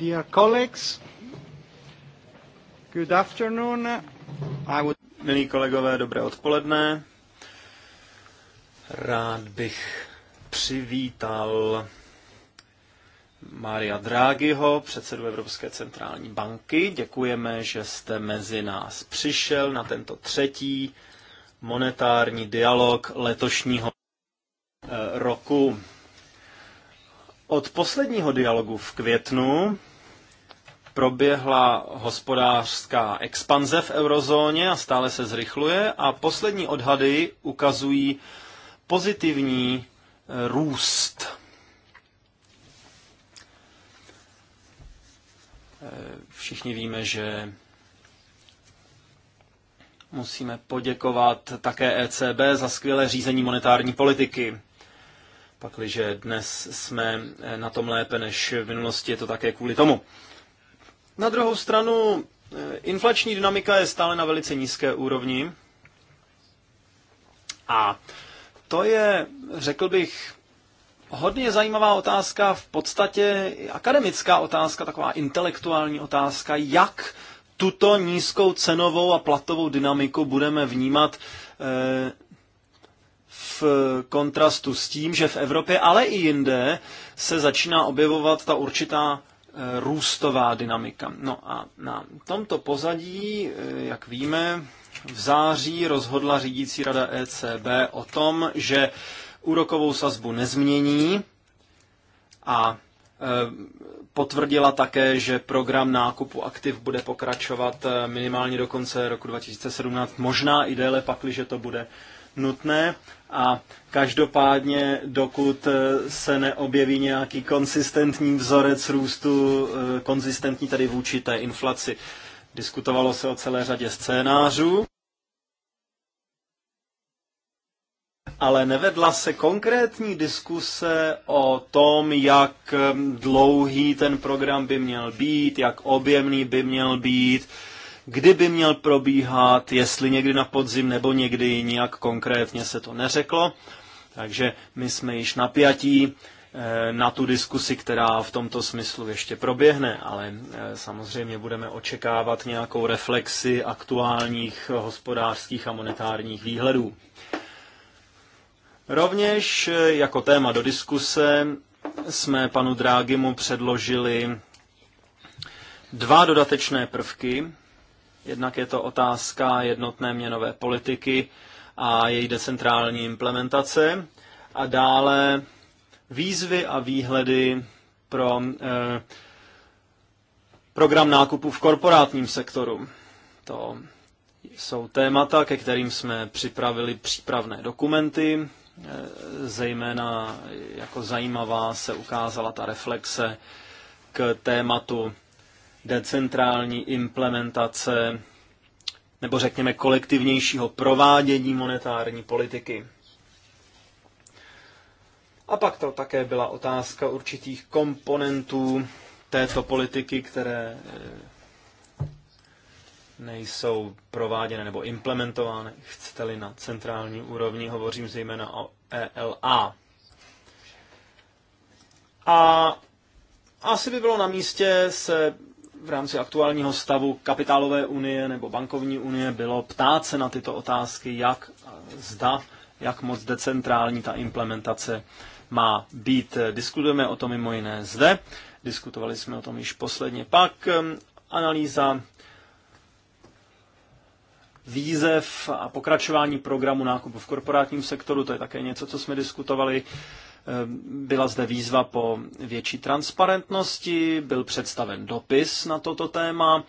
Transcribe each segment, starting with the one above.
Dear colleagues, good afternoon. I would... Milí kolegové, dobré odpoledne. Rád bych přivítal Maria Draghiho, předsedu Evropské centrální banky. Děkujeme, že jste mezi nás přišel na tento třetí monetární dialog letošního eh, roku. Od posledního dialogu v květnu proběhla hospodářská expanze v eurozóně a stále se zrychluje a poslední odhady ukazují pozitivní eh, růst. Eh, všichni víme, že musíme poděkovat také ECB za skvělé řízení monetární politiky. Pakliže dnes jsme eh, na tom lépe než v minulosti, je to také kvůli tomu. Na druhou stranu, eh, inflační dynamika je stále na velice nízké úrovni. A to je, řekl bych, hodně zajímavá otázka, v podstatě akademická otázka, taková intelektuální otázka, jak tuto nízkou cenovou a platovou dynamiku budeme vnímat eh, v kontrastu s tím, že v Evropě, ale i jinde se začíná objevovat ta určitá Eh, růstová dynamika. No a na tomto pozadí, eh, jak víme, v září rozhodla řídící rada ECB o tom, že úrokovou sazbu nezmění a eh, potvrdila také, že program nákupu aktiv bude pokračovat minimálně do konce roku 2017, možná i déle pakli, že to bude nutné a každopádně, dokud eh, se neobjeví nějaký konsistentní vzorec růstu, eh, konzistentní tedy vůči té inflaci. Diskutovalo se o celé řadě scénářů. ale nevedla se konkrétní diskuse o tom, jak eh, dlouhý ten program by měl být, jak objemný by měl být, kdyby měl probíhat, jestli někdy na podzim nebo někdy nějak konkrétně se to neřeklo. Takže my jsme již napjatí eh, na tu diskusi, která v tomto smyslu ještě proběhne, ale eh, samozřejmě budeme očekávat nějakou reflexi aktuálních eh, hospodářských a monetárních výhledů. Rovněž jako téma do diskuse jsme panu Drágimu předložili dva dodatečné prvky, Jednak je to otázka jednotné měnové politiky a její decentrální implementace. A dále výzvy a výhledy pro eh, program nákupu v korporátním sektoru. To jsou témata, ke kterým jsme připravili přípravné dokumenty. Eh, zejména jako zajímavá se ukázala ta reflexe k tématu decentrální implementace nebo řekněme kolektivnějšího provádění monetární politiky. A pak to také byla otázka určitých komponentů této politiky, které eh, nejsou prováděny nebo implementovány, chcete-li na centrální úrovni, hovořím zejména o ELA. A asi by bylo na místě se v rámci aktuálního stavu kapitálové unie nebo bankovní unie bylo ptát se na tyto otázky, jak zda, jak moc decentrální ta implementace má být. Diskutujeme o tom mimo jiné zde. Diskutovali jsme o tom již posledně. Pak um, analýza výzev a pokračování programu nákupu v korporátním sektoru, to je také něco, co jsme diskutovali. Ehm, byla zde výzva po větší transparentnosti, byl představen dopis na toto téma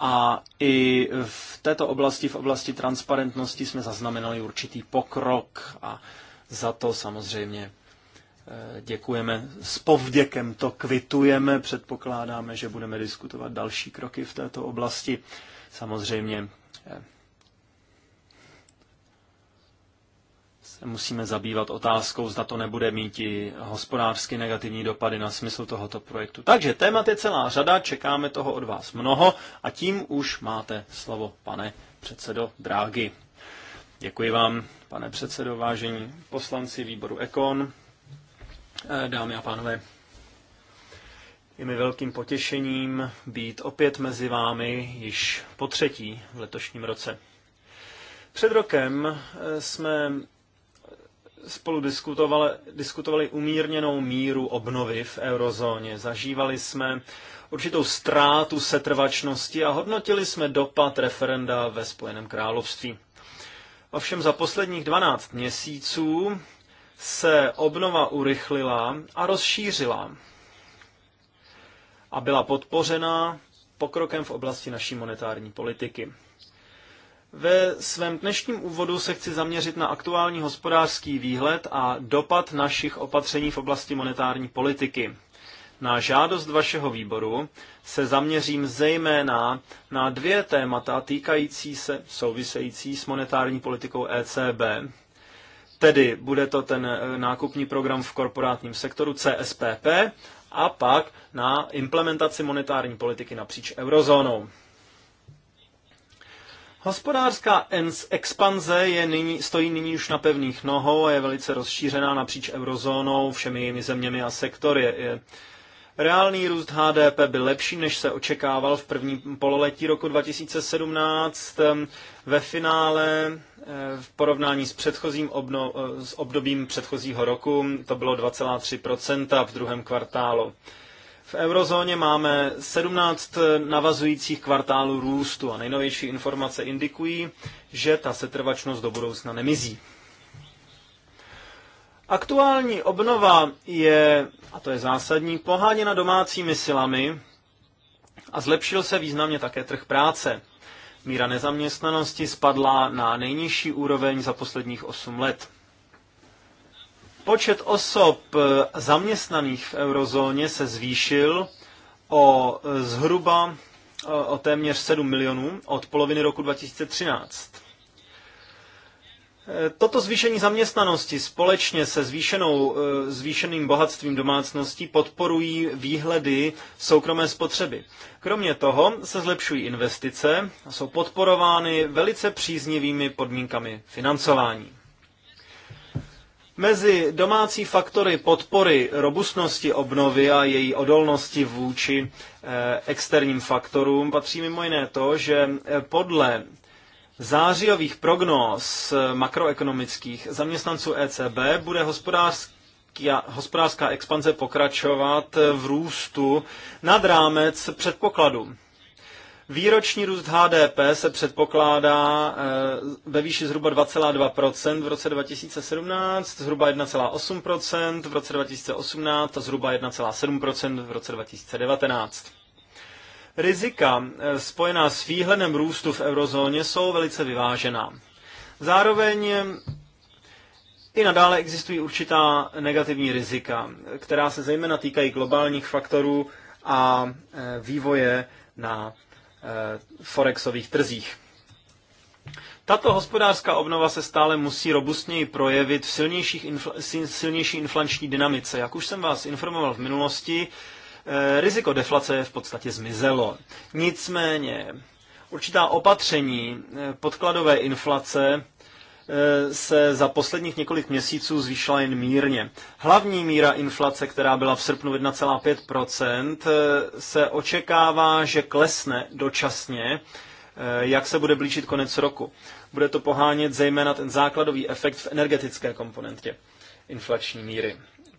a i v této oblasti, v oblasti transparentnosti, jsme zaznamenali určitý pokrok a za to samozřejmě eh, děkujeme. S povděkem to kvitujeme, předpokládáme, že budeme diskutovat další kroky v této oblasti. Samozřejmě eh, musíme zabývat otázkou, zda to nebude mít i hospodářsky negativní dopady na smysl tohoto projektu. Takže témat je celá řada, čekáme toho od vás mnoho a tím už máte slovo, pane předsedo Drágy. Děkuji vám, pane předsedo, vážení poslanci výboru Ekon, eh, dámy a pánové. Je mi velkým potěšením být opět mezi vámi již po třetí v letošním roce. Před rokem eh, jsme spolu diskutovali, diskutovali umírněnou míru obnovy v eurozóně. Zažívali jsme určitou ztrátu setrvačnosti a hodnotili jsme dopad referenda ve Spojeném království. Ovšem za posledních 12 měsíců se obnova urychlila a rozšířila a byla podpořena pokrokem v oblasti naší monetární politiky. Ve svém dnešním úvodu se chci zaměřit na aktuální hospodářský výhled a dopad našich opatření v oblasti monetární politiky. Na žádost vašeho výboru se zaměřím zejména na dvě témata týkající se související s monetární politikou ECB. Tedy bude to ten eh, nákupní program v korporátním sektoru CSPP a pak na implementaci monetární politiky napříč eurozónou. Hospodářská expanze je nyní, stojí nyní už na pevných nohou a je velice rozšířená napříč eurozónou, všemi jejími zeměmi a sektory. Je, Reálný růst HDP byl lepší, než se očekával v prvním pololetí roku 2017. Ve finále eh, v porovnání s předchozím obno, eh, s obdobím předchozího roku to bylo 2,3% v druhém kvartálu. V eurozóně máme 17 navazujících kvartálů růstu a nejnovější informace indikují, že ta setrvačnost do budoucna nemizí. Aktuální obnova je, a to je zásadní, poháněna domácími silami a zlepšil se významně také trh práce. Míra nezaměstnanosti spadla na nejnižší úroveň za posledních 8 let. Počet osob eh, zaměstnaných v eurozóně se zvýšil o eh, zhruba eh, o téměř 7 milionů od poloviny roku 2013. Toto zvýšení zaměstnanosti společně se zvýšenou, zvýšeným bohatstvím domácností podporují výhledy soukromé spotřeby. Kromě toho se zlepšují investice a jsou podporovány velice příznivými podmínkami financování. Mezi domácí faktory podpory robustnosti obnovy a její odolnosti vůči eh, externím faktorům patří mimo jiné to, že eh, podle zářijových prognóz eh, makroekonomických zaměstnanců ECB bude hospodářský hospodářská expanze pokračovat v růstu nad rámec předpokladu. Výroční růst HDP se předpokládá eh, ve výši zhruba 2,2% v roce 2017, zhruba 1,8% v roce 2018 a zhruba 1,7% v roce 2019. Rizika eh, spojená s výhledem růstu v eurozóně jsou velice vyvážená. Zároveň eh, i nadále existují určitá negativní rizika, která se zejména týkají globálních faktorů a vývoje na Eh, forexových trzích. Tato hospodářská obnova se stále musí robustněji projevit v silnějších infl- silnější inflační dynamice. Jak už jsem vás informoval v minulosti, eh, riziko deflace v podstatě zmizelo. Nicméně určitá opatření eh, podkladové inflace Eh, se za posledních několik měsíců zvýšila jen mírně. Hlavní míra inflace, která byla v srpnu 1,5%, eh, se očekává, že klesne dočasně, eh, jak se bude blížit konec roku. Bude to pohánět zejména ten základový efekt v energetické komponentě inflační míry.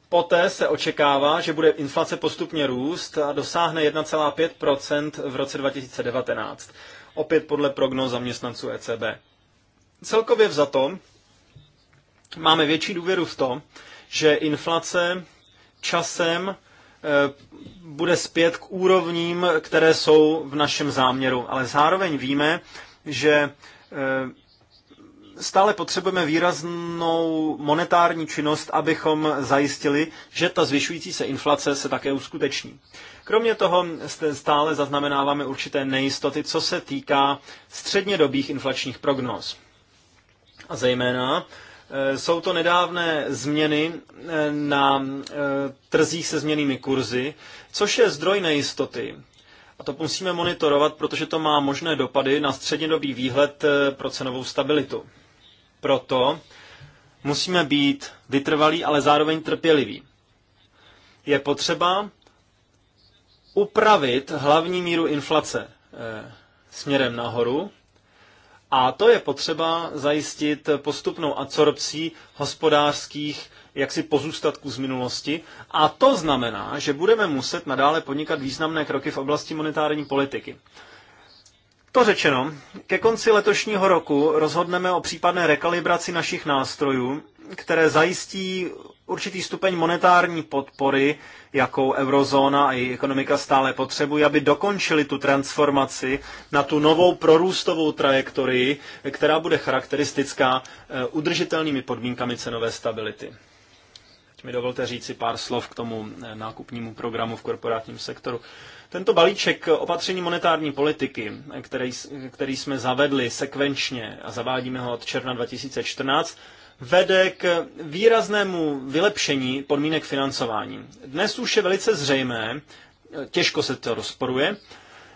Poté se očekává, že bude inflace postupně růst a dosáhne 1,5 v roce 2019. Opět podle prognoz zaměstnanců ECB. Celkově vzato máme větší důvěru v to, že inflace časem eh, bude zpět k úrovním, které jsou v našem záměru. Ale zároveň víme, že eh, stále potřebujeme výraznou monetární činnost, abychom zajistili, že ta zvyšující se inflace se také uskuteční. Kromě toho stále zaznamenáváme určité nejistoty, co se týká střednědobých inflačních prognóz. A zejména eh, jsou to nedávné změny eh, na eh, trzích se změnými kurzy, což je zdroj nejistoty. A to musíme monitorovat, protože to má možné dopady na střednědobý výhled pro cenovou stabilitu. Proto musíme být vytrvalí, ale zároveň trpěliví. Je potřeba upravit hlavní míru inflace směrem nahoru, a to je potřeba zajistit postupnou adsorpcí hospodářských jaksi pozůstatků z minulosti. A to znamená, že budeme muset nadále podnikat významné kroky v oblasti monetární politiky. To řečeno, ke konci letošního roku rozhodneme o případné rekalibraci našich nástrojů které zajistí určitý stupeň monetární podpory, jakou eurozóna a její ekonomika stále potřebují, aby dokončili tu transformaci na tu novou prorůstovou trajektorii, která bude charakteristická eh, udržitelnými podmínkami cenové stability. Teď mi dovolte říci pár slov k tomu eh, nákupnímu programu v korporátním sektoru. Tento balíček opatření monetární politiky, eh, který, který jsme zavedli sekvenčně a zavádíme ho od června 2014, vede k výraznému vylepšení podmínek financování. Dnes už je velice zřejmé, těžko se to rozporuje,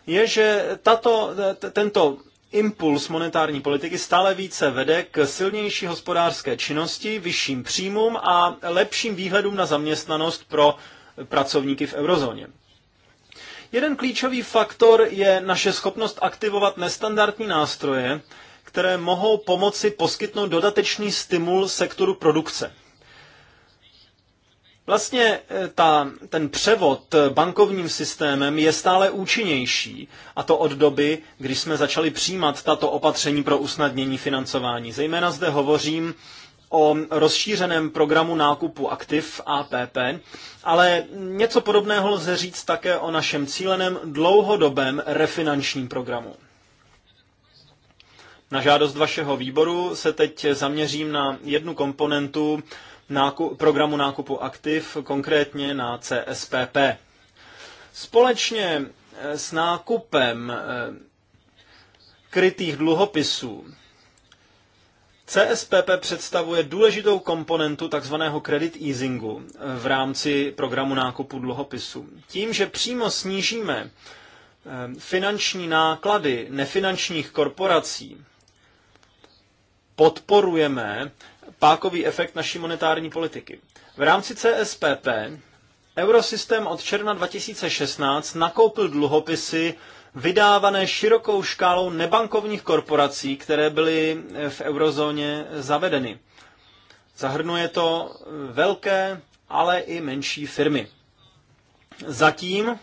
je, že tato, tento impuls monetární politiky stále více vede k silnější hospodářské činnosti, vyšším příjmům a lepším výhledům na zaměstnanost pro pracovníky v eurozóně. Jeden klíčový faktor je naše schopnost aktivovat nestandardní nástroje, které mohou pomoci poskytnout dodatečný stimul sektoru produkce. Vlastně eh, ta, ten převod bankovním systémem je stále účinnější, a to od doby, kdy jsme začali přijímat tato opatření pro usnadnění financování. Zejména zde hovořím o rozšířeném programu nákupu aktiv APP, ale něco podobného lze říct také o našem cíleném dlouhodobém refinančním programu. Na žádost vašeho výboru se teď zaměřím na jednu komponentu nákup, programu nákupu aktiv, konkrétně na CSPP. Společně eh, s nákupem eh, krytých dluhopisů CSPP představuje důležitou komponentu tzv. credit easingu eh, v rámci programu nákupu dluhopisů. Tím, že přímo snížíme finanční náklady nefinančních korporací podporujeme pákový efekt naší monetární politiky. V rámci CSPP Eurosystém od června 2016 nakoupil dluhopisy vydávané širokou škálou nebankovních korporací, které byly v eurozóně zavedeny. Zahrnuje to velké, ale i menší firmy. Zatím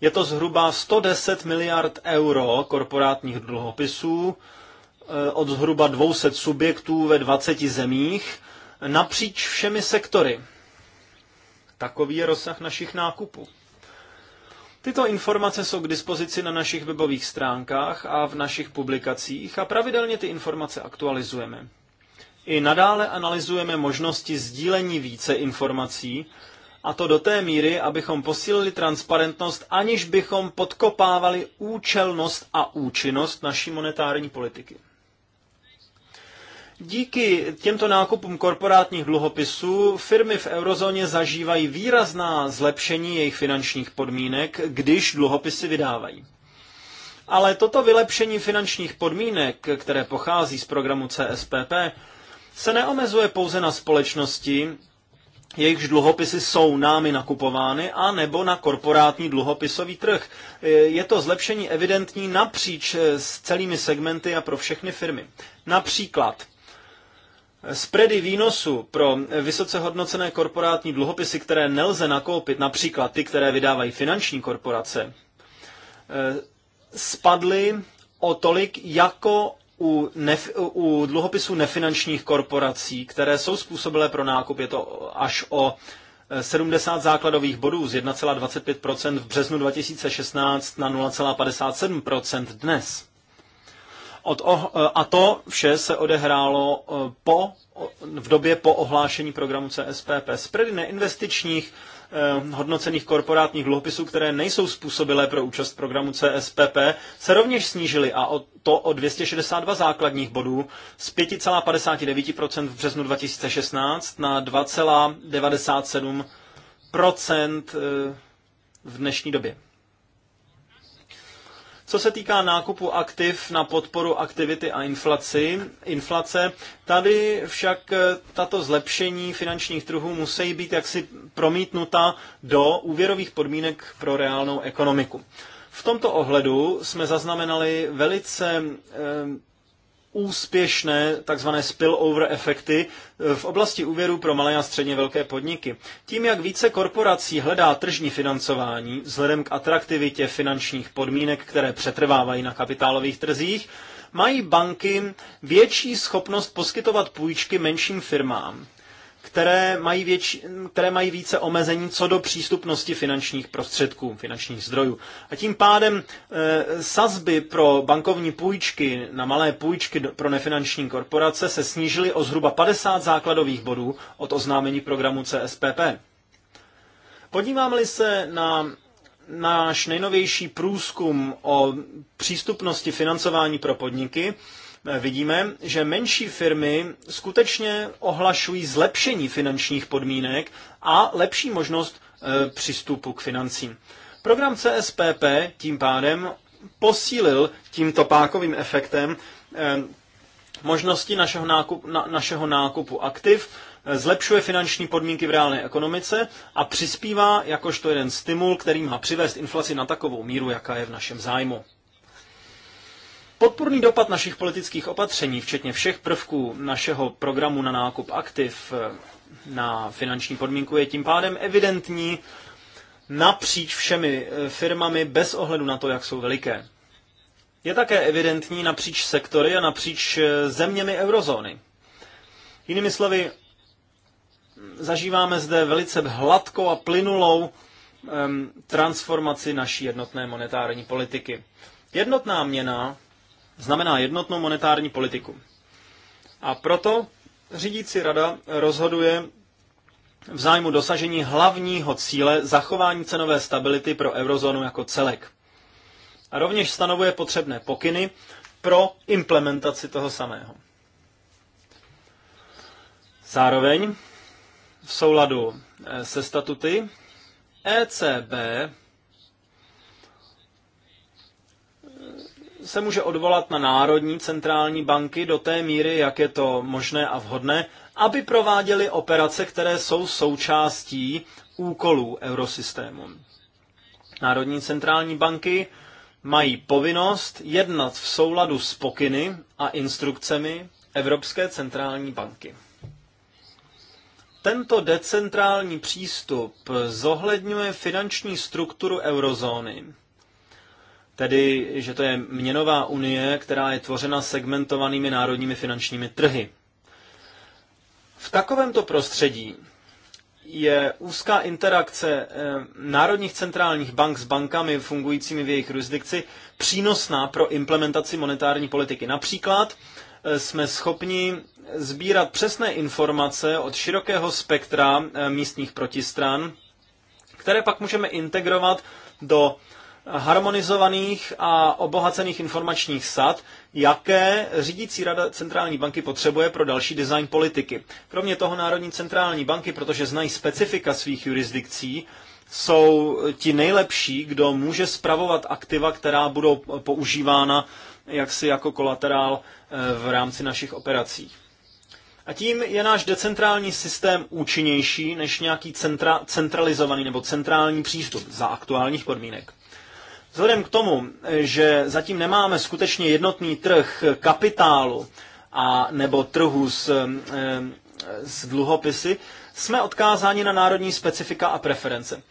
je to zhruba 110 miliard euro korporátních dluhopisů Eh, od zhruba 200 subjektů ve 20 zemích napříč všemi sektory. Takový je rozsah našich nákupů. Tyto informace jsou k dispozici na našich webových stránkách a v našich publikacích a pravidelně ty informace aktualizujeme. I nadále analyzujeme možnosti sdílení více informací, a to do té míry, abychom posílili transparentnost, aniž bychom podkopávali účelnost a účinnost naší monetární politiky. Díky těmto nákupům korporátních dluhopisů firmy v eurozóně zažívají výrazná zlepšení jejich finančních podmínek, když dluhopisy vydávají. Ale toto vylepšení finančních podmínek, které pochází z programu CSPP, se neomezuje pouze na společnosti, jejichž dluhopisy jsou námi nakupovány, a nebo na korporátní dluhopisový trh. Je to zlepšení evidentní napříč s celými segmenty a pro všechny firmy. Například Spready výnosu pro vysoce hodnocené korporátní dluhopisy, které nelze nakoupit, například ty, které vydávají finanční korporace, eh, spadly o tolik jako u, nef- u dluhopisů nefinančních korporací, které jsou způsobilé pro nákup, je to až o 70 eh, základových bodů z 1,25 v březnu 2016 na 0,57 dnes. Od oh, eh, a to vše se odehrálo eh, po, v době po ohlášení programu CSPP. Spredy neinvestičních eh, hodnocených korporátních dluhopisů, které nejsou způsobilé pro účast programu CSPP, se rovněž snížily a o to o 262 základních bodů z 5,59% v březnu 2016 na 2,97% v dnešní době. Co se týká nákupu aktiv na podporu aktivity a inflaci, inflace, tady však eh, tato zlepšení finančních trhů musí být jaksi promítnuta do úvěrových podmínek pro reálnou ekonomiku. V tomto ohledu jsme zaznamenali velice eh, úspěšné takzvané spillover efekty eh, v oblasti úvěru pro malé a středně velké podniky. Tím, jak více korporací hledá tržní financování vzhledem k atraktivitě finančních podmínek, které přetrvávají na kapitálových trzích, mají banky větší schopnost poskytovat půjčky menším firmám které mají, větši, které mají více omezení co do přístupnosti finančních prostředků, finančních zdrojů. A tím pádem e, sazby pro bankovní půjčky na malé půjčky pro nefinanční korporace se snížily o zhruba 50 základových bodů od oznámení programu CSPP. Podíváme-li se na náš nejnovější průzkum o přístupnosti financování pro podniky, Eh, vidíme, že menší firmy skutečně ohlašují zlepšení finančních podmínek a lepší možnost eh, přístupu k financím. Program CSPP tím pádem posílil tímto pákovým efektem eh, možnosti našeho nákupu, na, našeho nákupu aktiv, zlepšuje finanční podmínky v reálné ekonomice a přispívá jakožto jeden stimul, který má přivést inflaci na takovou míru, jaká je v našem zájmu. Podporný dopad našich politických opatření, včetně všech prvků našeho programu na nákup aktiv eh, na finanční podmínku, je tím pádem evidentní napříč všemi eh, firmami bez ohledu na to, jak jsou veliké. Je také evidentní napříč sektory a napříč eh, zeměmi eurozóny. Jinými slovy, zažíváme zde velice hladkou a plynulou transformaci naší jednotné monetární politiky. Jednotná měna znamená jednotnou monetární politiku. A proto řídící rada rozhoduje v zájmu dosažení hlavního cíle zachování cenové stability pro eurozónu jako celek. A rovněž stanovuje potřebné pokyny pro implementaci toho samého. Zároveň v souladu eh, se statuty ECB se může odvolat na národní centrální banky do té míry, jak je to možné a vhodné, aby prováděly operace, které jsou součástí úkolů eurosystému. Národní centrální banky mají povinnost jednat v souladu s pokyny a instrukcemi Evropské centrální banky. Tento decentrální přístup zohledňuje finanční strukturu eurozóny, tedy že to je měnová unie, která je tvořena segmentovanými národními finančními trhy. V takovémto prostředí je úzká interakce eh, národních centrálních bank s bankami fungujícími v jejich jurisdikci přínosná pro implementaci monetární politiky. Například eh, jsme schopni sbírat přesné informace od širokého spektra eh, místních protistran, které pak můžeme integrovat do harmonizovaných a obohacených informačních sad, jaké řídící rada centrální banky potřebuje pro další design politiky. Kromě toho Národní centrální banky, protože znají specifika svých jurisdikcí, jsou ti nejlepší, kdo může spravovat aktiva, která budou používána jaksi jako kolaterál eh, v rámci našich operací. A tím je náš decentrální systém účinnější než nějaký centra, centralizovaný nebo centrální přístup za aktuálních podmínek. Vzhledem k tomu, že zatím nemáme skutečně jednotný trh kapitálu a nebo trhu s, s dluhopisy, jsme odkázáni na národní specifika a preference.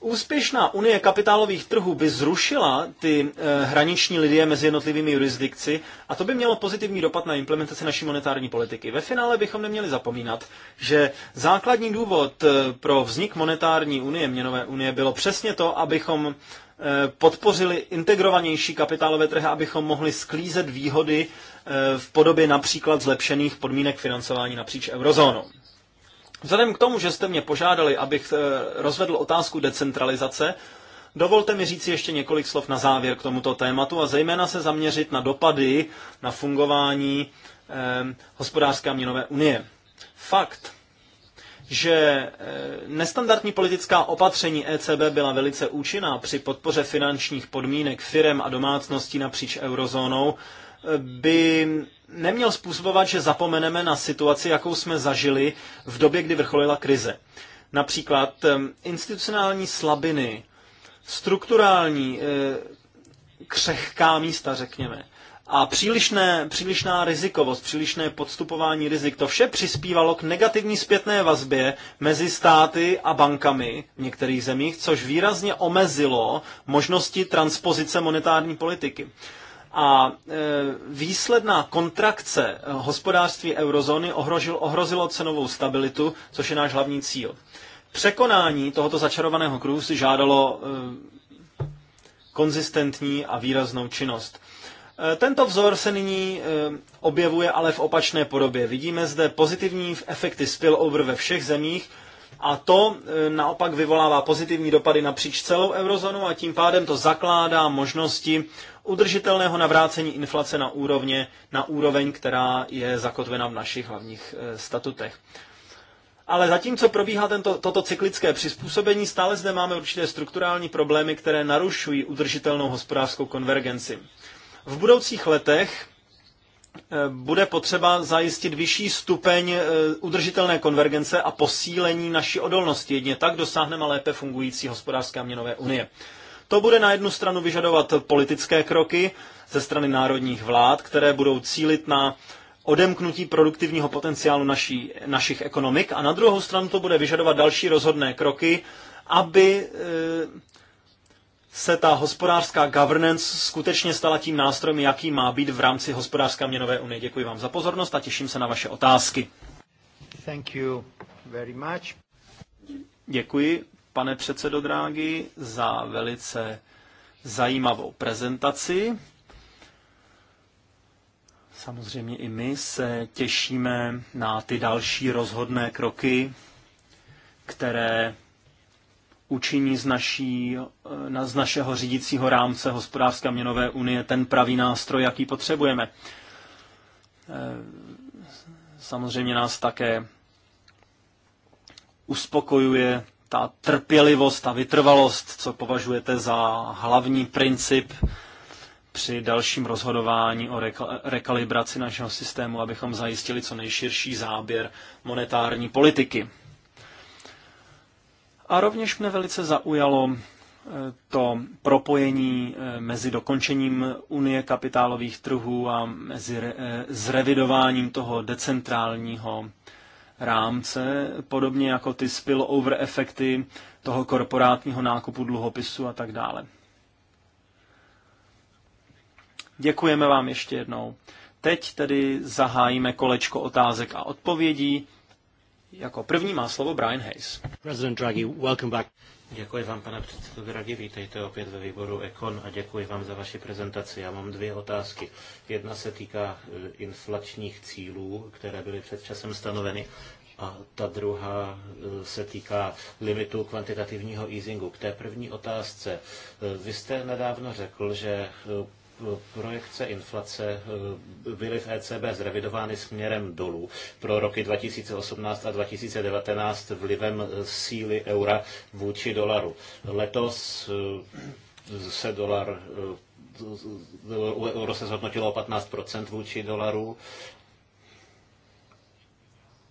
Úspěšná unie kapitálových trhů by zrušila ty e, hraniční lidie mezi jednotlivými jurisdikci a to by mělo pozitivní dopad na implementaci naší monetární politiky. Ve finále bychom neměli zapomínat, že základní důvod eh, pro vznik monetární unie, měnové unie, bylo přesně to, abychom Eh, podpořili integrovanější kapitálové trhy, abychom mohli sklízet výhody eh, v podobě například zlepšených podmínek financování napříč eurozónou. Vzhledem k tomu, že jste mě požádali, abych eh, rozvedl otázku decentralizace, dovolte mi říct ještě několik slov na závěr k tomuto tématu a zejména se zaměřit na dopady na fungování hospodářské a měnové unie. Fakt, že eh, nestandardní politická opatření ECB byla velice účinná při podpoře finančních podmínek firem a domácností napříč eurozónou, eh, by neměl způsobovat, že zapomeneme na situaci, jakou jsme zažili v době, kdy vrcholila krize. Například eh, institucionální slabiny, strukturální křehká místa, řekněme. A přílišné, přílišná rizikovost, přílišné podstupování rizik, to vše přispívalo k negativní zpětné vazbě mezi státy a bankami v některých zemích, což výrazně omezilo možnosti transpozice monetární politiky. A e, výsledná kontrakce hospodářství eurozóny ohrožil, ohrozilo cenovou stabilitu, což je náš hlavní cíl. Překonání tohoto začarovaného kruhu si žádalo e, konzistentní a výraznou činnost. Eh, tento vzor se nyní eh, objevuje ale v opačné podobě. Vidíme zde pozitivní efekty spillover ve všech zemích a to eh, naopak vyvolává pozitivní dopady napříč celou eurozonu a tím pádem to zakládá možnosti udržitelného navrácení inflace na, úrovně, na úroveň, která je zakotvena v našich hlavních statutech. Ale zatímco probíhá tento, toto cyklické přizpůsobení, stále zde máme určité strukturální problémy, které narušují udržitelnou hospodářskou konvergenci. V budoucích letech eh, bude potřeba zajistit vyšší stupeň eh, udržitelné konvergence a posílení naší odolnosti. Jedně tak dosáhneme lépe fungující hospodářské a měnové unie. To bude na jednu stranu vyžadovat politické kroky ze strany národních vlád, které budou cílit na odemknutí produktivního potenciálu naší, našich ekonomik a na druhou stranu to bude vyžadovat další rozhodné kroky, aby eh, se ta hospodářská governance skutečně stala tím nástrojem, jaký má být v rámci hospodářské měnové unie. Děkuji vám za pozornost a těším se na vaše otázky. Thank you very much. Děkuji, pane předsedo Drági, za velice zajímavou prezentaci. Samozřejmě i my se těšíme na ty další rozhodné kroky, které učiní z, naší, eh, z našeho řídícího rámce hospodářské a měnové unie ten pravý nástroj, jaký potřebujeme. Eh, samozřejmě nás také uspokojuje ta trpělivost, ta vytrvalost, co považujete za hlavní princip při dalším rozhodování o rekalibraci našeho systému, abychom zajistili co nejširší záběr monetární politiky. A rovněž mne velice zaujalo eh, to propojení eh, mezi dokončením Unie kapitálových trhů a mezi eh, zrevidováním toho decentrálního rámce, podobně jako ty spillover efekty toho korporátního nákupu dluhopisu a tak dále. Děkujeme vám ještě jednou. Teď tedy zahájíme kolečko otázek a odpovědí. Jako první má slovo Brian Hayes. President Draghi, welcome back. Děkuji vám, pane předsedo Draghi, vítejte opět ve výboru Ekon a děkuji vám za vaši prezentaci. Já mám dvě otázky. Jedna se týká e, inflačních cílů, které byly před časem stanoveny a ta druhá e, se týká limitu kvantitativního easingu. K té první otázce. E, vy jste nedávno řekl, že projekce inflace byly v ECB zrevidovány směrem dolů pro roky 2018 a 2019 vlivem síly eura vůči dolaru. Letos se dolar euro se zhodnotilo o 15% vůči dolaru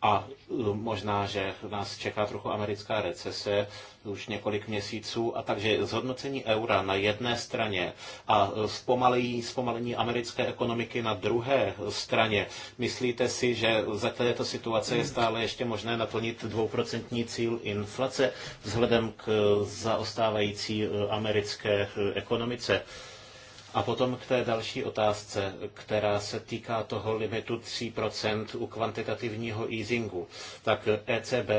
a e, možná, že nás čeká trochu americká recese už několik měsíců. A takže zhodnocení eura na jedné straně a e, zpomalení, zpomalení americké ekonomiky na druhé straně. Myslíte si, že za této situace je stále ještě možné naplnit dvouprocentní cíl inflace vzhledem k e, zaostávající americké ekonomice? A potom k té další otázce, která se týká toho limitu 3% u kvantitativního easingu. Tak ECB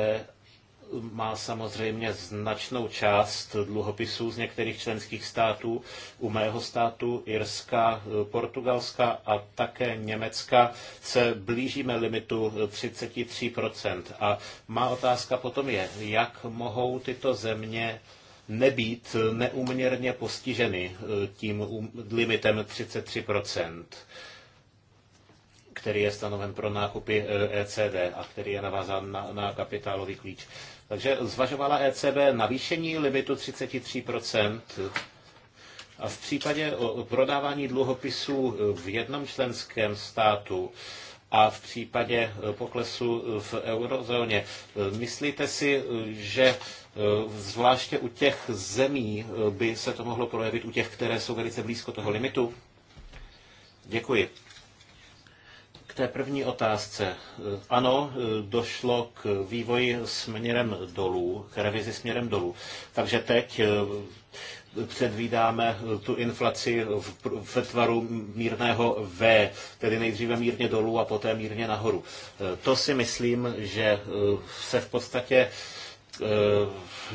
má samozřejmě značnou část dluhopisů z některých členských států, u mého státu, Irska, Portugalska a také Německa, se blížíme limitu 33%. A má otázka potom je, jak mohou tyto země nebýt neuměrně postiženy e, tím um, limitem 33 který je stanoven pro nákupy ECD e a který je navázán na, na kapitálový klíč. Takže zvažovala ECB navýšení limitu 33 a v případě prodávání dluhopisů e, v jednom členském státu a v případě e, poklesu e, v eurozóně. E, myslíte si, že zvláště u těch zemí by se to mohlo projevit, u těch, které jsou velice blízko toho limitu? Děkuji. K té první otázce. Ano, došlo k vývoji směrem dolů, k revizi směrem dolů. Takže teď předvídáme eh, tu inflaci ve tvaru mírného V, tedy nejdříve mírně dolů a poté mírně nahoru. Eh, to si myslím, že eh, se v podstatě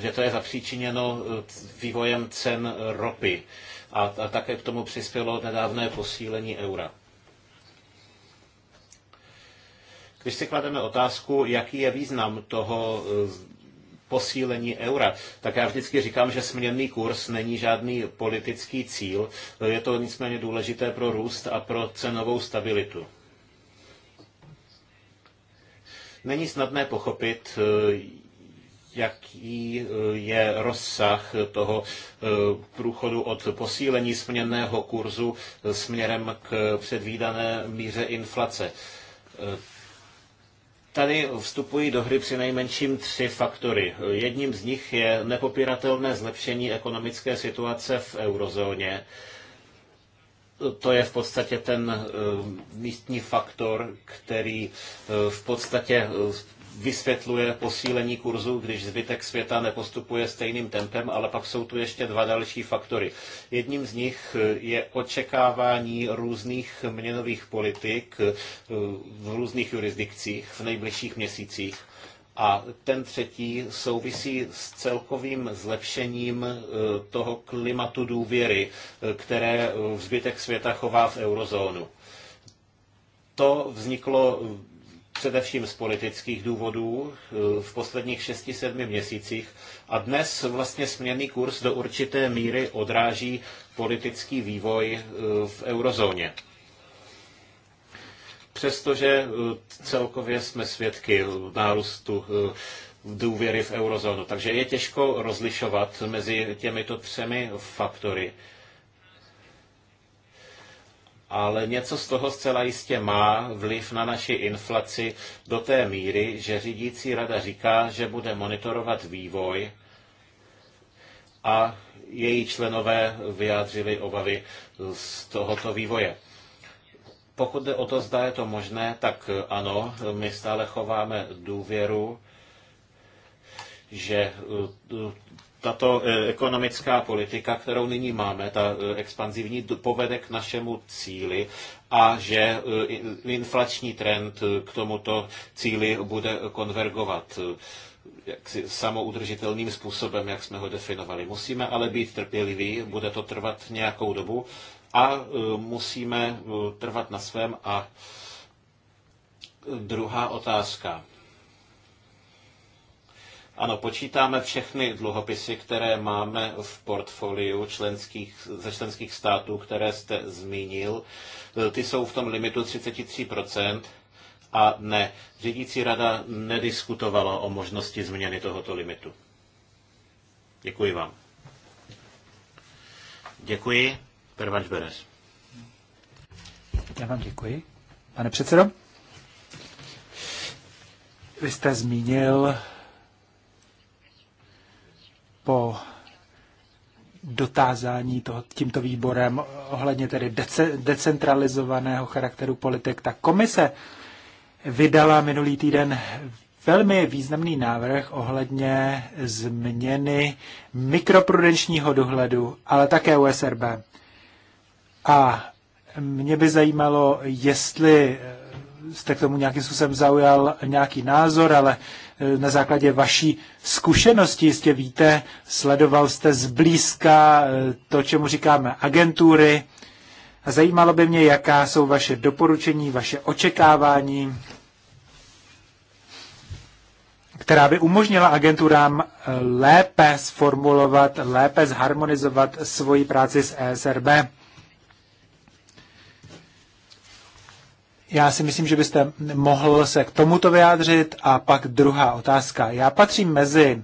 že to je zapříčiněno vývojem cen ropy a, a také k tomu přispělo nedávné posílení eura. Když si klademe otázku, jaký je význam toho posílení eura, tak já vždycky říkám, že směrný kurz není žádný politický cíl, je to nicméně důležité pro růst a pro cenovou stabilitu. Není snadné pochopit, jaký je rozsah toho eh, průchodu od posílení směnného kurzu eh, směrem k předvídané míře inflace. Eh, Tady vstupují do hry při nejmenším tři faktory. Jedním z nich je nepopiratelné zlepšení ekonomické situace v eurozóně. To je v podstatě ten eh, místní faktor, který eh, v podstatě eh, vysvětluje posílení kurzu, když zbytek světa nepostupuje stejným tempem, ale pak jsou tu ještě dva další faktory. Jedním z nich eh, je očekávání různých měnových politik eh, v různých jurisdikcích v nejbližších měsících. A ten třetí souvisí s celkovým zlepšením eh, toho klimatu důvěry, které v zbytek světa chová v eurozónu. To vzniklo především z politických důvodů eh, v posledních 6-7 měsících a dnes vlastně směrný kurz do určité míry odráží politický vývoj eh, v eurozóně. Přestože eh, celkově jsme svědky nárůstu důvěry v eurozónu, takže je těžko rozlišovat mezi těmito třemi faktory ale něco z toho zcela jistě má vliv na naši inflaci do té míry, že řídící rada říká, že bude monitorovat vývoj a její členové vyjádřili obavy z tohoto vývoje. Pokud jde o to, zda je to možné, tak ano, my stále chováme důvěru, že tato e, ekonomická politika, kterou nyní máme, ta e, expanzivní, povede k našemu cíli a že e, inflační trend k tomuto cíli bude konvergovat jaksi samoudržitelným způsobem, jak jsme ho definovali. Musíme ale být trpěliví, bude to trvat nějakou dobu a musíme trvat na svém. A druhá otázka. Ano, počítáme všechny dluhopisy, které máme v portfoliu členských, ze členských států, které jste zmínil. E, ty jsou v tom limitu 33%. A ne, řídící rada nediskutovala o možnosti změny tohoto limitu. Děkuji vám. Děkuji. Pervanč Beres. Já vám děkuji. Pane předsedo, vy jste zmínil po dotázání toho, tímto výborem ohledně tedy dece, decentralizovaného charakteru politik, tak komise vydala minulý týden velmi významný návrh ohledně změny mikroprudenčního dohledu, ale také USRB. A mě by zajímalo, jestli jste k tomu nějakým způsobem zaujal nějaký názor, ale Eh, na základě vaší zkušenosti. Jistě víte, sledoval jste zblízka eh, to, čemu říkáme agentury. A zajímalo by mě, jaká jsou vaše doporučení, vaše očekávání, která by umožnila agenturám eh, lépe sformulovat, lépe zharmonizovat svoji práci s ESRB. Já si myslím, že byste mohl se k tomuto vyjádřit. A pak druhá otázka. Já patřím mezi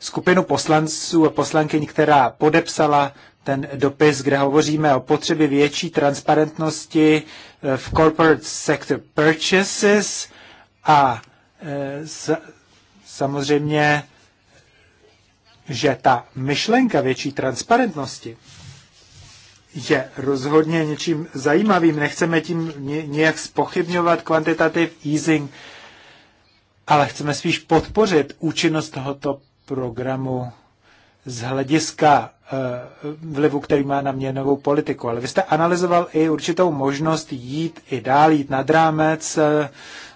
skupinu poslanců a poslankyň, která podepsala ten dopis, kde hovoříme o potřebě větší transparentnosti eh, v corporate sector purchases a eh, samozřejmě, že ta myšlenka větší transparentnosti je rozhodně něčím zajímavým. Nechceme tím nějak spochybňovat kvantitativ easing, ale chceme spíš podpořit účinnost tohoto programu z hlediska eh, vlivu, který má na měnovou politiku. Ale vy jste analyzoval i určitou možnost jít i dál, jít nad rámec eh,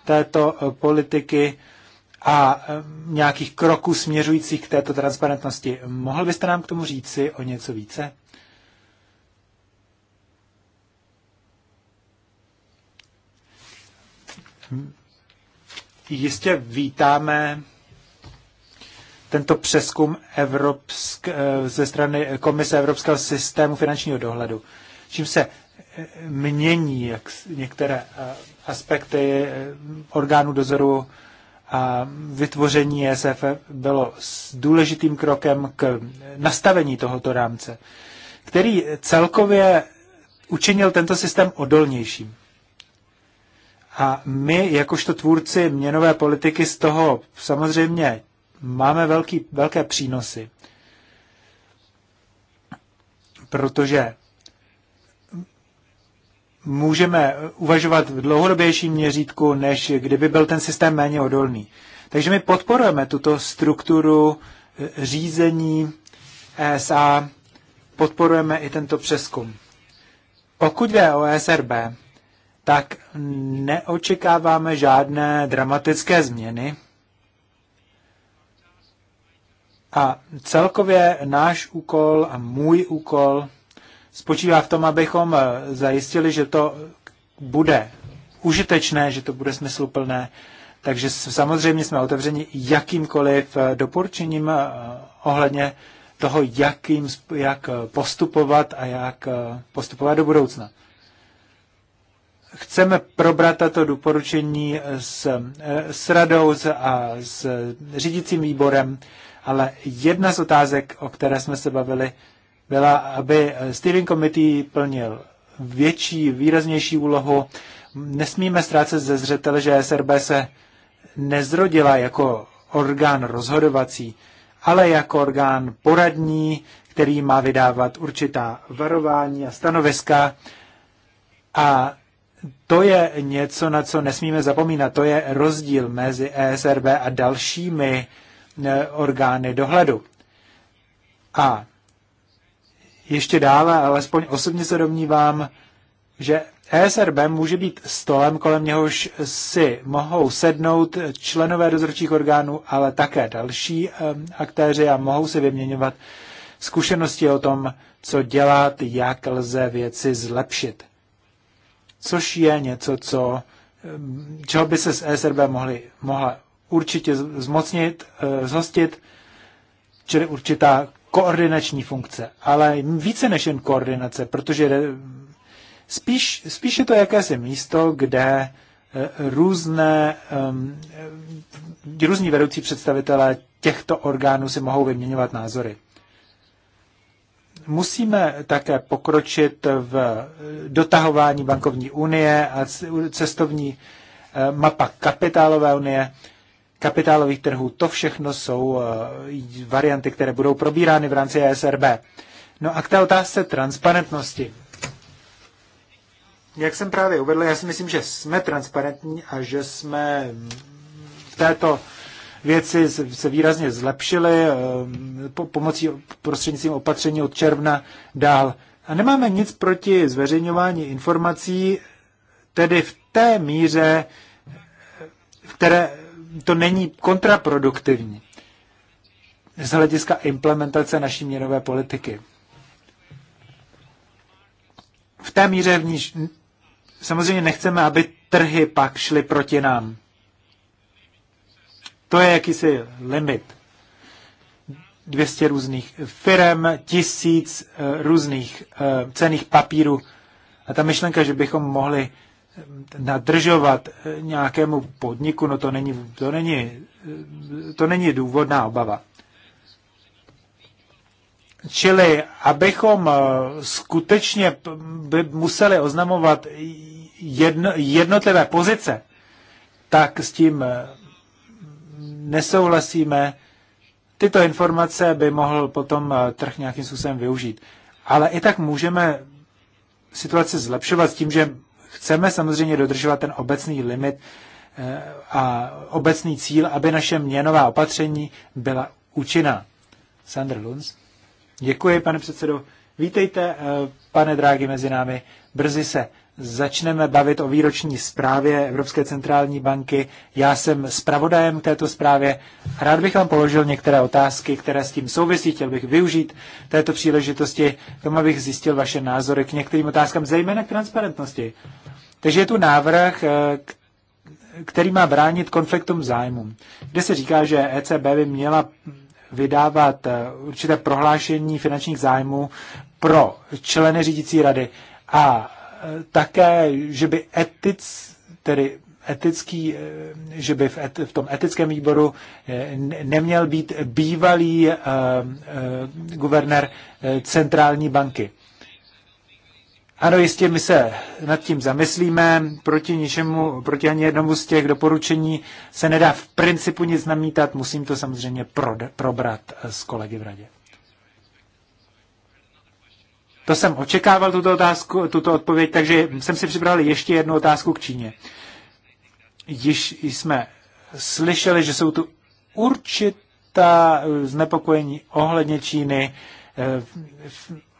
této eh, politiky a nějakých kroků směřujících k této transparentnosti. Mohl byste nám k tomu říci o něco více? Jistě vítáme tento přeskum Evropsk, eh, ze strany Komise Evropského systému finančního dohledu, čím se eh, mění jak některé eh, aspekty orgánů dozoru a vytvoření ESF bylo důležitým krokem k nastavení tohoto rámce, který celkově učinil tento systém odolnějším. A my, jakožto tvůrci měnové politiky, z toho samozřejmě máme velký, velké přínosy, protože můžeme uvažovat v dlouhodobějším měřítku, než kdyby byl ten systém méně odolný. Takže my podporujeme tuto strukturu eh, řízení ESA, podporujeme i tento přeskum. Pokud jde o e SRB? tak neočekáváme žádné dramatické změny. A celkově náš úkol a můj úkol spočívá v tom, abychom zajistili, že to bude užitečné, že to bude smysluplné. Takže samozřejmě jsme otevřeni jakýmkoliv doporučením eh, ohledně toho, jakým, jak postupovat a jak eh, postupovat do budoucna chceme probrat tato doporučení s, eh, s radou a s řídícím výborem, ale jedna z otázek, o které jsme se bavili, byla, aby steering committee plnil větší, výraznější úlohu. Nesmíme ztrácet ze zřetele, že SRB se nezrodila jako orgán rozhodovací, ale jako orgán poradní, který má vydávat určitá varování a stanoviska. A to je něco, na co nesmíme zapomínat. To je rozdíl mezi ESRB a dalšími e, orgány dohledu. A ještě dále, alespoň osobně se domnívám, že ESRB může být stolem, kolem něhož si mohou sednout členové dozorčích orgánů, ale také další e, aktéři a mohou si vyměňovat zkušenosti o tom, co dělat, jak lze věci zlepšit což je něco, co, čeho by se z ESRB mohli, mohla určitě zmocnit, eh, zhostit, čili určitá koordinační funkce, ale více než jen koordinace, protože spíš, spíš je to jakési místo, kde eh, různé, různí vedoucí představitelé těchto orgánů si mohou vyměňovat názory musíme také pokročit v dotahování bankovní unie a cestovní eh, mapa kapitálové unie, kapitálových trhů. To všechno jsou eh, varianty, které budou probírány v rámci ESRB. No a k té otázce transparentnosti. Jak jsem právě uvedl, já si myslím, že jsme transparentní a že jsme v této věci se výrazně zlepšily eh, pomocí prostřednictvím opatření od června dál. A nemáme nic proti zveřejňování informací, tedy v té míře, v které to není kontraproduktivní z hlediska implementace naší měnové politiky. V té míře, v níž samozřejmě nechceme, aby trhy pak šly proti nám. To je jakýsi limit. 200 různých firm, tisíc eh, různých eh, cených papírů. A ta myšlenka, že bychom mohli eh, nadržovat nějakému podniku, no to není, to není, to není důvodná obava. Čili abychom skutečně by museli oznamovat jedno, jednotlivé pozice, tak s tím nesouhlasíme, tyto informace by mohl potom eh, trh nějakým způsobem využít. Ale i tak můžeme situaci zlepšovat s tím, že chceme samozřejmě dodržovat ten obecný limit eh, a obecný cíl, aby naše měnová opatření byla účinná. Sandr Lunds. Děkuji, pane předsedo. Vítejte, eh, pane Drági, mezi námi. Brzy se začneme bavit o výroční zprávě Evropské centrální banky. Já jsem zpravodajem této zprávě. Rád bych vám položil některé otázky, které s tím souvisí. Chtěl bych využít této příležitosti, tomu abych zjistil vaše názory k některým otázkám, zejména k transparentnosti. Takže je tu návrh, eh, který má bránit konfliktům zájmu, kde se říká, že ECB by měla vydávat eh, určité prohlášení finančních zájmů pro členy řídící rady a také, že by etic, tedy etický, eh, že by v, et, v tom etickém výboru eh, neměl být bývalý uh, uh, guvernér centrální banky. Ano, jistě, my se nad tím zamyslíme. Proti ničemu, proti ani jednomu z těch doporučení se nedá v principu nic namítat. Musím to samozřejmě probrat s kolegy v radě. To jsem očekával, tuto, otázku, tuto odpověď, takže jsem si připravil ještě jednu otázku k Číně. Již jsme slyšeli, že jsou tu určitá eh, znepokojení ohledně Číny, eh,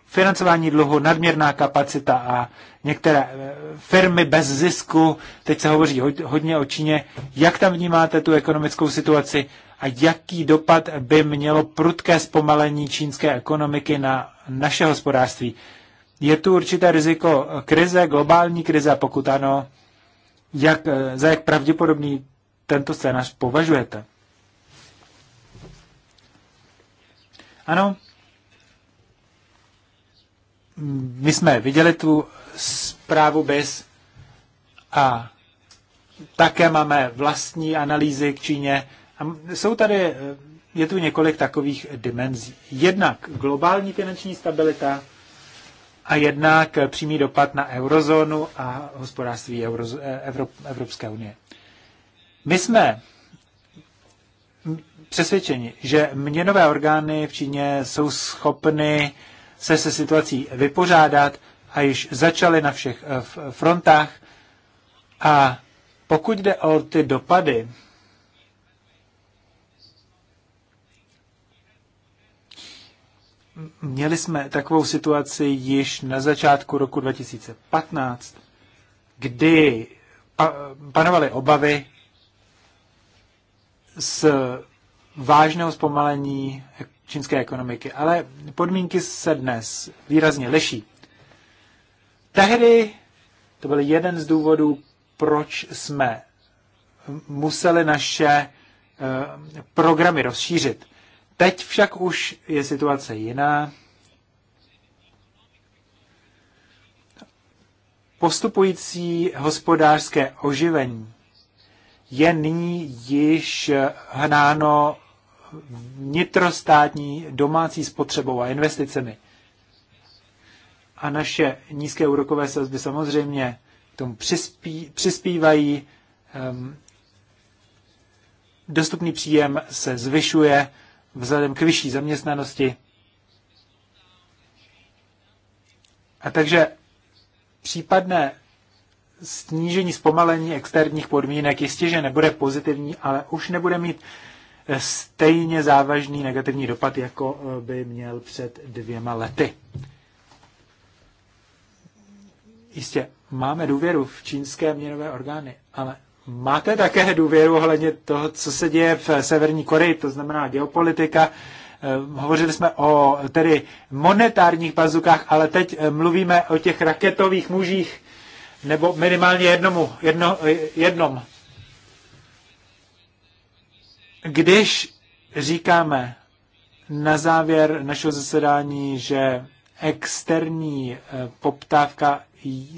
financování dluhu, nadměrná kapacita a některé eh, firmy bez zisku. Teď se hovoří hodně o Číně. Jak tam vnímáte tu ekonomickou situaci a jaký dopad by mělo prudké zpomalení čínské ekonomiky na naše hospodářství. Je tu určité riziko krize, globální krize, pokud ano, jak, eh, za jak pravděpodobný tento scénář považujete? Ano, my jsme viděli tu zprávu BIS e a také máme vlastní analýzy k Číně. A jsou tady eh, je tu několik takových dimenzí. Jednak globální finanční stabilita a jednak přímý dopad na eurozónu a hospodářství Euro, Evrop, Evropské unie. My jsme přesvědčeni, že měnové orgány v Číně jsou schopny se se situací vypořádat a již začaly na všech eh, frontách. A pokud jde o ty dopady Měli jsme takovou situaci již na začátku roku 2015, kdy panovaly obavy z vážného zpomalení čínské ekonomiky, ale podmínky se dnes výrazně leší. Tehdy to byl jeden z důvodů, proč jsme museli naše eh, programy rozšířit. Teď však už je situace jiná. Postupující hospodářské oživení je nyní již hnáno vnitrostátní domácí spotřebou a investicemi. A naše nízké úrokové sazby samozřejmě k tomu přispí, přispívají. Um, dostupný příjem se zvyšuje vzhledem k vyšší zaměstnanosti. A takže případné snížení, zpomalení externích podmínek jistě, že nebude pozitivní, ale už nebude mít eh, stejně závažný negativní dopad, jako eh, by měl před dvěma lety. Jistě máme důvěru v čínské měnové orgány, ale máte také důvěru ohledně toho, co se děje v Severní Koreji, to znamená geopolitika. Eh, hovořili jsme o tedy monetárních bazukách, ale teď eh, mluvíme o těch raketových mužích, nebo minimálně jednomu, jedno, eh, jednom. Když říkáme na závěr našeho zasedání, že externí poptávka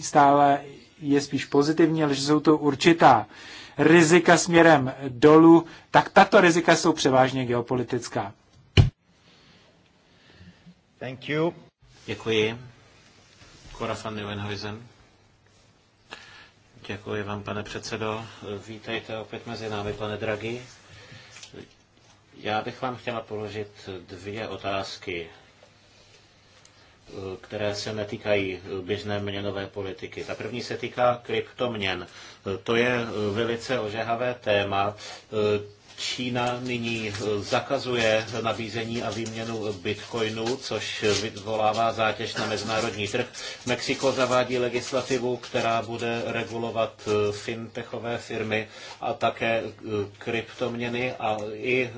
stále je spíš pozitivní, ale že jsou to určitá rizika směrem dolů, tak tato rizika jsou převážně geopolitická. Thank you. Děkuji. Cora van Nieuwenhuizen. Děkuji vám, pane předsedo. Vítejte opět mezi námi, pane Draghi. Já bych vám chtěla položit dvě otázky které se netýkají běžné měnové politiky. Ta první se týká kryptoměn. To je velice ožehavé téma. Čína nyní zakazuje nabízení a výměnu bitcoinu, což vyvolává zátěž na mezinárodní trh. Mexiko zavádí legislativu, která bude regulovat fintechové firmy a také kryptoměny a i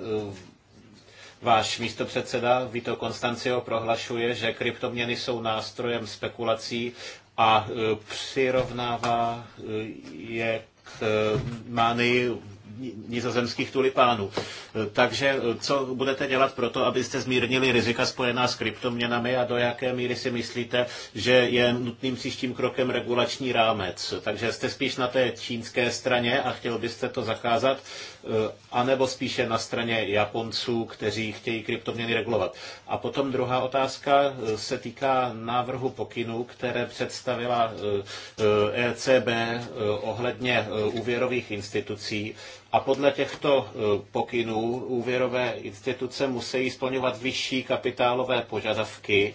Váš místopředseda Vito Konstancio prohlašuje, že kryptoměny jsou nástrojem spekulací a e, přirovnává e, je k e, mány nizozemských tulipánů. Takže co budete dělat pro to, abyste zmírnili rizika spojená s kryptoměnami a do jaké míry si myslíte, že je nutným příštím krokem regulační rámec? Takže jste spíš na té čínské straně a chtěl byste to zakázat, Eh, anebo spíše na straně Japonců, kteří chtějí kryptoměny regulovat. A potom druhá otázka eh, se týká návrhu pokynů, které představila ECB eh, e ohledně úvěrových institucí. A podle těchto pokynů úvěrové instituce musí splňovat vyšší kapitálové požadavky,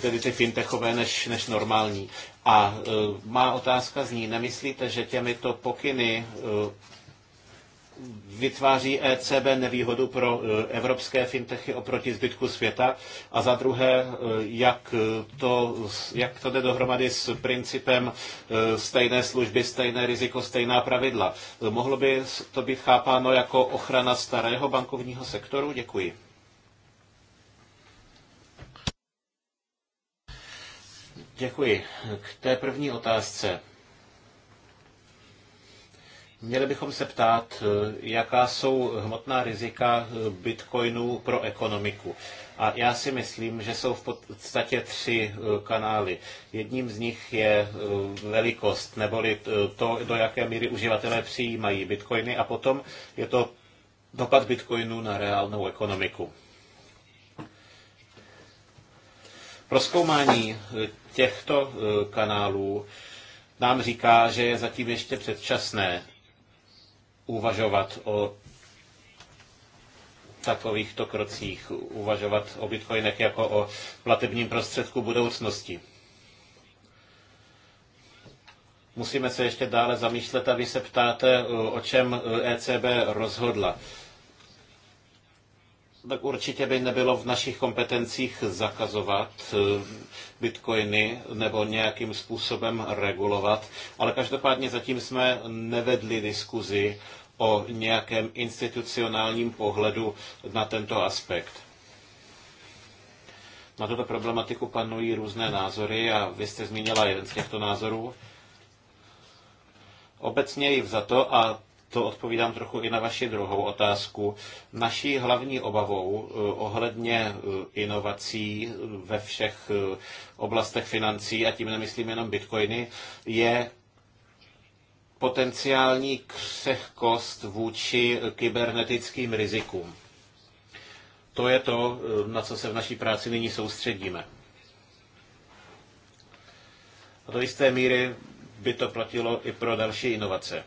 tedy ty fintechové, než, než normální. A má otázka zní, nemyslíte, že těmito pokyny vytváří ECB nevýhodu pro e, evropské fintechy oproti zbytku světa a za druhé, e, jak to, jak to jde dohromady s principem e, stejné služby, stejné riziko, stejná pravidla. Mohlo by to být chápáno jako ochrana starého bankovního sektoru? Děkuji. Děkuji. K té první otázce. Měli bychom se ptát, eh, jaká jsou hmotná rizika eh, bitcoinů pro ekonomiku. A já si myslím, že jsou v podstatě tři eh, kanály. Jedním z nich je velikost, neboli to, do jaké míry uživatelé přijímají bitcoiny a potom je to dopad bitcoinů na reálnou ekonomiku. Pro zkoumání těchto kanálů nám říká, že je zatím ještě předčasné uvažovat o takovýchto krocích, uvažovat o bitcoinech jako o platebním prostředku budoucnosti. Musíme se ještě dále zamýšlet a vy se ptáte, o čem ECB rozhodla tak určitě by nebylo v našich kompetencích zakazovat eh, bitcoiny nebo nějakým způsobem regulovat, ale každopádně zatím jsme nevedli diskuzi o nějakém institucionálním pohledu na tento aspekt. Na tuto problematiku panují různé názory a vy jste zmínila jeden z těchto názorů. Obecně i za to, a to odpovídám trochu i na vaši druhou otázku. Naší hlavní obavou eh, ohledně eh, inovací eh, ve všech oblastech financí, a tím nemyslím jenom bitcoiny, je potenciální křehkost vůči kybernetickým rizikům. To je to, na co se v naší práci nyní soustředíme. A do jisté míry by to platilo i pro další inovace.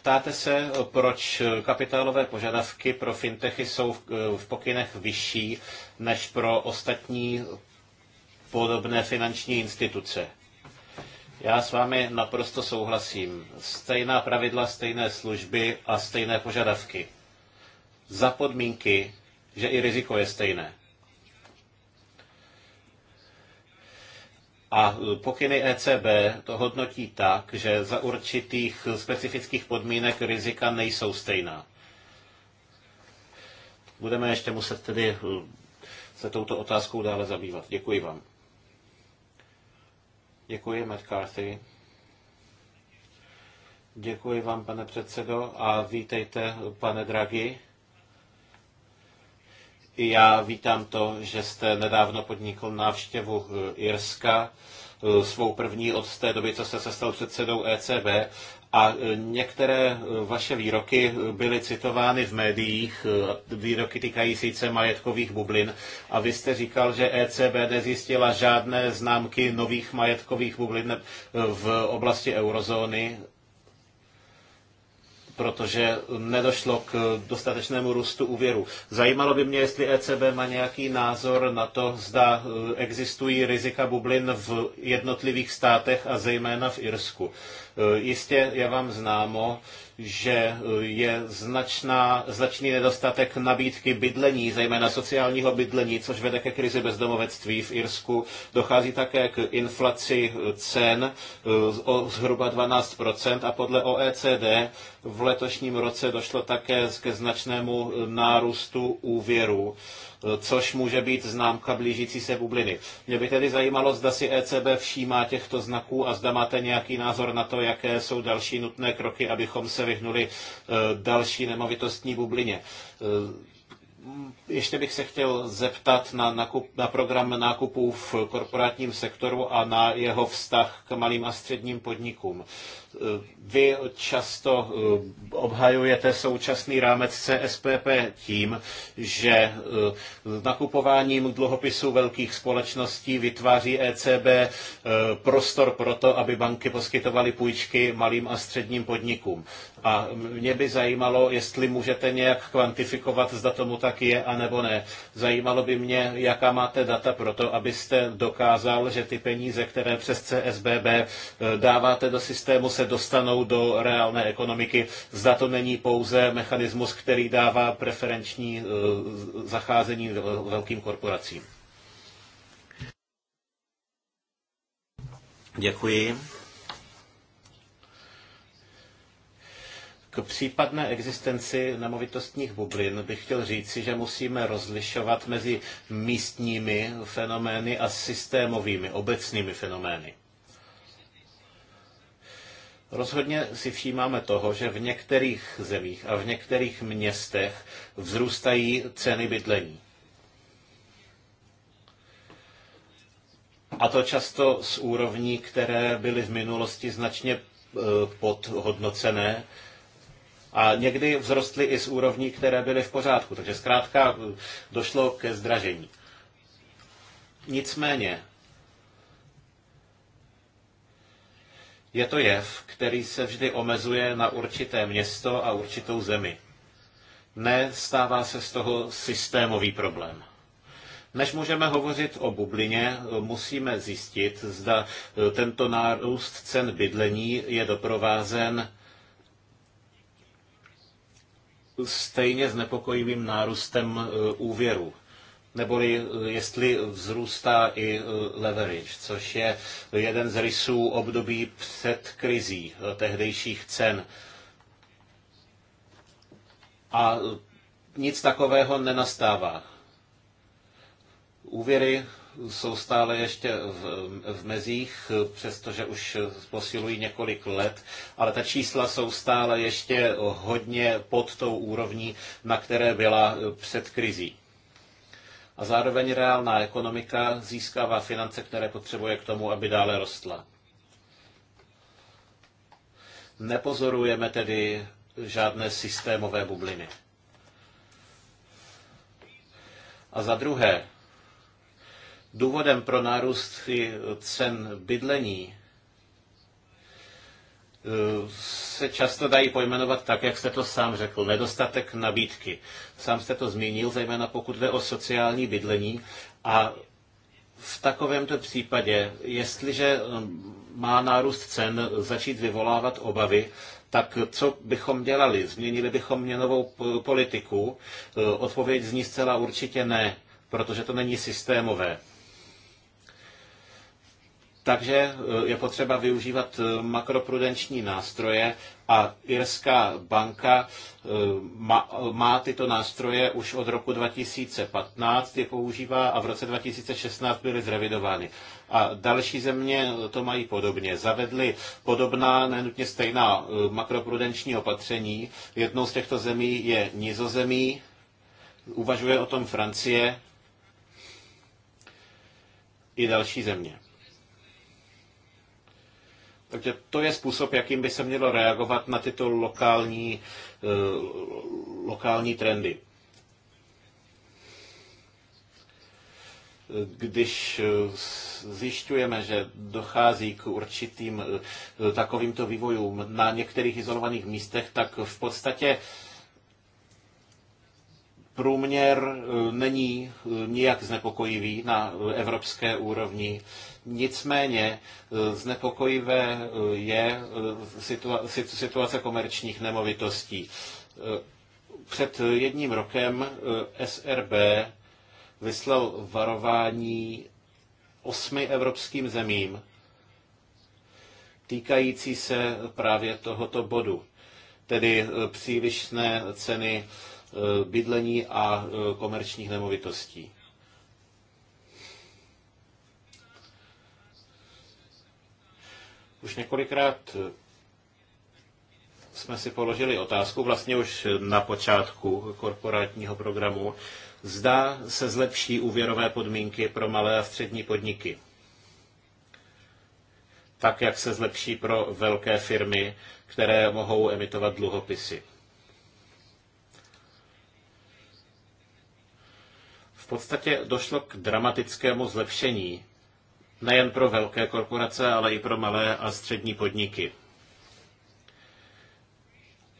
Ptáte se, proč kapitálové požadavky pro fintechy jsou v pokynech vyšší než pro ostatní podobné finanční instituce. Já s vámi naprosto souhlasím. Stejná pravidla, stejné služby a stejné požadavky. Za podmínky, že i riziko je stejné. A e, pokyny ECB to hodnotí tak, že za určitých specifických podmínek rizika nejsou stejná. Budeme ještě muset tedy e, se touto otázkou dále zabývat. Děkuji vám. Děkuji, Matt Carthy. Děkuji vám, pane předsedo, a vítejte, pane Draghi. I Já vítám to, že jste nedávno podnikl návštěvu eh, Irska, eh, svou první od té doby, co jste se stal předsedou ECB. A eh, některé vaše výroky byly citovány v médiích, výroky týkající se majetkových bublin. A vy jste říkal, že ECB nezjistila žádné známky nových majetkových bublin v oblasti eurozóny protože nedošlo k dostatečnému růstu úvěru. Zajímalo by mě, jestli ECB má nějaký názor na to, zda eh, existují rizika bublin v jednotlivých státech a zejména v Irsku. Eh, jistě je vám známo, že eh, je značná, značný nedostatek nabídky bydlení, zejména sociálního bydlení, což vede ke krizi bezdomovectví v Irsku. Dochází také k inflaci cen eh, o zhruba 12% a podle OECD v letošním roce došlo také ke značnému eh, nárůstu úvěrů což může být známka blížící se bubliny. Mě by tedy zajímalo, zda si ECB všímá těchto znaků a zda máte nějaký názor na to, jaké jsou další nutné kroky, abychom se vyhnuli eh, další nemovitostní bublině eh, ještě bych se chtěl zeptat na, nakup, na program nákupů v korporátním sektoru a na jeho vztah k malým a středním podnikům. Vy často eh, obhajujete současný rámec CSPP tím, že eh, nakupováním dluhopisů velkých společností vytváří ECB eh, prostor pro to, aby banky poskytovaly půjčky malým a středním podnikům. A mě by zajímalo, jestli můžete nějak kvantifikovat, zda tomu tak je a nebo ne. Zajímalo by mě, jaká máte data pro to, abyste dokázal, že ty peníze, které přes CSBB eh, dáváte do systému, se dostanou do reálné ekonomiky. Zda to není pouze mechanismus, který dává preferenční eh, zacházení velkým korporacím. Děkuji. K případné existenci nemovitostních bublin bych chtěl říci, že musíme rozlišovat mezi místními fenomény a systémovými, obecnými fenomény. Rozhodně si všímáme toho, že v některých zemích a v některých městech vzrůstají ceny bydlení. A to často z úrovní, které byly v minulosti značně eh, podhodnocené, a někdy vzrostly i z úrovní, které byly v pořádku. Takže zkrátka eh, došlo ke zdražení. Nicméně je to jev, který se vždy omezuje na určité město a určitou zemi. Nestává se z toho systémový problém. Než můžeme hovořit o bublině, eh, musíme zjistit, zda eh, tento nárůst cen bydlení je doprovázen stejně s nepokojivým nárůstem e, úvěru neboli e, jestli vzrůstá i e, leverage, což je jeden z rysů období před krizí tehdejších cen. A nic takového nenastává. Úvěry jsou stále ještě v, v mezích, přestože už posilují několik let, ale ta čísla jsou stále ještě hodně pod tou úrovní, na které byla před krizí. A zároveň reálná ekonomika získává finance, které potřebuje k tomu, aby dále rostla. Nepozorujeme tedy žádné systémové bubliny. A za druhé, Důvodem pro nárůst cen bydlení e, se často dají pojmenovat tak, jak jste to sám řekl, nedostatek nabídky. Sám jste to zmínil, zejména pokud jde o sociální bydlení. A v takovémto případě, jestliže má nárůst cen začít vyvolávat obavy, tak co bychom dělali? Změnili bychom měnovou politiku? E, odpověď zní zcela určitě ne, protože to není systémové. Takže eh, je potřeba využívat eh, makroprudenční nástroje a Irská banka eh, má, má tyto nástroje už od roku 2015, je používá a v roce 2016 byly zrevidovány. A další země to mají podobně. Zavedly podobná, nenutně stejná makroprudenční opatření. Jednou z těchto zemí je Nizozemí, uvažuje o tom Francie i další země. Takže to je způsob, jakým by se mělo reagovat na tyto lokální, eh, lokální trendy. když eh, zjišťujeme, že dochází k určitým eh, takovýmto vývojům na některých izolovaných místech, tak v podstatě průměr není nijak znepokojivý na evropské úrovni. Nicméně eh, znepokojivé eh, je eh, situace komerčních nemovitostí. Před jedním rokem SRB vyslal varování osmi evropským zemím týkající se právě tohoto bodu, tedy přílišné ceny bydlení a komerčních nemovitostí. Už několikrát jsme si položili otázku, vlastně už na počátku korporátního programu, zda se zlepší úvěrové podmínky pro malé a střední podniky. Tak, jak se zlepší pro velké firmy, které mohou emitovat dluhopisy. V podstatě došlo k dramatickému zlepšení nejen pro velké korporace, ale i pro malé a střední podniky.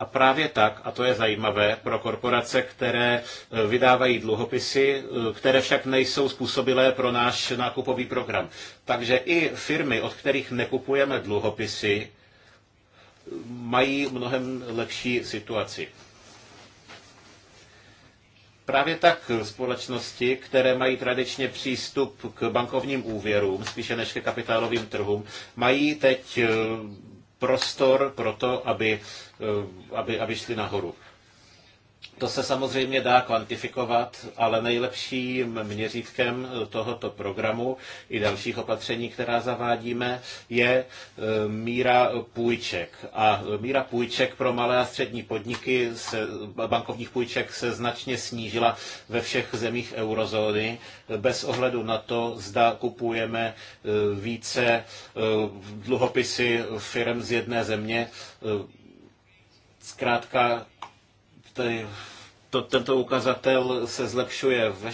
A právě tak, a to je zajímavé, pro korporace, které eh, vydávají dluhopisy, eh, které však nejsou způsobilé pro náš nákupový program. Takže i firmy, od kterých nekupujeme dluhopisy, mají mnohem lepší situaci. Právě tak společnosti, které mají tradičně přístup k bankovním úvěrům, spíše než ke kapitálovým trhům, mají teď eh, prostor pro to, aby, eh, aby, aby šli nahoru. To se samozřejmě dá kvantifikovat, ale nejlepším měřítkem tohoto programu i dalších opatření, která zavádíme, je e, míra půjček. A míra půjček pro malé a střední podniky, se, bankovních půjček se značně snížila ve všech zemích eurozóny, bez ohledu na to, zda kupujeme e, více e, dluhopisy firm z jedné země. Zkrátka, to, tento ukazatel se zlepšuje ve,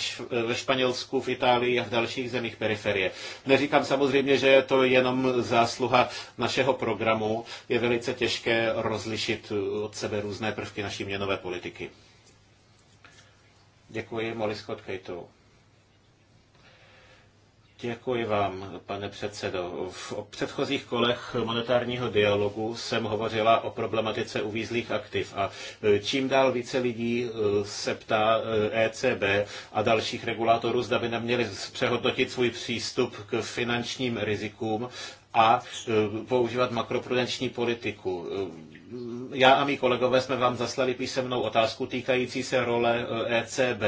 ve Španělsku, v Itálii a v dalších zemích periferie. Neříkám samozřejmě, že je to jenom zásluha našeho programu. Je velice těžké rozlišit od sebe různé prvky naší měnové politiky. Děkuji, Molly Scott Kejtou. Děkuji vám, pane předsedo. V předchozích kolech monetárního dialogu jsem hovořila o problematice uvízlých aktiv a e, čím dál více lidí e, se ptá ECB e a dalších regulátorů, zda by neměli přehodnotit svůj přístup k finančním rizikům a používat makroprudenční politiku. Já a mý kolegové jsme vám zaslali písemnou otázku týkající se role ECB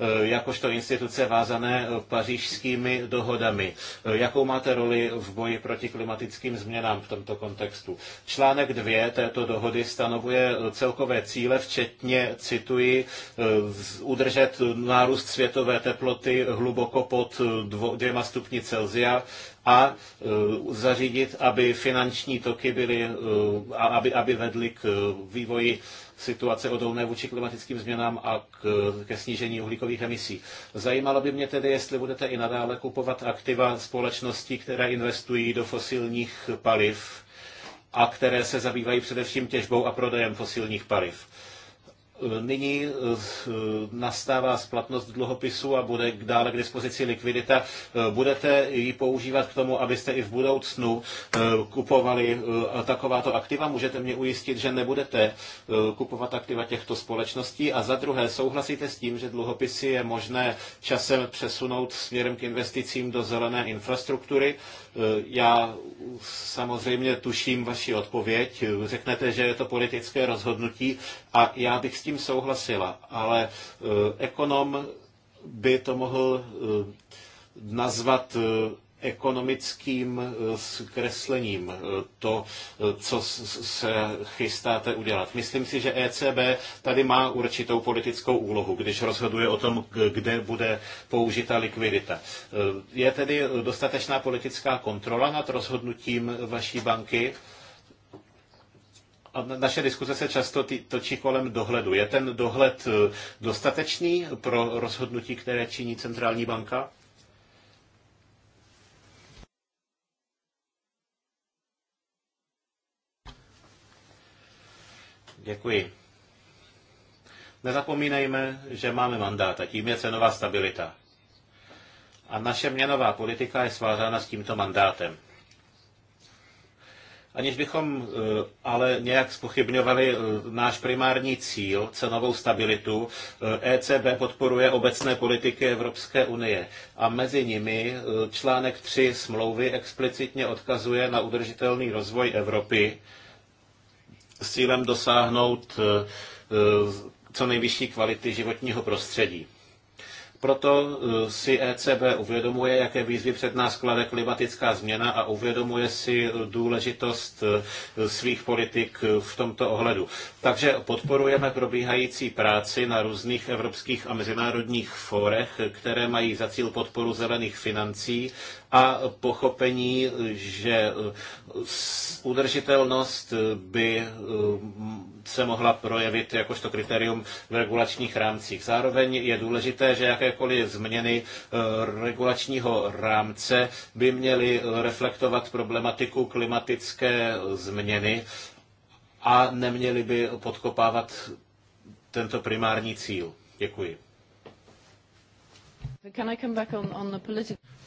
Eh, jakožto instituce vázané eh, pařížskými dohodami. Eh, jakou máte roli v boji proti klimatickým změnám v tomto kontextu? Článek 2 této dohody stanovuje celkové cíle, včetně, cituji, udržet nárůst světové teploty hluboko pod dvěma stupni Celsia a zařídit, aby finanční toky byly, aby, aby vedly k vývoji situace odolné vůči klimatickým změnám a k, ke snížení uhlíkových emisí. Zajímalo by mě tedy, jestli budete i nadále kupovat aktiva společností, které investují do fosilních paliv a které se zabývají především těžbou a prodejem fosilních paliv. Nyní eh, eh, nastává splatnost dluhopisu a bude dále k dispozici likvidita. Eh, budete ji používat k tomu, abyste i v budoucnu kupovali takováto aktiva? Můžete mě ujistit, že nebudete kupovat aktiva těchto společností? A za druhé, souhlasíte s tím, že dluhopisy je možné časem přesunout směrem k investicím do zelené infrastruktury? Já samozřejmě tuším vaši odpověď. Řeknete, že je to politické rozhodnutí a já bych s tím souhlasila, ale e, ekonom by to mohl e, nazvat e, ekonomickým zkreslením eh, eh, to, eh, co se chystáte udělat. Myslím si, že ECB tady má určitou politickou úlohu, když rozhoduje o tom, kde bude použita likvidita. Je tedy dostatečná politická kontrola nad rozhodnutím vaší banky? A naše diskuze se často točí kolem dohledu. Je ten dohled dostatečný pro rozhodnutí, které činí centrální banka? Děkuji. Nezapomínejme, že máme mandát a tím je cenová stabilita. A naše měnová politika je svázána s tímto mandátem. Aniž bychom eh, ale nějak spochybňovali eh, náš primární cíl, cenovou stabilitu, ECB eh, e podporuje obecné politiky Evropské unie a mezi nimi článek 3 smlouvy explicitně odkazuje na udržitelný rozvoj Evropy, s cílem dosáhnout eh, eh, co nejvyšší kvality životního prostředí. Proto eh, si ECB uvědomuje, jaké výzvy před nás klade klimatická změna a uvědomuje si důležitost svých politik v tomto ohledu. Takže podporujeme probíhající práci na různých evropských a mezinárodních fórech, které mají za cíl podporu zelených financí, a pochopení, že uh, udržitelnost by uh, se mohla projevit jakožto kritérium v regulačních rámcích. Zároveň je důležité, že jakékoliv změny uh, regulačního rámce by měly reflektovat problematiku klimatické změny a neměly by podkopávat tento primární cíl. Děkuji.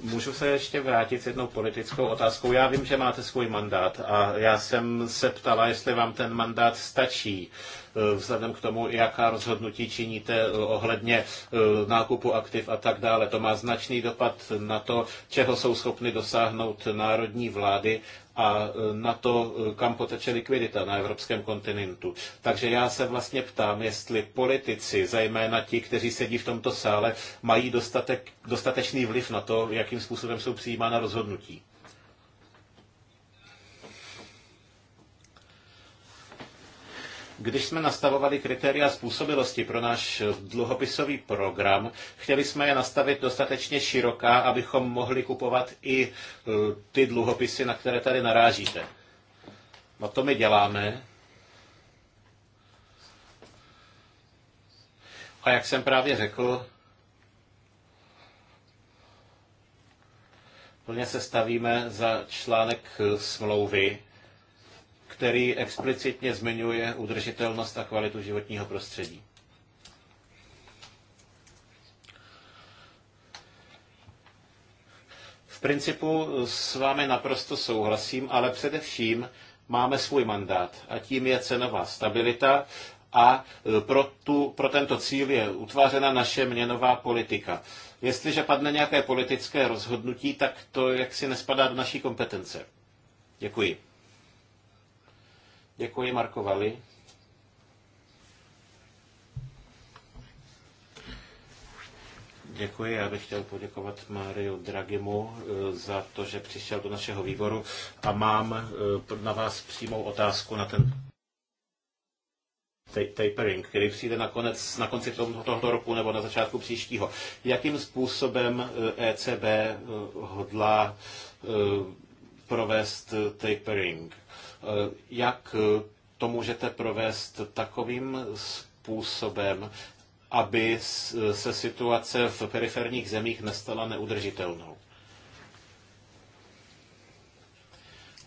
Můžu se ještě vrátit s jednou politickou otázkou. Já vím, že máte svůj mandát a já jsem se ptala, jestli vám ten mandát stačí eh, vzhledem k tomu, jaká rozhodnutí činíte eh, ohledně eh, nákupu aktiv a tak dále. To má značný dopad na to, čeho jsou schopny dosáhnout národní vlády a e, na to, e, kam poteče likvidita na evropském kontinentu. Takže já se vlastně ptám, jestli politici, zejména ti, kteří sedí v tomto sále, mají dostatek, dostatečný vliv na to, jakým způsobem jsou přijímána rozhodnutí. Když jsme nastavovali kritéria způsobilosti pro náš dluhopisový program, chtěli jsme je nastavit dostatečně široká, abychom mohli kupovat i e, ty dluhopisy, na které tady narážíte. No to my děláme. A jak jsem právě řekl, plně se stavíme za článek smlouvy, který explicitně zmiňuje udržitelnost a kvalitu životního prostředí. V principu s vámi naprosto souhlasím, ale především máme svůj mandát a tím je cenová stabilita a pro, tu, pro tento cíl je utvářena naše měnová politika. Jestliže padne nějaké politické rozhodnutí, tak to jaksi nespadá do naší kompetence. Děkuji. Děkuji Markovali. Děkuji, já bych chtěl poděkovat Mariu Dragimu eh, za to, že přišel do našeho výboru a mám eh, na vás přímou otázku na ten tapering, který přijde na, konec, na konci tohoto roku nebo na začátku příštího. Jakým způsobem ECB eh, e hodlá provést tapering? Eh, jak eh, to můžete provést takovým způsobem, aby eh, se situace v periferních zemích nestala neudržitelnou?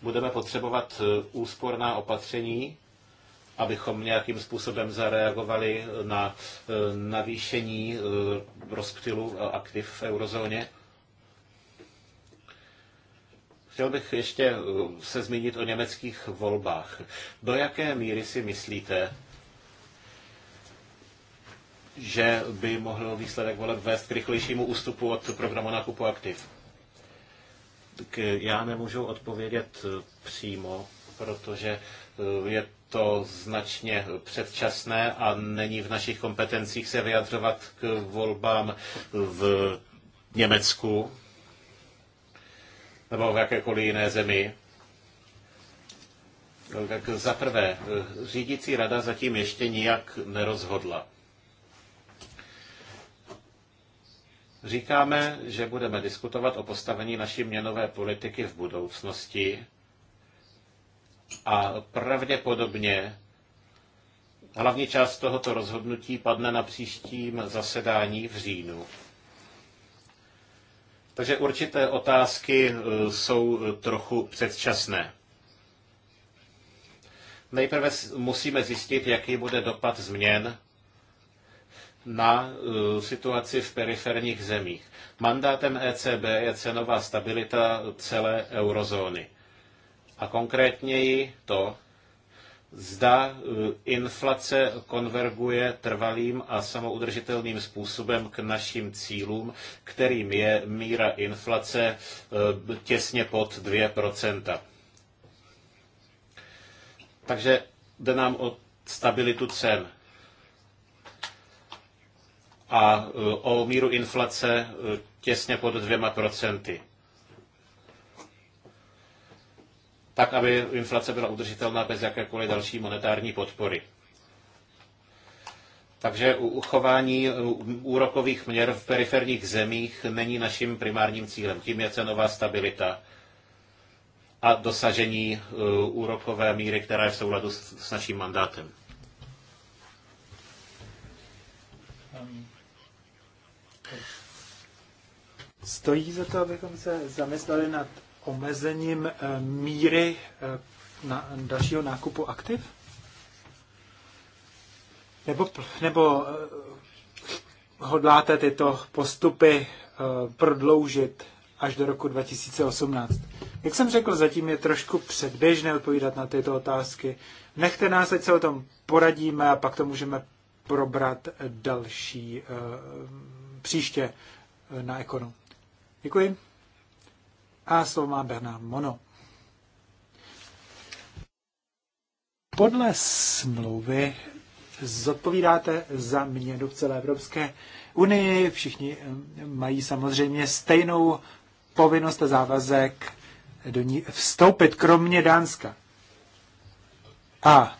Budeme potřebovat úsporná opatření, abychom nějakým způsobem zareagovali na navýšení rozptylu aktiv v eurozóně? Chtěl bych ještě eh, se zmínit o německých volbách. Do jaké míry si myslíte, že by mohl výsledek voleb vést k rychlejšímu ústupu od programu nákupu aktiv? Tak eh, já nemůžu odpovědět eh, přímo, protože je to značně předčasné a není v našich kompetencích se vyjadřovat k volbám v Německu nebo v jakékoliv jiné zemi. No, tak za prvé, eh, řídící rada zatím ještě nijak nerozhodla. Říkáme, že budeme diskutovat o postavení naší měnové politiky v budoucnosti a pravděpodobně hlavní část tohoto rozhodnutí padne na příštím zasedání v říjnu. Takže určité otázky e, jsou e, trochu předčasné. Nejprve musíme zjistit, jaký bude dopad změn na e, situaci v periferních zemích. Mandátem ECB je cenová stabilita celé eurozóny. A konkrétněji to, zda e, inflace konverguje trvalým a samoudržitelným způsobem k našim cílům, kterým je míra inflace e, těsně pod 2%. Takže jde nám o stabilitu cen a e, o míru inflace těsně pod dvěma procenty. tak aby inflace byla udržitelná bez jakékoliv další monetární podpory. Takže uchování úrokových měr v periferních zemích není naším primárním cílem. Tím je cenová stabilita a dosažení e, úrokové míry, která je v souladu s, naším mandátem. Stojí za to, abychom se zamysleli nad omezením eh, míry eh, na dalšího nákupu aktiv? Nebo, nebo eh, hodláte tyto postupy prodloužit až do roku 2018? Jak jsem řekl, zatím je trošku předběžné odpovídat na tyto otázky. Nechte nás, ať se o tom poradíme a pak to můžeme probrat další příště na ekonu. Děkuji. A slovo má Bernard Mono. Podle smlouvy zodpovídáte za mě do celé Evropské unii. Všichni mají samozřejmě stejnou povinnost a závazek do ní vstoupit, kromě Dánska. A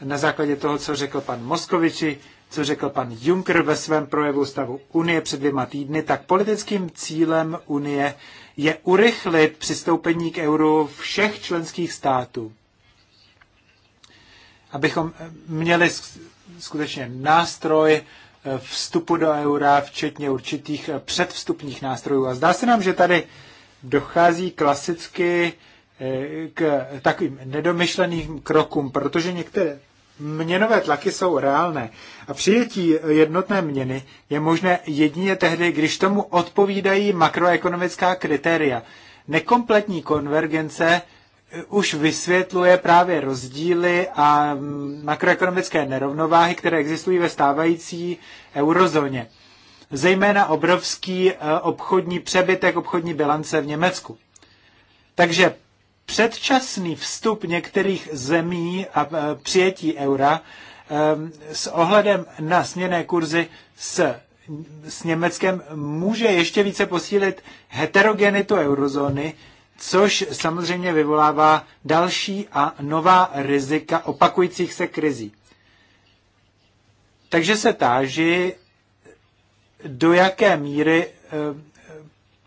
na základě toho, co řekl pan Moskoviči, co řekl pan Juncker ve svém projevu stavu Unie před dvěma týdny, tak politickým cílem Unie je urychlit přistoupení k euru všech členských států. Abychom měli skutečně nástroj eh, vstupu do eura, včetně určitých eh, předvstupních nástrojů. A zdá se nám, že tady dochází klasicky eh, k takovým nedomyšleným krokům, protože některé Měnové tlaky jsou reálné a přijetí jednotné měny je možné jedině tehdy, když tomu odpovídají makroekonomická kritéria. Nekompletní konvergence eh, už vysvětluje právě rozdíly a mm, makroekonomické nerovnováhy, které existují ve stávající eurozóně. Zejména obrovský eh, obchodní přebytek obchodní bilance v Německu. Takže předčasný vstup některých zemí a e, přijetí eura e, s ohledem na směné kurzy s, s Německem může ještě více posílit heterogenitu eurozóny, což samozřejmě vyvolává další a nová rizika opakujících se krizí. Takže se táži, do jaké míry e,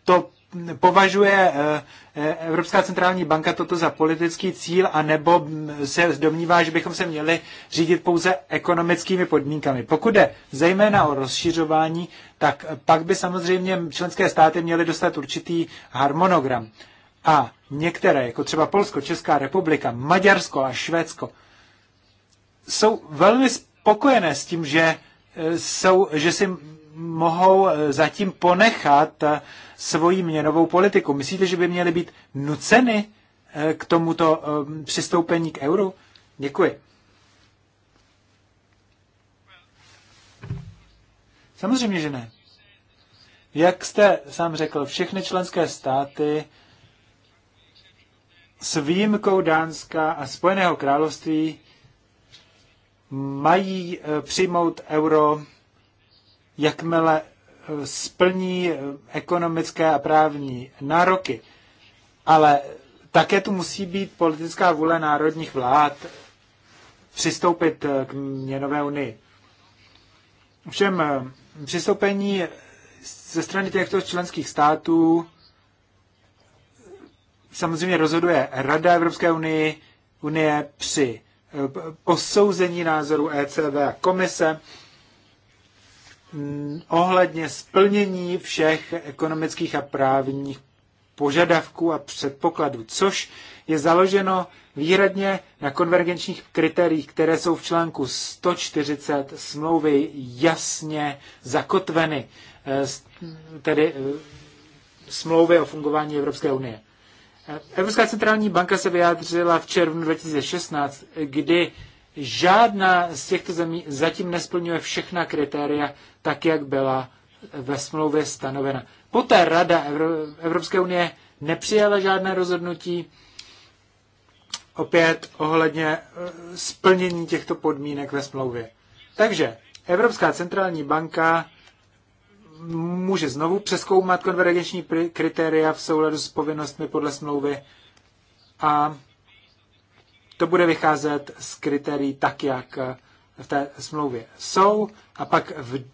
to považuje eh, eh, Evropská centrální banka toto za politický cíl, a nebo se domnívá, že bychom se měli řídit pouze ekonomickými podmínkami. Pokud jde zejména o rozšiřování, tak pak by samozřejmě členské státy měly dostat určitý harmonogram. A některé, jako třeba Polsko, Česká republika, Maďarsko a Švédsko, jsou velmi spokojené s tím, že, eh, jsou, že si mohou eh, zatím ponechat eh, svoji měnovou politiku. Myslíte, že by měly být nuceny eh, k tomuto přistoupení k euru? Děkuji. Samozřejmě, že ne. Jak jste sám řekl, všechny členské státy s výjimkou Dánska a Spojeného království mají přijmout euro jakmile eh, splní eh, ekonomické a právní nároky. Ale také tu musí být politická vůle národních vlád přistoupit eh, k měnové unii. Všem přistoupení ze strany těchto členských států samozřejmě rozhoduje Rada Evropské unie, unie při posouzení názoru ECV a komise Mm, ohledně splnění všech ekonomických a právních požadavků a předpokladů, což je založeno výhradně na konvergenčních kritériích, které jsou v článku 140 smlouvy jasně zakotveny, eh, tedy eh, smlouvy o fungování Evropské unie. Eh, Evropská centrální banka se vyjádřila v červnu 2016, kdy Žádná z těchto zemí zatím nesplňuje všechna kritéria, tak jak byla ve smlouvě stanovena. Poté Rada Evropské unie nepřijala žádné rozhodnutí opět ohledně eh, splnění těchto podmínek ve smlouvě. Takže Evropská centrální banka může znovu přeskoumat konvergenční kritéria v souladu s povinnostmi podle smlouvy a to bude vycházet z kritérií tak, jak eh, v té smlouvě jsou a pak v,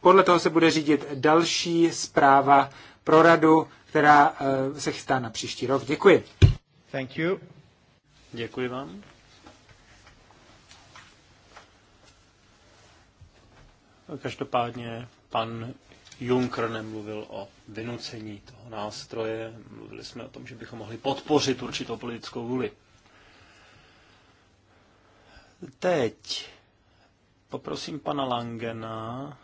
podle toho se bude řídit další zpráva pro radu, která eh, se chystá na příští rok. Děkuji. Thank you. Děkuji vám. Každopádně pan Juncker nemluvil o vynucení toho nástroje, mluvili jsme o tom, že bychom mohli podpořit určitou politickou vůli. Teď poprosím pana Langena,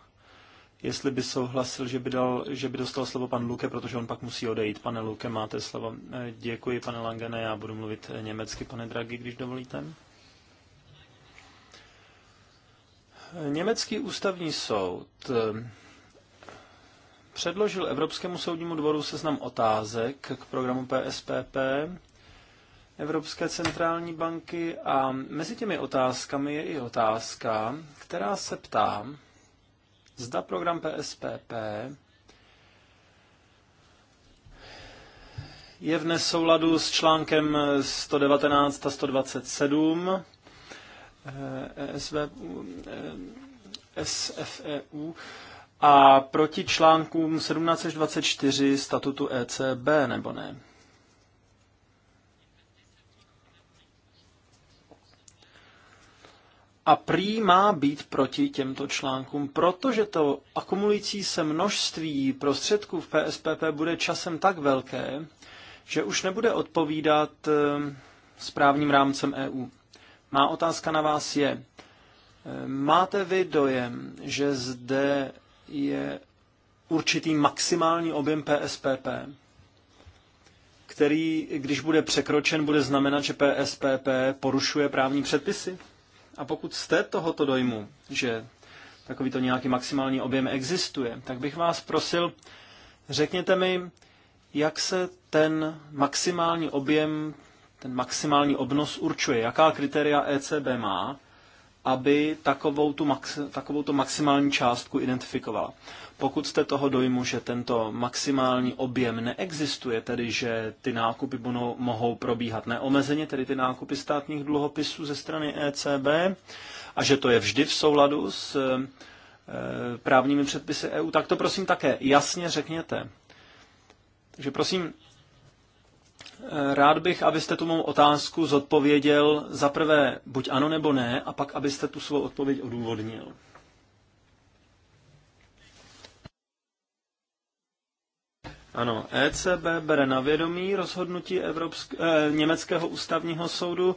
jestli by souhlasil, že by, dal, že by dostal slovo pan Luke, protože on pak musí odejít. Pane Luke, máte slovo. Eh, děkuji, pane Langene, já budu mluvit eh, německy, pane Dragi, když dovolíte. Eh, německý ústavní soud předložil Evropskému soudnímu dvoru seznam otázek k programu PSPP, Evropské centrální banky a mezi těmi otázkami je i otázka, která se ptá, zda program PSPP je v nesouladu s článkem 119 a 127 ESV, SFEU a proti článkům 17 až 24 statutu ECB, nebo ne? a prý má být proti těmto článkům, protože to akumulující se množství prostředků v PSPP bude časem tak velké, že už nebude odpovídat eh, správním rámcem EU. Má otázka na vás je, eh, máte vy dojem, že zde je určitý maximální objem PSPP, který, když bude překročen, bude znamenat, že PSPP porušuje právní předpisy? A pokud jste tohoto dojmu, že takovýto nějaký maximální objem existuje, tak bych vás prosil, řekněte mi, jak se ten maximální objem, ten maximální obnos určuje, jaká kritéria ECB má, aby takovou tu, max, takovou tu maximální částku identifikovala. Pokud jste toho dojmu, že tento maximální objem neexistuje, tedy že ty nákupy budou, mohou probíhat neomezeně, tedy ty nákupy státních dluhopisů ze strany ECB, a že to je vždy v souladu s e, právními předpisy EU, tak to prosím také jasně řekněte. Takže prosím, e, Rád bych, abyste tu mou otázku zodpověděl za prvé buď ano nebo ne, a pak abyste tu svou odpověď odůvodnil. Ano, ECB bere na vědomí rozhodnutí Evropsk- eh, Německého ústavního soudu.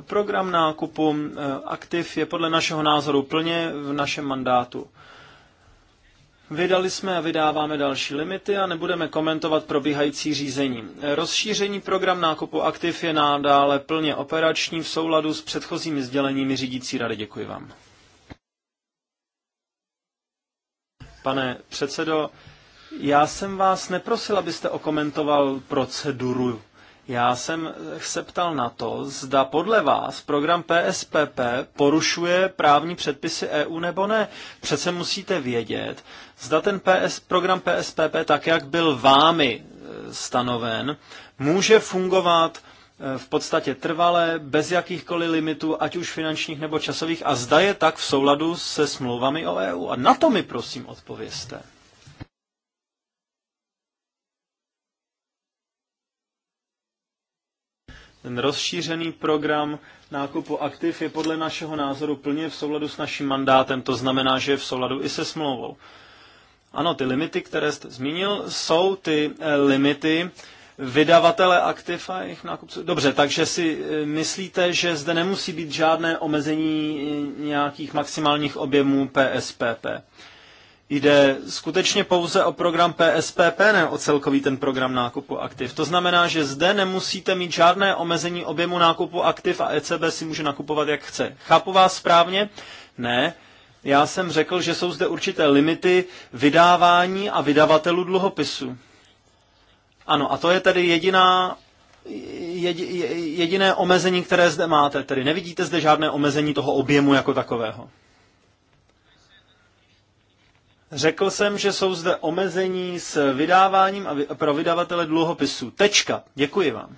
Program nákupu eh, aktiv je podle našeho názoru plně v našem mandátu. Vydali jsme a vydáváme další limity a nebudeme komentovat probíhající řízení. Rozšíření program nákupu aktiv je nadále plně operační v souladu s předchozími sděleními řídící rady. Děkuji vám. Pane předsedo, já jsem vás neprosil, abyste okomentoval proceduru. Já jsem se ptal na to, zda podle vás program PSPP porušuje právní předpisy EU nebo ne. Přece musíte vědět, zda ten PS, program PSPP, tak jak byl vámi e, stanoven, může fungovat e, v podstatě trvale, bez jakýchkoliv limitů, ať už finančních nebo časových, a zda je tak v souladu se smlouvami o EU. A na to mi prosím odpověste. Ten rozšířený program nákupu aktiv je podle našeho názoru plně v souladu s naším mandátem, to znamená, že je v souladu i se smlouvou. Ano, ty limity, které jste zmínil, jsou ty eh, limity vydavatele aktiv a jejich nákupců. Dobře, takže si eh, myslíte, že zde nemusí být žádné omezení eh, nějakých maximálních objemů PSPP jde skutečně pouze o program PSPP, ne o celkový ten program nákupu aktiv. To znamená, že zde nemusíte mít žádné omezení objemu nákupu aktiv a ECB si může nakupovat, jak chce. Chápu vás správně? Ne. Já jsem řekl, že jsou zde určité limity vydávání a vydavatelů dluhopisu. Ano, a to je tedy jediná, jedi, jediné omezení, které zde máte. Tedy nevidíte zde žádné omezení toho objemu jako takového. Řekl jsem, že jsou zde omezení s vydáváním a pro vydavatele dluhopisů. Tečka. Děkuji vám.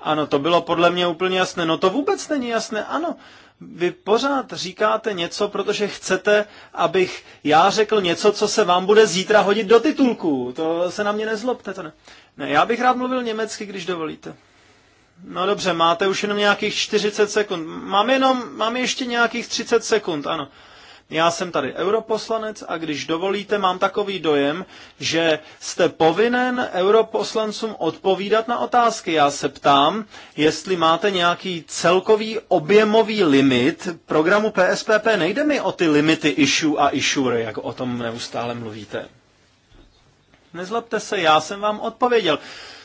Ano, to bylo podle mě úplně jasné. No to vůbec není jasné. Ano, vy pořád říkáte něco, protože chcete, abych já řekl něco, co se vám bude zítra hodit do titulků. To se na mě nezlobte, to ne. Ne, já bych rád mluvil německy, když dovolíte. No dobře, máte už jenom nějakých 40 sekund. Mám jenom, mám ještě nějakých 30 sekund, ano. Uh, já jsem tady europoslanec a když dovolíte, mám takový dojem, že jste povinen europoslancům odpovídat na otázky. Já se ptám, jestli máte nějaký celkový objemový limit programu PSPP. Nejde mi o ty limity issue a issuer, jak o tom neustále mluvíte. Nezlobte se, já jsem vám odpověděl.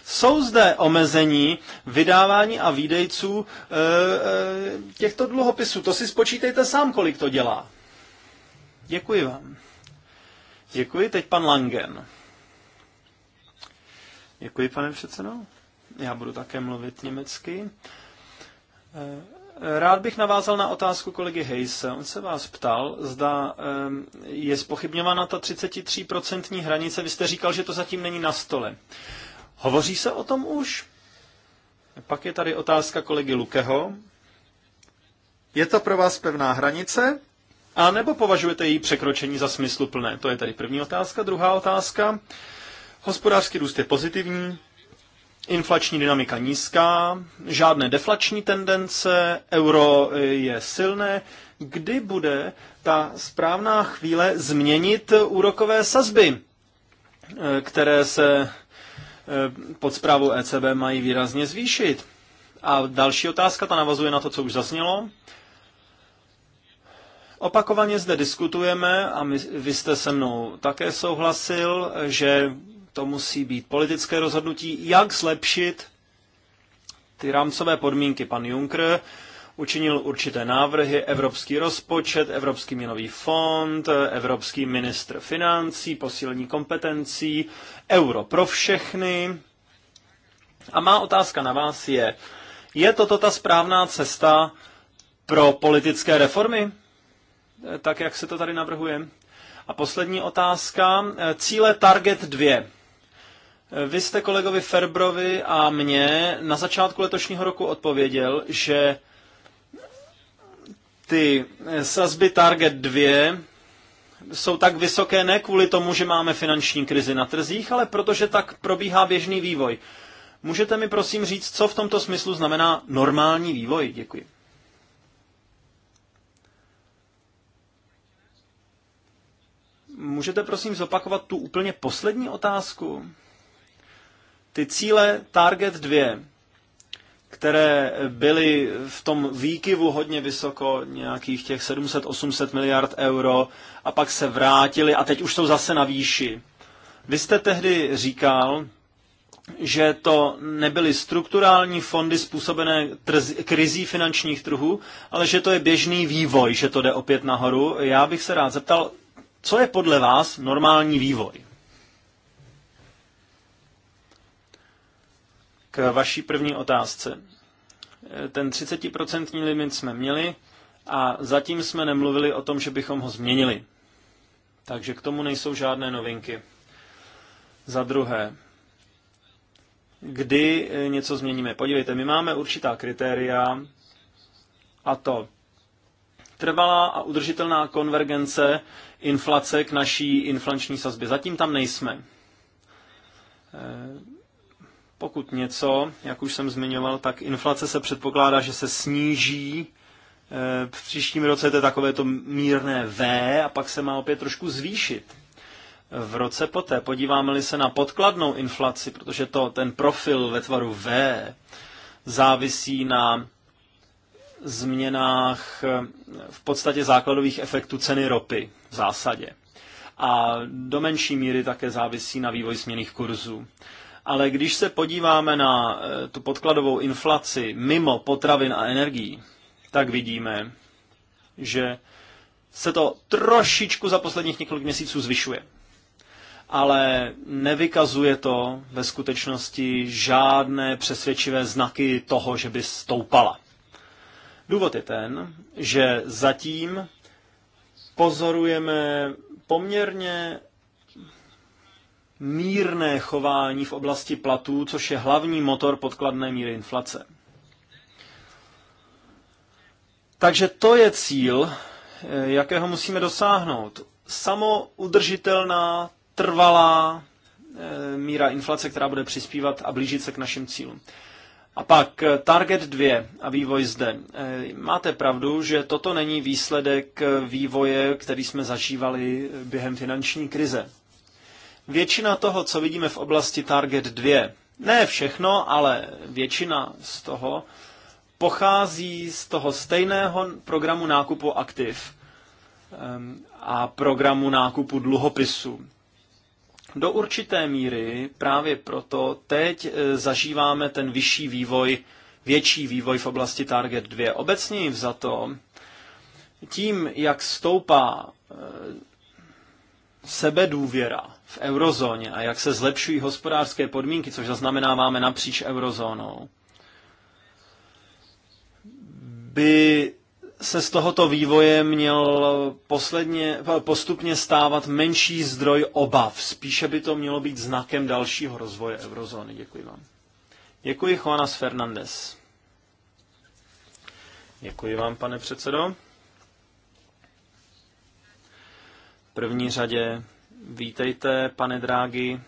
Jsou zde omezení vydávání a výdejců e, e, těchto dluhopisů. To si spočítejte sám, kolik to dělá. Děkuji vám. Děkuji, teď pan Langen. Děkuji, pane předsedo. Já budu také mluvit německy. Eh, rád bych navázal na otázku kolegy Hejse. On se vás ptal, zda eh, je spochybňována ta 33% hranice. Vy jste říkal, že to zatím není na stole. Hovoří se o tom už? Pak je tady otázka kolegy Lukeho. Je to pro vás pevná hranice? A nebo považujete její překročení za smysluplné? To je tady první otázka. Druhá otázka. Hospodářský růst je pozitivní, inflační dynamika nízká, žádné deflační tendence, euro eh, je silné. Kdy bude ta správná chvíle změnit úrokové sazby, eh, které se eh, pod zprávou ECB mají výrazně zvýšit? A další otázka, ta navazuje na to, co už zaznělo. Opakovaně zde diskutujeme, a my, vy jste se mnou také souhlasil, že to musí být politické rozhodnutí, jak zlepšit ty rámcové podmínky. Pan Juncker učinil určité návrhy, evropský rozpočet, Evropský měnový fond, Evropský ministr financí, posílení kompetencí, euro pro všechny. A má otázka na vás je, je toto ta správná cesta pro politické reformy? Eh, tak jak se to tady navrhuje. A poslední otázka. Eh, cíle Target 2. Eh, vy jste kolegovi Ferbrovi a mě na začátku letošního roku odpověděl, že ty sazby Target 2 jsou tak vysoké ne kvůli tomu, že máme finanční krizi na trzích, ale protože tak probíhá běžný vývoj. Můžete mi prosím říct, co v tomto smyslu znamená normální vývoj? Děkuji. Můžete prosím zopakovat tu úplně poslední otázku? Ty cíle Target 2, které byly v tom výkyvu hodně vysoko, nějakých těch 700-800 miliard euro, a pak se vrátili a teď už jsou zase na výši. Vy jste tehdy říkal, že to nebyly strukturální fondy způsobené trz, krizí finančních trhů, ale že to je běžný vývoj, že to jde opět nahoru. Já bych se rád zeptal, co je podle vás normální vývoj? K vaší první otázce. Ten 30% limit jsme měli a zatím jsme nemluvili o tom, že bychom ho změnili. Takže k tomu nejsou žádné novinky. Za druhé, kdy něco změníme? Podívejte, my máme určitá kritéria a to Trvalá a udržitelná konvergence inflace k naší inflační sazbě. Zatím tam nejsme. E, pokud něco, jak už jsem zmiňoval, tak inflace se předpokládá, že se sníží. E, v příštím roce to je takové to mírné V a pak se má opět trošku zvýšit. V roce poté podíváme-li se na podkladnou inflaci, protože to, ten profil ve tvaru V závisí na změnách eh, v podstatě základových efektů ceny ropy v zásadě. A do menší míry také závisí na vývoji směných kurzů. Ale když se podíváme na eh, tu podkladovou inflaci mimo potravin a energií, tak vidíme, že se to trošičku za posledních několik měsíců zvyšuje. Ale nevykazuje to ve skutečnosti žádné přesvědčivé znaky toho, že by stoupala. Důvod je ten, že zatím pozorujeme poměrně mírné chování v oblasti platů, což je hlavní motor podkladné míry inflace. Takže to je cíl, eh, jakého musíme dosáhnout. Samoudržitelná, trvalá eh, míra inflace, která bude přispívat a blížit se k našim cílům. A pak eh, Target 2 a vývoj zde. Eh, máte pravdu, že toto není výsledek eh, vývoje, který jsme zažívali během finanční krize. Většina toho, co vidíme v oblasti Target 2, ne všechno, ale většina z toho, pochází z toho stejného programu nákupu aktiv ehm, a programu nákupu dluhopisů. Do určité míry právě proto teď e, zažíváme ten vyšší vývoj, větší vývoj v oblasti Target 2. Obecně za to, tím, jak stoupá e, sebedůvěra v eurozóně a jak se zlepšují hospodářské podmínky, což zaznamenáváme napříč eurozónou, by se z tohoto vývoje měl posledně, postupně stávat menší zdroj obav. Spíše by to mělo být znakem dalšího rozvoje eurozóny. Děkuji vám. Děkuji, Juanas Fernandez. Děkuji vám, pane předsedo. V první řadě vítejte, pane Drági,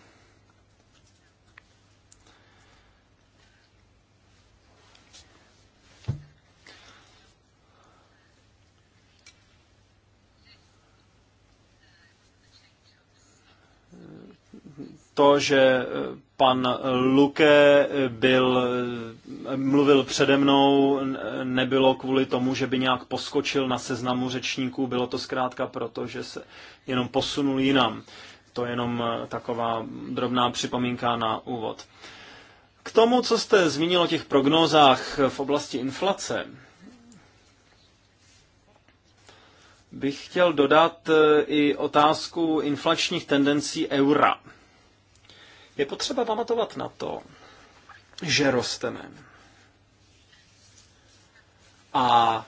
to, že eh, pan Luke eh, byl, eh, mluvil přede mnou, nebylo kvůli tomu, že by nějak poskočil na seznamu řečníků, bylo to zkrátka proto, že se jenom posunul jinam. To je jenom taková drobná připomínka na úvod. K tomu, co jste zmínil o těch prognózách v oblasti inflace, bych chtěl dodat i otázku inflačních tendencí eura. Je potřeba pamatovat na to, že rosteme. A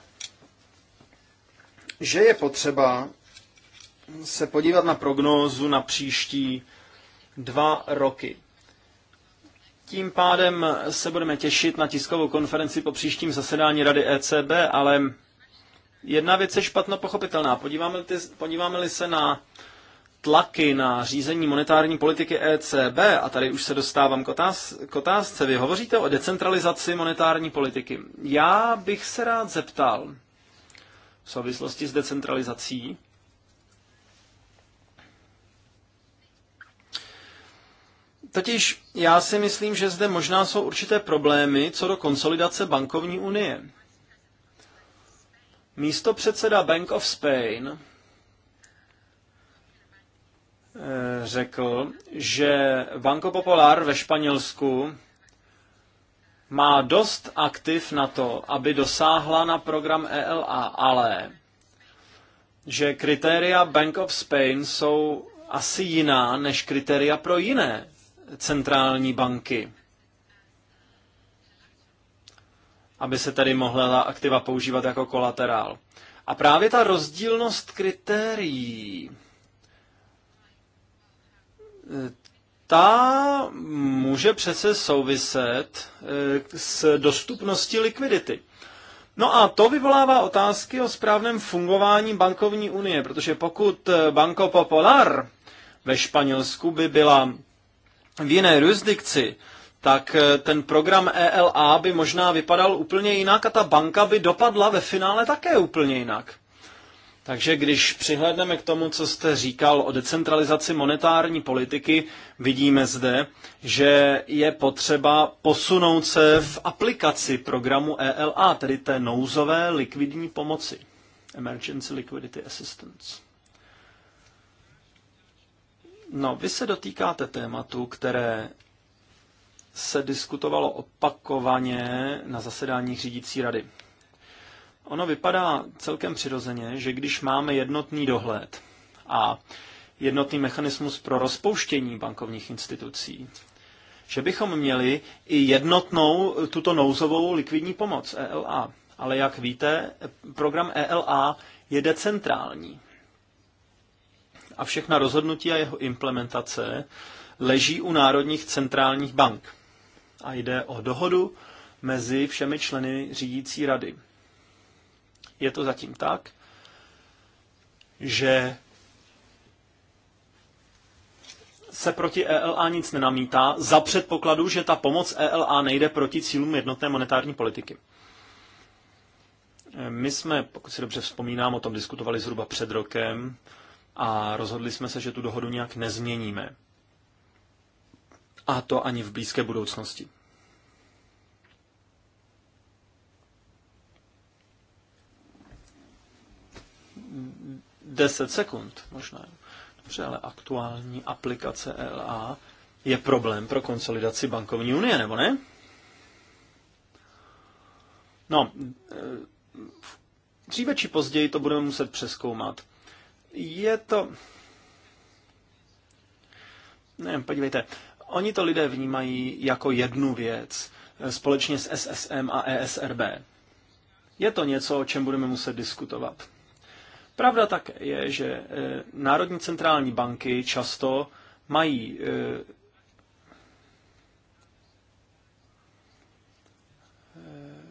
že je potřeba se podívat na prognózu na příští dva roky. Tím pádem se budeme těšit na tiskovou konferenci po příštím zasedání Rady ECB, ale jedna věc je špatno pochopitelná. Podíváme-li podíváme se na tlaky na řízení monetární politiky ECB, a tady už se dostávám k, otáz, k otázce, vy hovoříte o decentralizaci monetární politiky. Já bych se rád zeptal v souvislosti s decentralizací, Totiž já si myslím, že zde možná jsou určité problémy co do konsolidace bankovní unie. Místo předseda Bank of Spain Eh, řekl, že Banco Popular ve Španělsku má dost aktiv na to, aby dosáhla na program ELA, ale že kritéria Bank of Spain jsou asi jiná než kritéria pro jiné centrální banky. Aby se tady mohla aktiva používat jako kolaterál. A právě ta rozdílnost kritérií ta může přece souviset eh, s dostupností likvidity. No a to vyvolává otázky o správném fungování bankovní unie, protože pokud eh, Banco Popular ve Španělsku by byla v jiné jurisdikci, tak eh, ten program ELA by možná vypadal úplně jinak a ta banka by dopadla ve finále také úplně jinak. Takže když přihlédneme k tomu, co jste říkal o decentralizaci monetární politiky, vidíme zde, že je potřeba posunout se v aplikaci programu ELA, tedy té nouzové likvidní pomoci. Emergency Liquidity Assistance. No, vy se dotýkáte tématu, které se diskutovalo opakovaně na zasedáních řídící rady. Ono vypadá celkem přirozeně, že když máme jednotný dohled a jednotný mechanismus pro rozpouštění bankovních institucí, že bychom měli i jednotnou tuto nouzovou likvidní pomoc ELA. Ale jak víte, program ELA je decentrální. A všechna rozhodnutí a jeho implementace leží u národních centrálních bank. A jde o dohodu mezi všemi členy řídící rady je to zatím tak, že se proti ELA nic nenamítá za předpokladu, že ta pomoc ELA nejde proti cílům jednotné monetární politiky. My jsme, pokud si dobře vzpomínám, o tom diskutovali zhruba před rokem a rozhodli jsme se, že tu dohodu nějak nezměníme. A to ani v blízké budoucnosti. 10 sekund možná. Dobře, ale aktuální aplikace LA je problém pro konsolidaci bankovní unie, nebo ne? No, eh, dříve či později to budeme muset přeskoumat. Je to... Ne, podívejte, oni to lidé vnímají jako jednu věc, eh, společně s SSM a ESRB. Je to něco, o čem budeme muset diskutovat. Pravda tak je, že eh, národní centrální banky často mají eh, eh,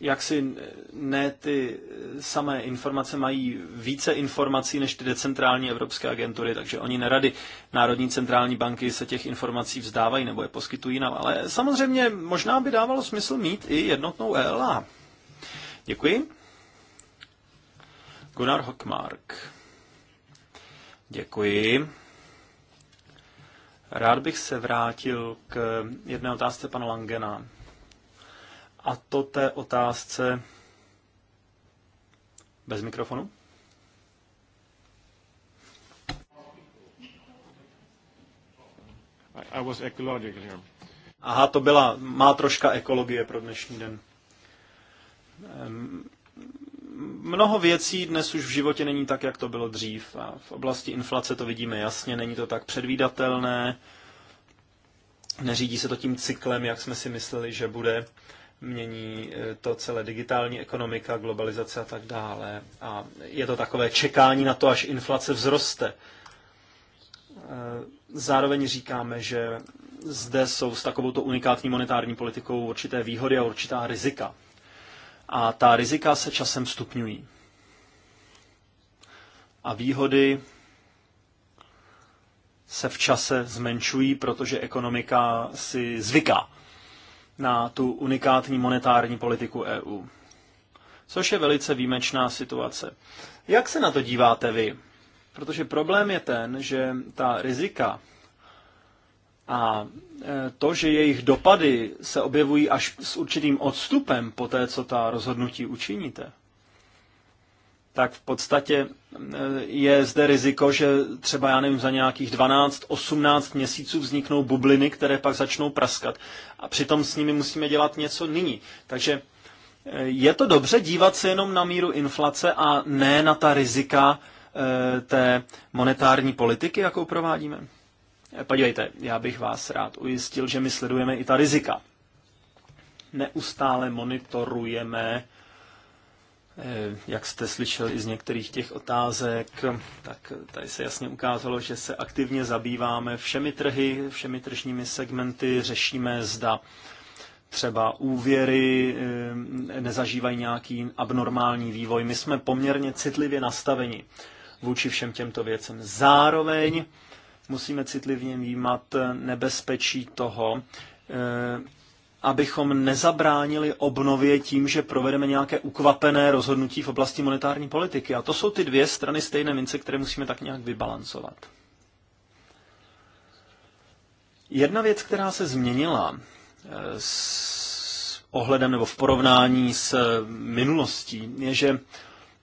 jak si ne ty samé informace mají více informací než ty decentrální evropské agentury, takže oni nerady Národní centrální banky se těch informací vzdávají nebo je poskytují nám. Ale samozřejmě možná by dávalo smysl mít i jednotnou ELA. Děkuji. Gunnar Hockmark. Děkuji. Rád bych se vrátil k jedné otázce pana Langena. A to té otázce bez mikrofonu. I was ecological Aha, to byla má troška ekologie pro dnešní den mnoho věcí dnes už v životě není tak, jak to bylo dřív. A v oblasti inflace to vidíme jasně, není to tak předvídatelné, neřídí se to tím cyklem, jak jsme si mysleli, že bude. Mění e, to celé digitální ekonomika, globalizace a tak dále. A je to takové čekání na to, až inflace vzroste. E, zároveň říkáme, že zde jsou s takovouto unikátní monetární politikou určité výhody a určitá rizika a ta rizika se časem stupňují. A výhody se v čase zmenšují, protože ekonomika si zvyká na tu unikátní monetární politiku EU. Což je velice výjimečná situace. Jak se na to díváte vy? Protože problém je ten, že ta rizika a e, to, že jejich dopady se objevují až s určitým odstupem po té, co ta rozhodnutí učiníte, tak v podstatě e, je zde riziko, že třeba, já nevím, za nějakých 12-18 měsíců vzniknou bubliny, které pak začnou praskat. A přitom s nimi musíme dělat něco nyní. Takže e, je to dobře dívat se jenom na míru inflace a ne na ta rizika té monetární politiky, jakou provádíme? Podívejte, já bych vás rád ujistil, že my sledujeme i ta rizika. Neustále monitorujeme, eh, jak jste slyšel i z některých těch otázek, tak tady se jasně ukázalo, že se aktivně zabýváme všemi trhy, všemi tržními segmenty, řešíme zda třeba úvěry eh, nezažívají nějaký abnormální vývoj. My jsme poměrně citlivě nastaveni vůči všem těmto věcem. Zároveň musíme citlivně vnímat nebezpečí toho, eh, abychom nezabránili obnově tím, že provedeme nějaké ukvapené rozhodnutí v oblasti monetární politiky. A to jsou ty dvě strany stejné mince, které musíme tak nějak vybalancovat. Jedna věc, která se změnila eh, s ohledem nebo v porovnání s minulostí, je, že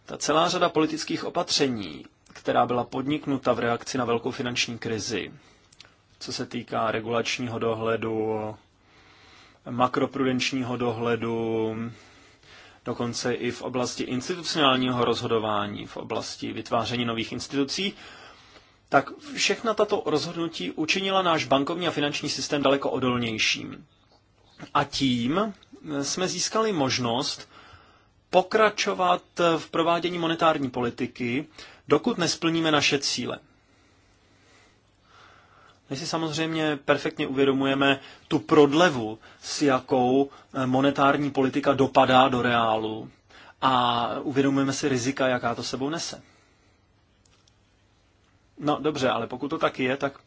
ta celá řada politických opatření která byla podniknuta v reakci na velkou finanční krizi, co se týká regulačního dohledu, makroprudenčního dohledu, dokonce i v oblasti institucionálního rozhodování, v oblasti vytváření nových institucí, tak všechna tato rozhodnutí učinila náš bankovní a finanční systém daleko odolnějším. A tím jsme získali možnost pokračovat v provádění monetární politiky, dokud nesplníme naše cíle. My si samozřejmě perfektně uvědomujeme tu prodlevu, s jakou eh, monetární politika dopadá do reálu a uvědomujeme si rizika, jaká to sebou nese. No dobře, ale pokud to taky je, tak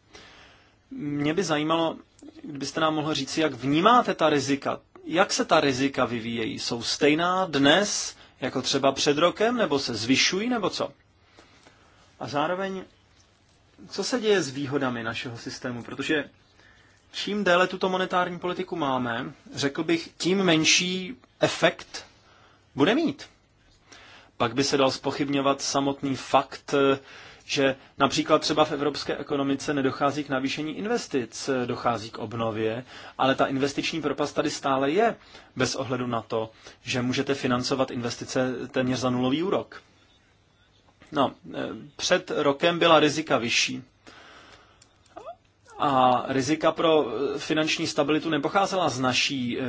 mě by zajímalo, kdybyste nám mohl říci, jak vnímáte ta rizika, jak se ta rizika vyvíjejí. Jsou stejná dnes, jako třeba před rokem, nebo se zvyšují, nebo co? A zároveň, co se děje s výhodami našeho systému? Protože čím déle tuto monetární politiku máme, řekl bych, tím menší efekt bude mít. Pak by se dal spochybňovat samotný fakt, že například třeba v evropské ekonomice nedochází k navýšení investic, dochází k obnově, ale ta investiční propast tady stále je, bez ohledu na to, že můžete financovat investice téměř za nulový úrok. No, e, před rokem byla rizika vyšší. A rizika pro e, finanční stabilitu nepocházela z naší, e,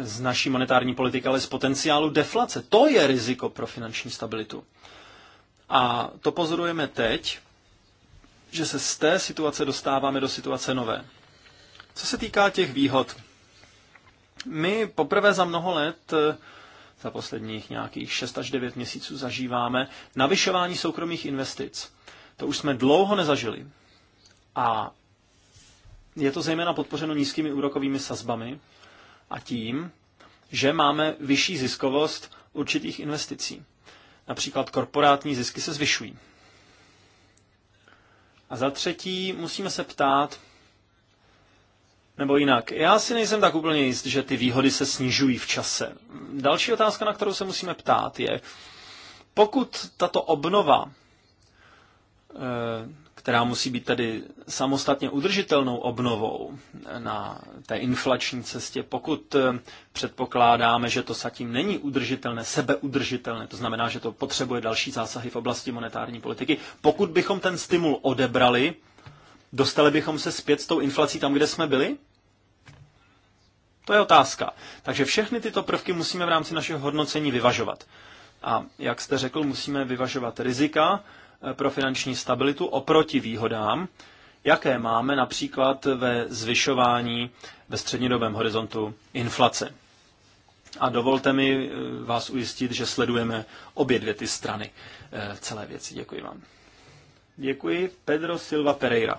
z naší monetární politiky, ale z potenciálu deflace. To je riziko pro finanční stabilitu. A to pozorujeme teď, že se z té situace dostáváme do situace nové. Co se týká těch výhod, my poprvé za mnoho let za posledních nějakých 6 až 9 měsíců zažíváme, navyšování soukromých investic. To už jsme dlouho nezažili. A je to zejména podpořeno nízkými úrokovými sazbami a tím, že máme vyšší ziskovost určitých investicí. Například korporátní zisky se zvyšují. A za třetí musíme se ptát, nebo jinak, já si nejsem tak úplně jist, že ty výhody se snižují v čase. Další otázka, na kterou se musíme ptát, je, pokud tato obnova, eh, která musí být tedy samostatně udržitelnou obnovou eh, na té inflační cestě, pokud eh, předpokládáme, že to zatím není udržitelné, sebeudržitelné, to znamená, že to potřebuje další zásahy v oblasti monetární politiky, pokud bychom ten stimul odebrali, dostali bychom se zpět s tou inflací tam, kde jsme byli? To je otázka. Takže všechny tyto prvky musíme v rámci našeho hodnocení vyvažovat. A jak jste řekl, musíme vyvažovat rizika eh, pro finanční stabilitu oproti výhodám, jaké máme například ve zvyšování ve střednědobém horizontu inflace. A dovolte mi eh, vás ujistit, že sledujeme obě dvě ty strany eh, celé věci. Děkuji vám. Děkuji. Pedro Silva Pereira.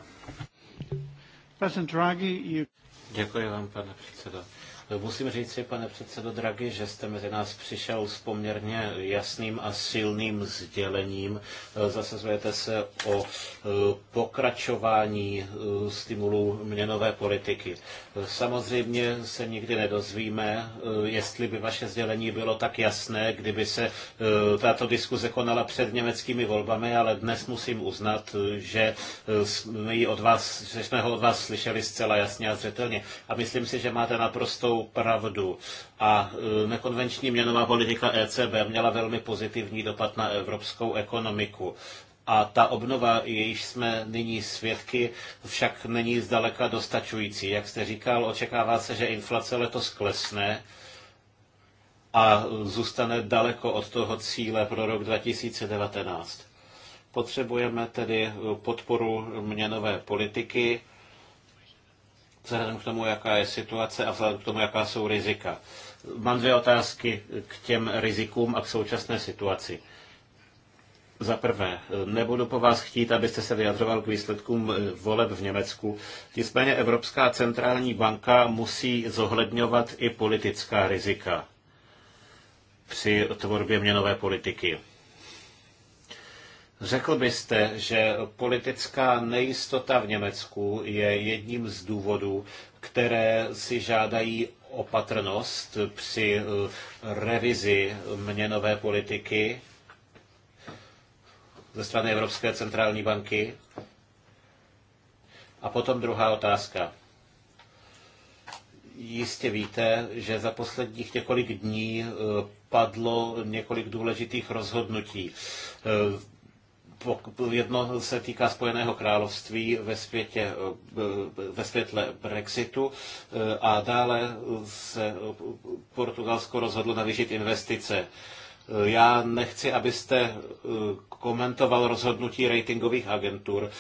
Děkuji vám, pane předsedo. Musím říct si, pane předsedo Draghi, že jste mezi nás přišel s poměrně jasným a silným sdělením. Zasazujete se o e, pokračování e, stimulů měnové politiky. Samozřejmě se nikdy nedozvíme, e, jestli by vaše sdělení bylo tak jasné, kdyby se tato diskuze konala před německými volbami, ale dnes musím uznat, že jsme, od vás, že jsme ho od vás slyšeli zcela jasně a zřetelně. A myslím si, že máte naprostou svou pravdu. A e, nekonvenční měnová politika ECB měla velmi pozitivní dopad na evropskou ekonomiku. A ta obnova, jejíž jsme nyní svědky, však není zdaleka dostačující. Jak jste říkal, očekává se, že inflace letos klesne a zůstane daleko od toho cíle pro rok 2019. Potřebujeme tedy podporu měnové politiky vzhledem k tomu, jaká je situace a vzhledem k tomu, jaká jsou rizika. Mám dvě otázky k těm rizikům a k současné situaci. Za prvé, nebudu po vás chtít, abyste se vyjadřoval k výsledkům eh, voleb v Německu. Nicméně Evropská centrální banka musí zohledňovat i politická rizika při tvorbě měnové politiky. Řekl byste, že politická nejistota v Německu je jedním z důvodů, které si žádají opatrnost při eh, revizi měnové politiky ze strany Evropské centrální banky? A potom druhá otázka. Jistě víte, že za posledních několik dní eh, padlo několik důležitých rozhodnutí. Eh, Jedno se týká Spojeného království ve, světě, eh, ve světle Brexitu eh, a dále se Portugalsko rozhodlo navýšit investice. Eh, já nechci, abyste komentoval rozhodnutí ratingových agentur.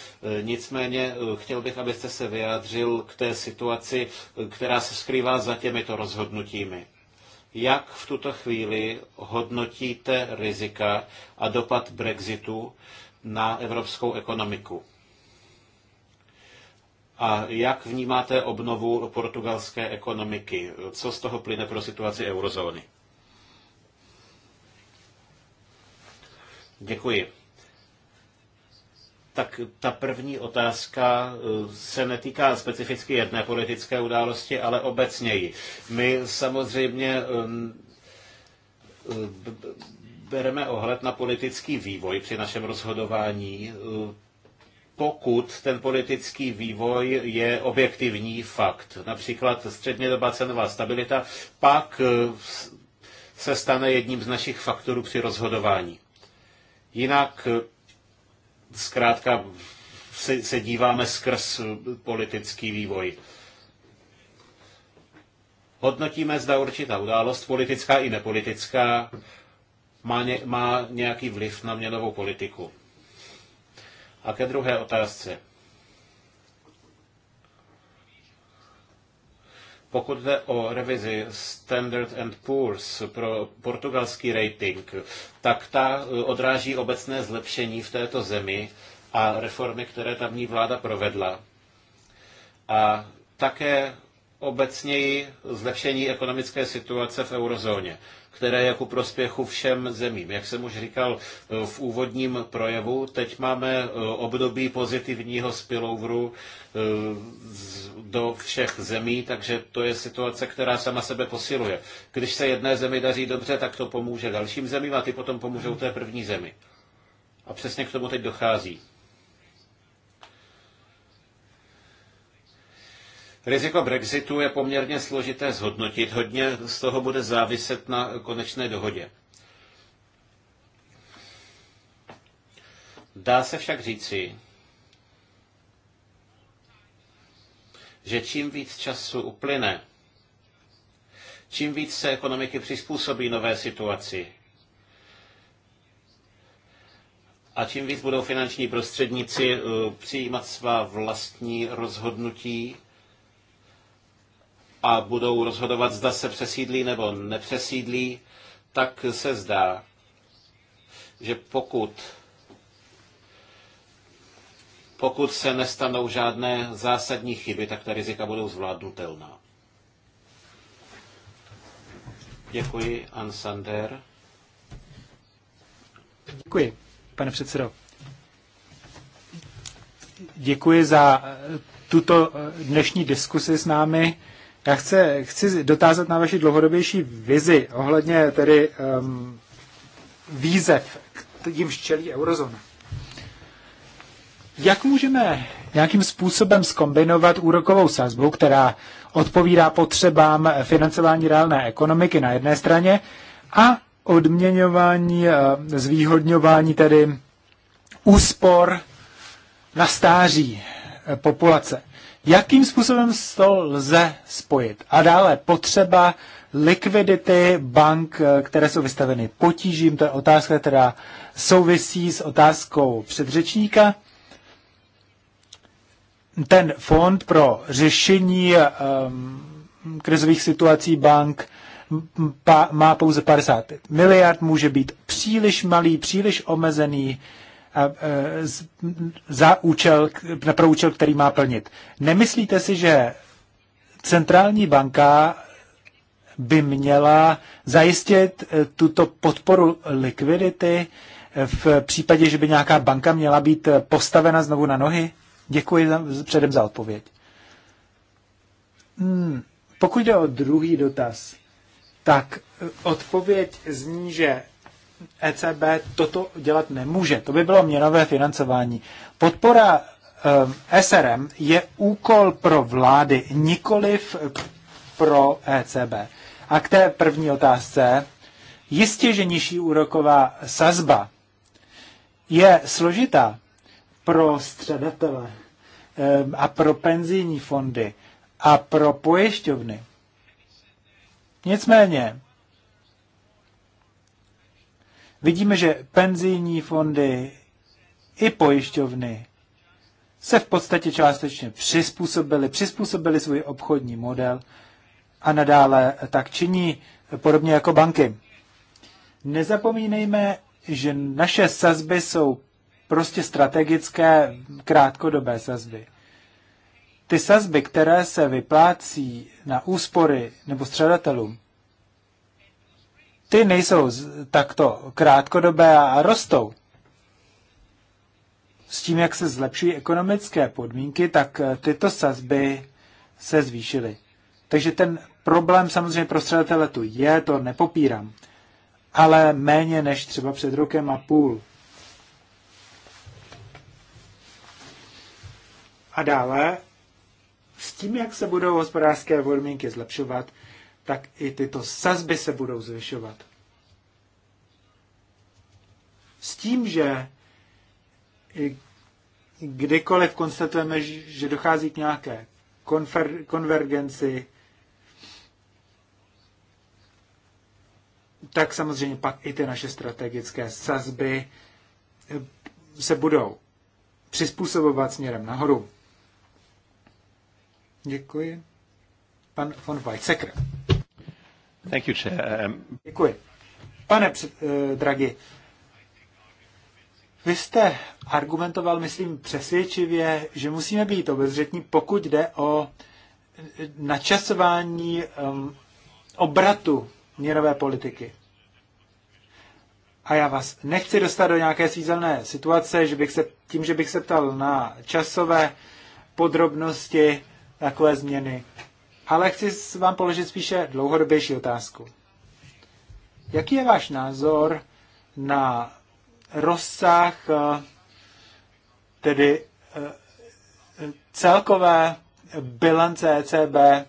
Nicméně chtěl bych, abyste se vyjádřil k té situaci, která se skrývá za těmito rozhodnutími. Jak v tuto chvíli hodnotíte rizika a dopad Brexitu na evropskou ekonomiku. A jak vnímáte obnovu portugalské ekonomiky? Co z toho plyne pro situaci eurozóny? Děkuji. Tak ta první otázka eh, se netýká specificky jedné politické události, ale obecněji. My samozřejmě bereme ohled na politický vývoj při našem rozhodování, eh, pokud ten politický vývoj je objektivní fakt. Například střednědobá cenová stabilita pak eh, se stane jedním z našich faktorů při rozhodování. Jinak eh, zkrátka se, se díváme skrz politický vývoj. Hodnotíme, zda určitá událost, politická i nepolitická, má, ně, má nějaký vliv na měnovou politiku. A ke druhé otázce. Pokud jde o revizi Standard and Poor's pro portugalský rating, tak ta eh, odráží obecné zlepšení v této zemi a reformy, které tamní vláda provedla. A také obecněji zlepšení ekonomické situace v eurozóně které je ku prospěchu všem zemím. Jak jsem už říkal eh, v úvodním projevu, teď máme eh, období pozitivního spilloveru eh, do všech zemí, takže to je situace, která sama sebe posiluje. Když se jedné zemi daří dobře, tak to pomůže dalším zemím a ty potom pomůžou té první zemi. A přesně k tomu teď dochází. Riziko Brexitu je poměrně složité zhodnotit, hodně z toho bude záviset na konečné dohodě. Dá se však říci, že čím víc času uplyne, čím víc se ekonomiky přizpůsobí nové situaci a čím víc budou finanční prostředníci eh, přijímat svá vlastní rozhodnutí, a budou rozhodovat, zda se přesídlí nebo nepřesídlí, tak se zdá, že pokud pokud se nestanou žádné zásadní chyby, tak ta rizika budou zvládnutelná. Děkuji, Ansander. Děkuji, pane předsedo. Děkuji za tuto dnešní diskusi s námi. Já chci, chci dotázat na vaši dlouhodobější vizi ohledně tedy um, výzev, kterým čelí eurozóna. Jak můžeme nějakým způsobem skombinovat úrokovou sazbu, která odpovídá potřebám financování reálné ekonomiky na jedné straně a odměňování, eh, zvýhodňování tedy úspor na stáří eh, populace jakým způsobem to lze spojit. A dále potřeba likvidity bank, eh, které jsou vystaveny potížím, to je otázka, která souvisí s otázkou předřečníka. Ten fond pro řešení um, krizových situací bank má pouze 50 miliard, může být příliš malý, příliš omezený, E, za účel, pro účel, který má plnit. Nemyslíte si, že centrální banka by měla zajistit e, tuto podporu likvidity e, v případě, že by nějaká banka měla být postavena znovu na nohy? Děkuji za, předem za odpověď. Hmm, pokud jde o druhý dotaz, tak odpověď zní, že ECB toto dělat nemůže. To by bylo měnové financování. Podpora eh, SRM je úkol pro vlády, nikoliv pro ECB. A k té první otázce. Jistě, že nižší úroková sazba je složitá pro středatele eh, a pro penzijní fondy a pro pojišťovny. Nicméně, vidíme, že penzijní fondy i pojišťovny se v podstatě částečně přizpůsobili, přizpůsobili svůj obchodní model a nadále tak činí, podobně jako banky. Nezapomínejme, že naše sazby jsou prostě strategické krátkodobé sazby. Ty sazby, které se vyplácí na úspory nebo středatelům, ty nejsou takto krátkodobé a rostou. S tím, jak se zlepšují ekonomické podmínky, tak eh, tyto sazby se zvýšily. Takže ten problém samozřejmě pro střelatele tu je, to nepopírám, ale méně než třeba před rokem a půl. A dále, s tím, jak se budou hospodářské podmínky zlepšovat, tak i tyto sazby se budou zvyšovat. S tím, že kdykoliv konstatujeme, že dochází k nějaké konfer, konvergenci, tak samozřejmě pak i ty naše strategické sazby eh, se budou přizpůsobovat směrem nahoru. Děkuji. Pan von Weizsäcker. Um, Děkuji. Pane eh, Dragi, vy jste argumentoval, myslím, přesvědčivě, že musíme být obezřetní, pokud jde o načasování um, obratu měnové politiky. A já vás nechci dostat do nějaké svízelné situace, že bych se, tím, že bych se ptal na časové podrobnosti takové změny, ale chci vám položit spíše dlouhodobější otázku. Jaký je váš názor na rozsah eh, tedy eh, celkové bilance ECB,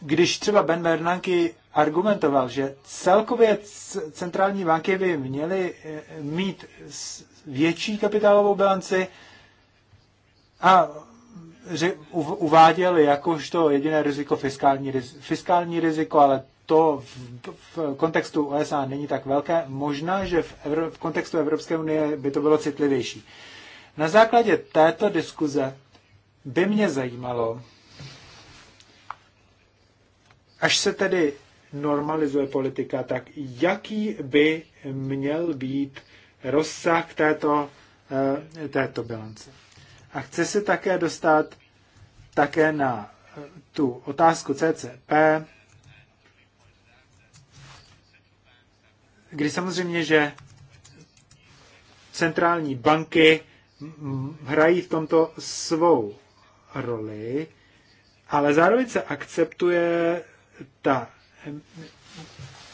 když třeba Ben Bernanke argumentoval, že celkově centrální banky by měly měli eh, mít větší kapitálovou bilanci a uváděl jakožto jediné riziko fiskální, riziko, fiskální riziko, ale to v, v kontextu USA není tak velké. Možná, že v, Evro, v kontextu Evropské unie by to bylo citlivější. Na základě této diskuze by mě zajímalo, až se tedy normalizuje politika, tak jaký by měl být rozsah této, eh, této bilance. A chce se také dostat také na eh, tu otázku CCP, kdy samozřejmě, že centrální banky hrají v tomto svou roli, ale zároveň se akceptuje ta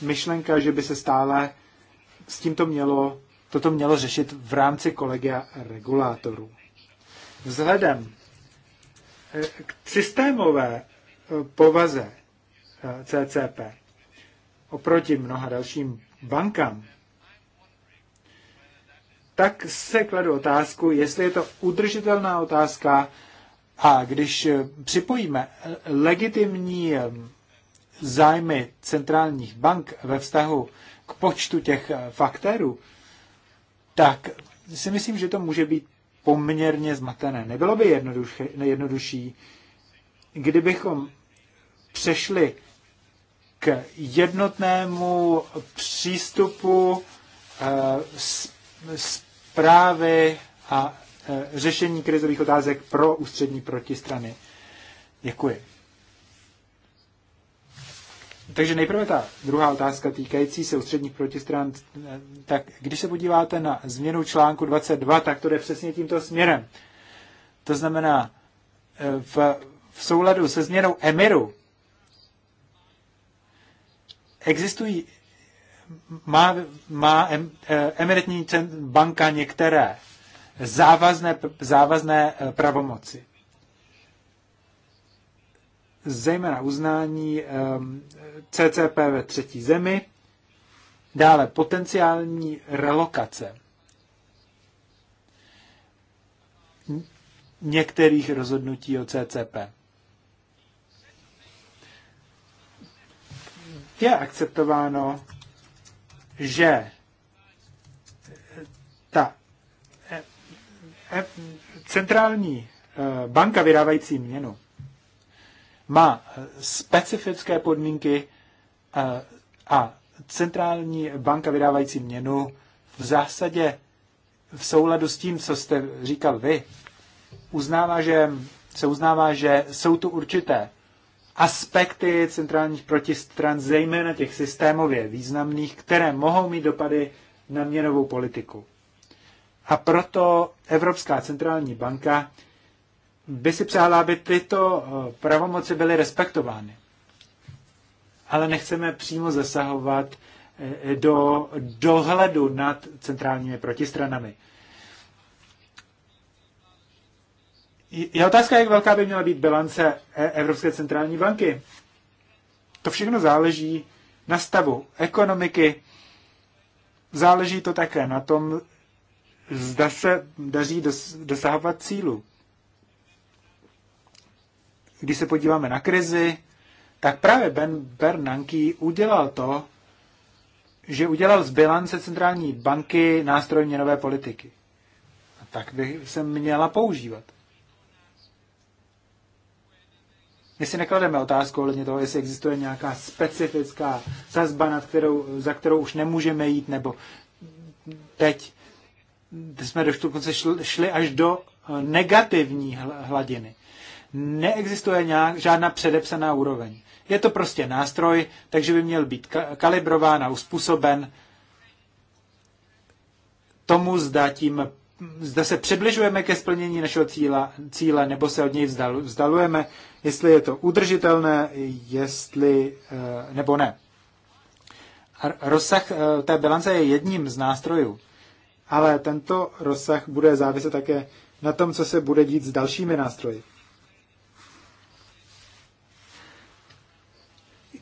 myšlenka, že by se stále s tímto mělo, toto mělo řešit v rámci kolegia regulátorů vzhledem eh, k systémové eh, povaze eh, CCP oproti mnoha dalším bankám, tak se kladu otázku, jestli je to udržitelná otázka a když připojíme legitimní zájmy centrálních bank ve vztahu k počtu těch faktérů, tak si myslím, že to může být poměrně zmatené. Nebylo by jednodušší, kdybychom přešli k jednotnému přístupu eh, zprávy a eh, řešení krizových otázek pro ústřední protistrany. Děkuji. Takže nejprve ta druhá otázka týkající se ústředních protistran. Tak když se podíváte na změnu článku 22, tak to jde přesně tímto směrem. To znamená, e, v, v souladu se změnou emiru existují, má, má em, e, emiritní banka některé závazné, závazné e, pravomoci zejména uznání ehm, CCP ve třetí zemi, dále potenciální relokace některých rozhodnutí o CCP. Je akceptováno, že ta eh, eh, centrální eh, banka vydávající měnu má eh, specifické podmínky eh, a centrální banka vydávající měnu v zásadě v souladu s tím, co jste říkal vy, uznává, že, se uznává, že jsou tu určité aspekty centrálních protistran, zejména těch systémově významných, které mohou mít dopady na měnovou politiku. A proto Evropská centrální banka by si přála, aby tyto eh, pravomoci byly respektovány. Ale nechceme přímo zasahovat eh, do dohledu nad centrálními protistranami. Je otázka, jak velká by měla být bilance eh, Evropské centrální banky. To všechno záleží na stavu ekonomiky. Záleží to také na tom, zda se daří dosahovat cílu když se podíváme na krizi, tak právě Ben Bernanke udělal to, že udělal z bilance centrální banky nástroj měnové politiky. A tak by se měla používat. My si neklademe otázku ohledně toho, jestli existuje nějaká specifická sazba, nad kterou, za kterou už nemůžeme jít, nebo teď jsme do šli, šli až do eh, negativní hladiny neexistuje nějak, žádná předepsaná úroveň. Je to prostě nástroj, takže by měl být kalibrován a uspůsoben tomu, zda, tím, zda se přibližujeme ke splnění našeho cíla, cíle nebo se od něj vzdal, vzdalujeme, jestli je to udržitelné, jestli eh, nebo ne. A rozsah eh, té bilance je jedním z nástrojů, ale tento rozsah bude záviset také na tom, co se bude dít s dalšími nástroji.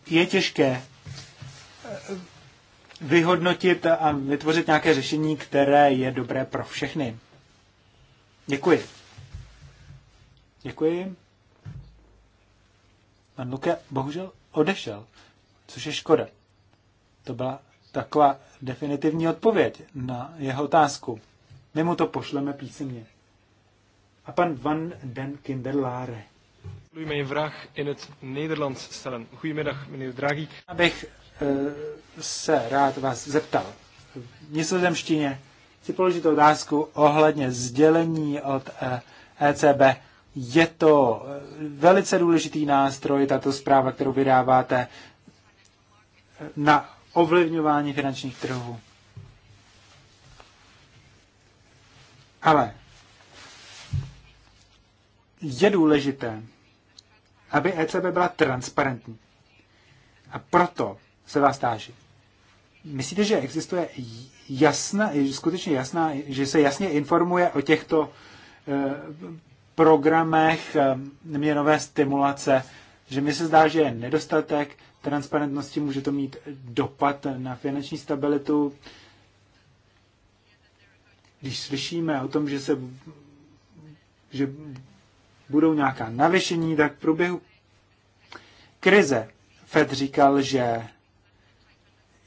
je těžké eh, vyhodnotit a vytvořit nějaké řešení, které je dobré pro všechny. Děkuji. Děkuji. Pan Luke bohužel odešel, což je škoda. To byla taková definitivní odpověď na jeho otázku. My mu to pošleme písemně. A pan Van den Kinderláre. Dovolím mijn vraag in het Nederlands stellen. Goedemiddag, meneer Draghi. Abych eh, se rád vás zeptal. V nizozemštině chci položit otázku ohledně sdělení od ECB. Eh, e je to eh, velice důležitý nástroj, tato zpráva, kterou vydáváte na ovlivňování finančních trhů. Ale je důležité, aby ECB byla transparentní. A proto se vás táží. Myslíte, že existuje jasná, skutečně jasná, že se jasně informuje o těchto eh, programech eh, měnové stimulace, že mi se zdá, že je nedostatek transparentnosti, může to mít dopad na finanční stabilitu. Když slyšíme o tom, že se že budou nějaká navýšení, tak v průběhu krize Fed říkal, že,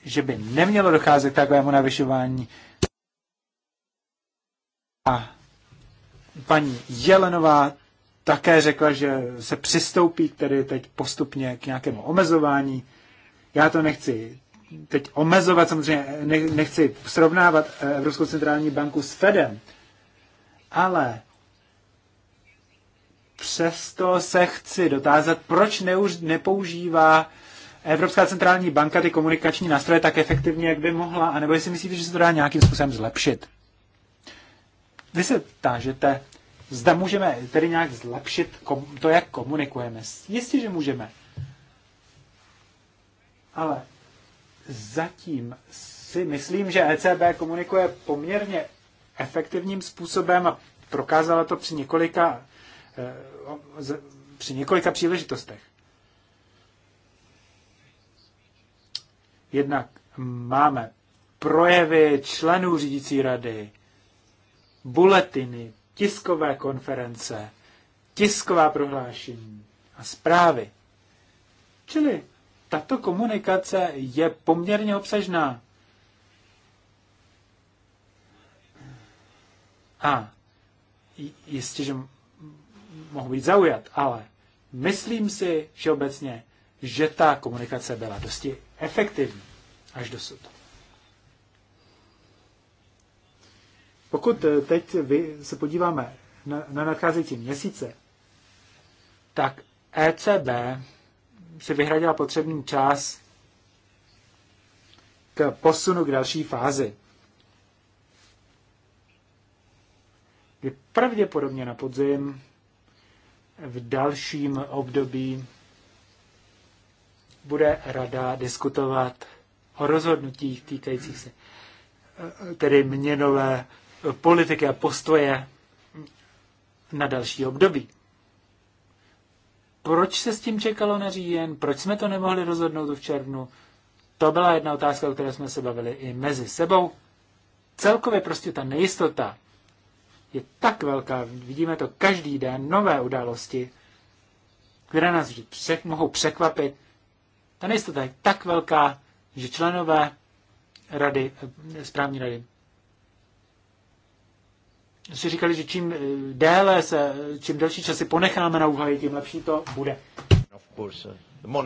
že by nemělo docházet k takovému navyšování. A paní Jelenová také řekla, že se přistoupí tedy teď postupně k nějakému omezování. Já to nechci teď omezovat, samozřejmě nechci srovnávat eh, Evropskou centrální banku s Fedem, ale přesto se chci dotázat, proč neuž, nepoužívá Evropská centrální banka ty komunikační nástroje tak efektivně, jak by mohla, anebo jestli myslíte, že se to dá nějakým způsobem zlepšit. Vy se tážete, zda můžeme tedy nějak zlepšit to, jak komunikujeme. Jistě, že můžeme. Ale zatím si myslím, že ECB komunikuje poměrně efektivním způsobem a prokázala to při několika Eh, při několika příležitostech. Jednak máme projevy členů řídící rady, buletiny, tiskové konference, tisková prohlášení a zprávy. Čili tato komunikace je poměrně obsažná. A jistě, že mohu být zaujat, ale myslím si všeobecně, že ta komunikace byla dosti efektivní až dosud. Pokud eh, teď vy se podíváme na, na nadcházející měsíce, tak ECB si vyhradila potřebný čas k posunu k další fázi. Kdy pravděpodobně na podzim v dalším období bude rada diskutovat o rozhodnutích týkajících se tedy měnové politiky a postoje na další období. Proč se s tím čekalo na říjen? Proč jsme to nemohli rozhodnout v červnu? To byla jedna otázka, o které jsme se bavili i mezi sebou. Celkově prostě ta nejistota je tak velká, vidíme to každý den, nové události, které nás přek, mohou překvapit. Ta nejistota je tak velká, že členové rady, eh, správní rady, si říkali, že čím eh, déle se, eh, čím delší časy ponecháme na úhaji, tím lepší to bude. Uh,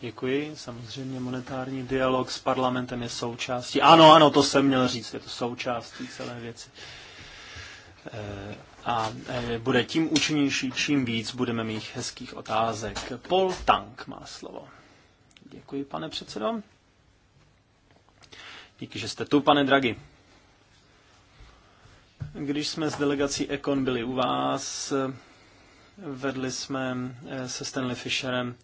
Děkuji. Samozřejmě monetární dialog s parlamentem je součástí. Ano, ano, to jsem měl říct, je to součástí celé věci. Eh, a eh, bude tím účinnější, čím víc budeme mít hezkých otázek. Paul Tank má slovo. Děkuji, pane předsedo. Díky, že jste tu, pane Dragi. Když jsme s delegací Econ byli u vás, eh, vedli jsme se Stanley Fisherem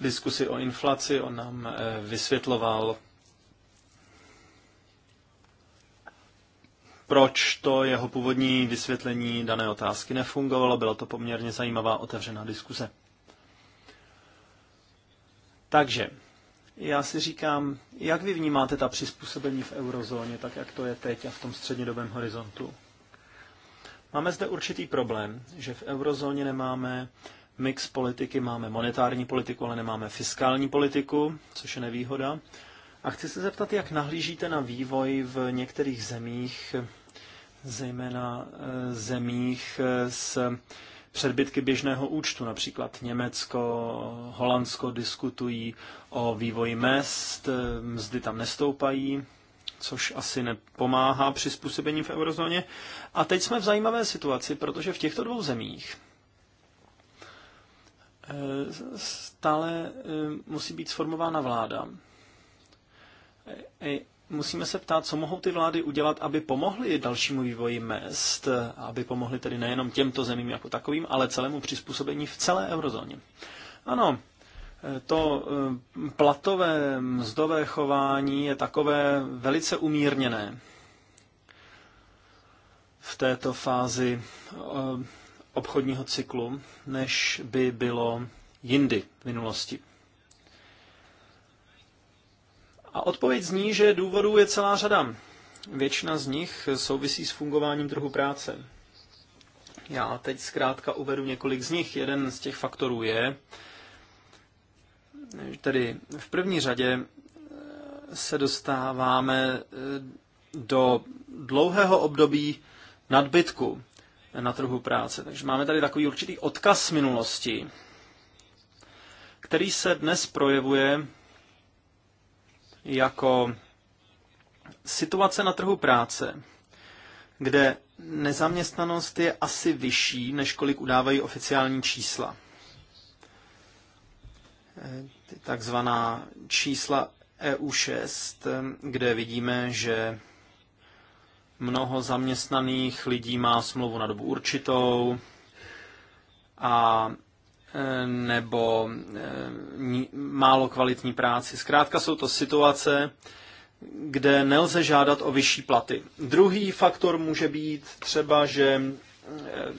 diskusi o inflaci. On nám vysvětloval proč to jeho původní vysvětlení dané otázky nefungovalo. Byla to poměrně zajímavá otevřená diskuse. Takže já si říkám, jak vy vnímáte ta přizpůsobení v eurozóně, tak jak to je teď a v tom střednědobém horizontu? Máme zde určitý problém, že v eurozóně nemáme mix politiky, máme monetární politiku, ale nemáme fiskální politiku, což je nevýhoda. A chci se zeptat, jak nahlížíte na vývoj v některých zemích, zejména e, zemích e, s předbytky běžného účtu, například Německo, Holandsko diskutují o vývoji mest, e, mzdy tam nestoupají, což asi nepomáhá při způsobení v eurozóně. A teď jsme v zajímavé situaci, protože v těchto dvou zemích stále musí být sformována vláda, musíme se ptát, co mohou ty vlády udělat, aby pomohly dalšímu vývoji mest, aby pomohly tedy nejenom těmto zemím jako takovým, ale celému přizpůsobení v celé eurozóně. Ano, to eh, platové mzdové chování je takové velice umírněné v této fázi eh, obchodního cyklu, než by bylo jindy v minulosti. A odpověď zní, že důvodů je celá řada. Většina z nich souvisí s fungováním trhu práce. Já teď zkrátka uvedu několik z nich. Jeden z těch faktorů je, tedy v první řadě eh, se dostáváme eh, do dlouhého období nadbytku na trhu práce. Takže máme tady takový určitý odkaz minulosti, který se dnes projevuje jako situace na trhu práce, kde nezaměstnanost je asi vyšší, než kolik udávají oficiální čísla. Eh, takzvaná čísla EU6, eh, kde vidíme, že mnoho zaměstnaných lidí má smlouvu na dobu určitou a nebo eh, málo kvalitní práci. Zkrátka jsou to situace, kde nelze žádat o vyšší platy. Druhý faktor může být třeba, že eh,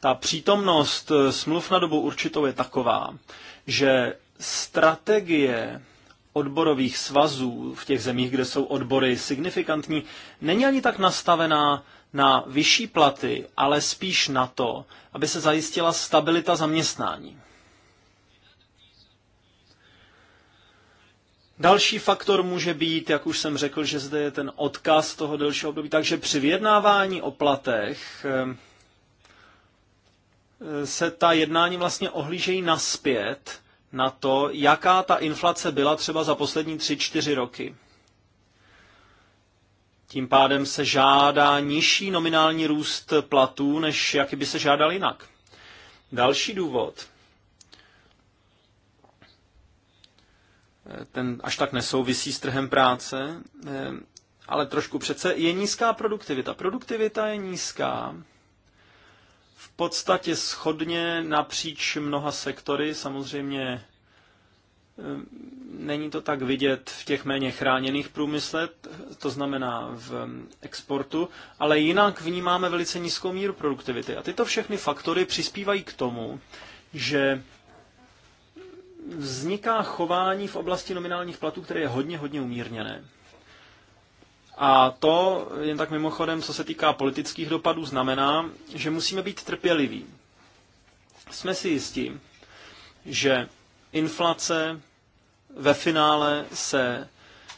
ta přítomnost eh, smluv na dobu určitou je taková, že strategie odborových svazů v těch zemích, kde jsou odbory signifikantní, není ani tak nastavená na vyšší platy, ale spíš na to, aby se zajistila stabilita zaměstnání. Další faktor může být, jak už jsem řekl, že zde je ten odkaz toho delšího období, takže při vyjednávání o platech eh, se ta jednání vlastně ohlížejí naspět na to, jaká ta inflace byla třeba za poslední tři čtyři roky. Tím pádem se žádá nižší nominální růst platů, než jaký by se žádal jinak. Další důvod. Eh, ten až tak nesouvisí s trhem práce, eh, ale trošku přece je nízká produktivita. Produktivita je nízká v podstatě schodně napříč mnoha sektory, samozřejmě Ehm, není to tak vidět v těch méně chráněných průmyslech, to znamená v ehm, exportu, ale jinak vnímáme velice nízkou míru produktivity. A tyto všechny faktory přispívají k tomu, že vzniká chování v oblasti nominálních platů, které je hodně, hodně umírněné. A to, jen tak mimochodem, co se týká politických dopadů, znamená, že musíme být trpěliví. Jsme si jistí, že inflace ve finále se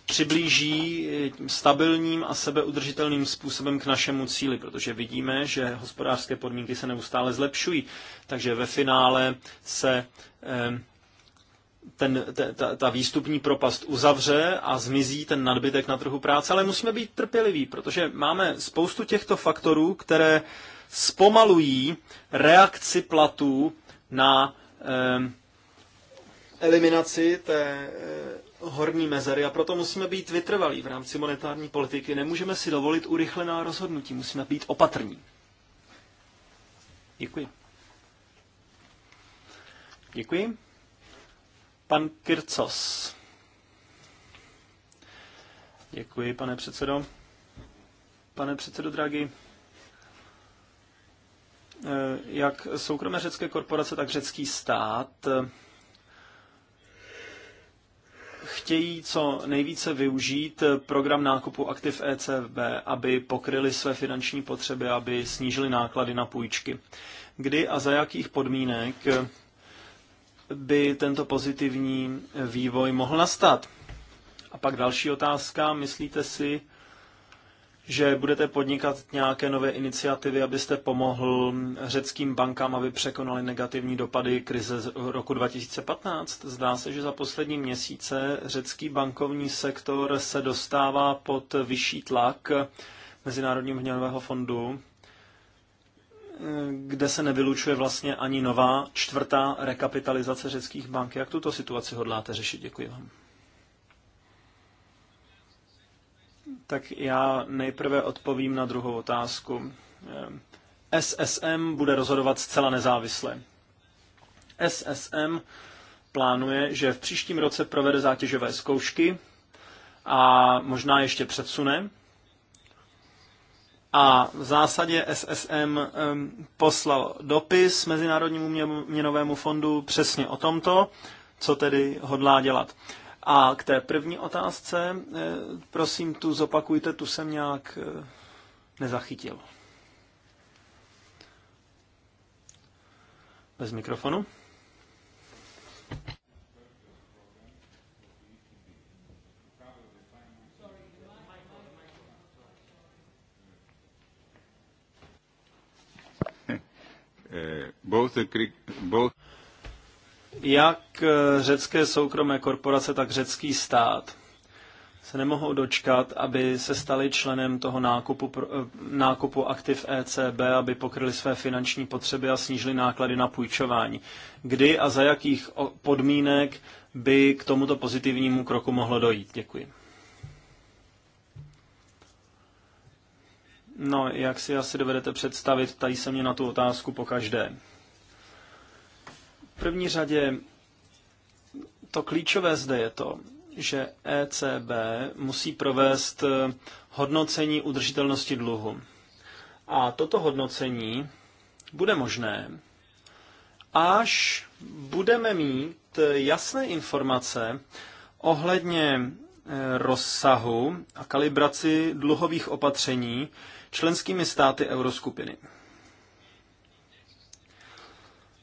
přiblíží tím stabilním a sebeudržitelným způsobem k našemu cíli, protože vidíme, že hospodářské podmínky se neustále zlepšují, takže ve finále se ten, ta, ta výstupní propast uzavře a zmizí ten nadbytek na trhu práce, ale musíme být trpěliví, protože máme spoustu těchto faktorů, které zpomalují reakci platů na eh, eliminaci té eh, horní mezery a proto musíme být vytrvalí v rámci monetární politiky. Nemůžeme si dovolit urychlená rozhodnutí, musíme být opatrní. Děkuji. Děkuji. Pan Kircos. Děkuji, pane předsedo. Pane předsedo Draghi, eh, jak soukromé řecké korporace, tak řecký stát eh, chtějí co nejvíce využít eh, program nákupu aktiv ECB, aby pokryli své finanční potřeby, aby snížili náklady na půjčky. Kdy a za jakých podmínek eh, by tento pozitivní eh, vývoj mohl nastat? A pak další otázka. Myslíte si, že budete podnikat nějaké nové iniciativy, abyste pomohl řeckým bankám, aby překonali negativní dopady krize z roku 2015. Zdá se, že za poslední měsíce řecký bankovní sektor se dostává pod vyšší tlak Mezinárodního měnového fondu, kde se nevylučuje vlastně ani nová čtvrtá rekapitalizace řeckých bank. Jak tuto situaci hodláte řešit? Děkuji vám. Tak já nejprve odpovím na druhou otázku. Eh, SSM bude rozhodovat zcela nezávisle. SSM plánuje, že v příštím roce provede zátěžové zkoušky a možná ještě předsune. A v zásadě SSM ehm, poslal dopis Mezinárodnímu měnovému fondu přesně o tomto, co tedy hodlá dělat. A k té první otázce, eh, prosím, tu zopakujte, tu jsem nějak eh, nezachytil. Bez mikrofonu. Eh, both the both jak eh, řecké soukromé korporace, tak řecký stát se nemohou dočkat, aby se stali členem toho nákupu, eh, nákupu aktiv ECB, aby pokryli své finanční potřeby a snížili náklady na půjčování. Kdy a za jakých podmínek by k tomuto pozitivnímu kroku mohlo dojít? Děkuji. No, jak si asi dovedete představit, tady se mě na tu otázku po každé. V první řadě to klíčové zde je to, že ECB musí provést eh, hodnocení udržitelnosti dluhu. A toto hodnocení bude možné, až budeme mít eh, jasné informace ohledně eh, rozsahu a kalibraci dluhových opatření členskými státy euroskupiny.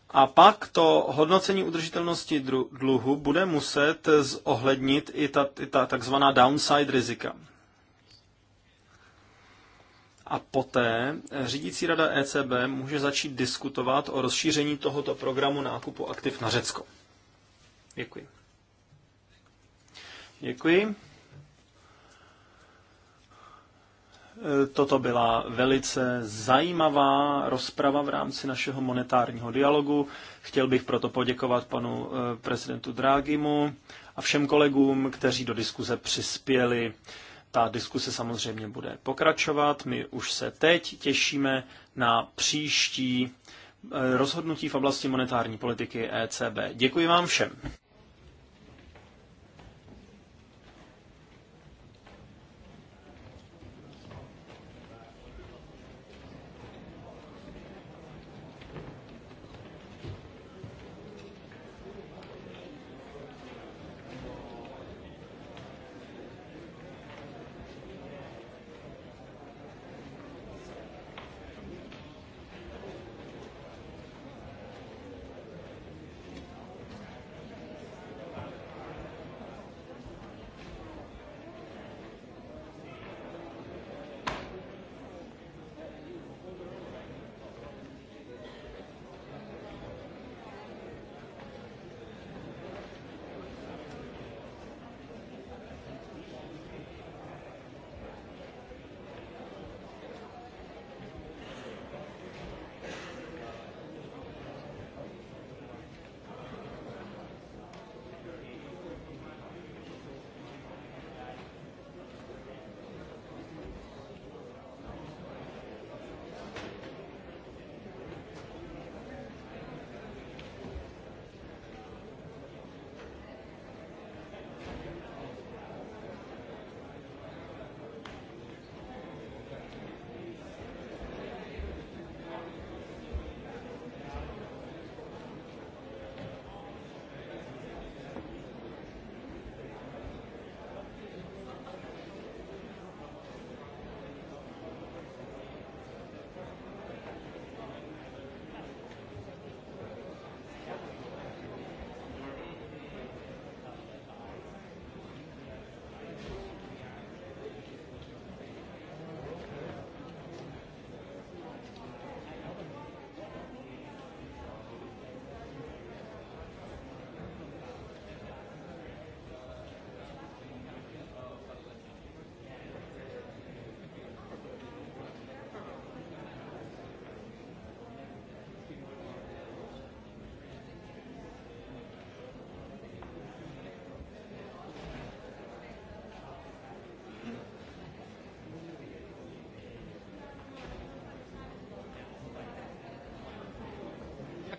A pak to hodnocení udržitelnosti dluhu bude muset zohlednit i ta, i ta takzvaná downside rizika. A poté řídící rada ECB může začít diskutovat o rozšíření tohoto programu nákupu aktiv na Řecko. Děkuji. Děkuji. Toto byla velice zajímavá rozprava v rámci našeho monetárního dialogu. Chtěl bych proto poděkovat panu eh, prezidentu Drágimu a všem kolegům, kteří do diskuze přispěli. Ta diskuse samozřejmě bude pokračovat. My už se teď těšíme na příští eh, rozhodnutí v oblasti monetární politiky ECB. Děkuji vám všem.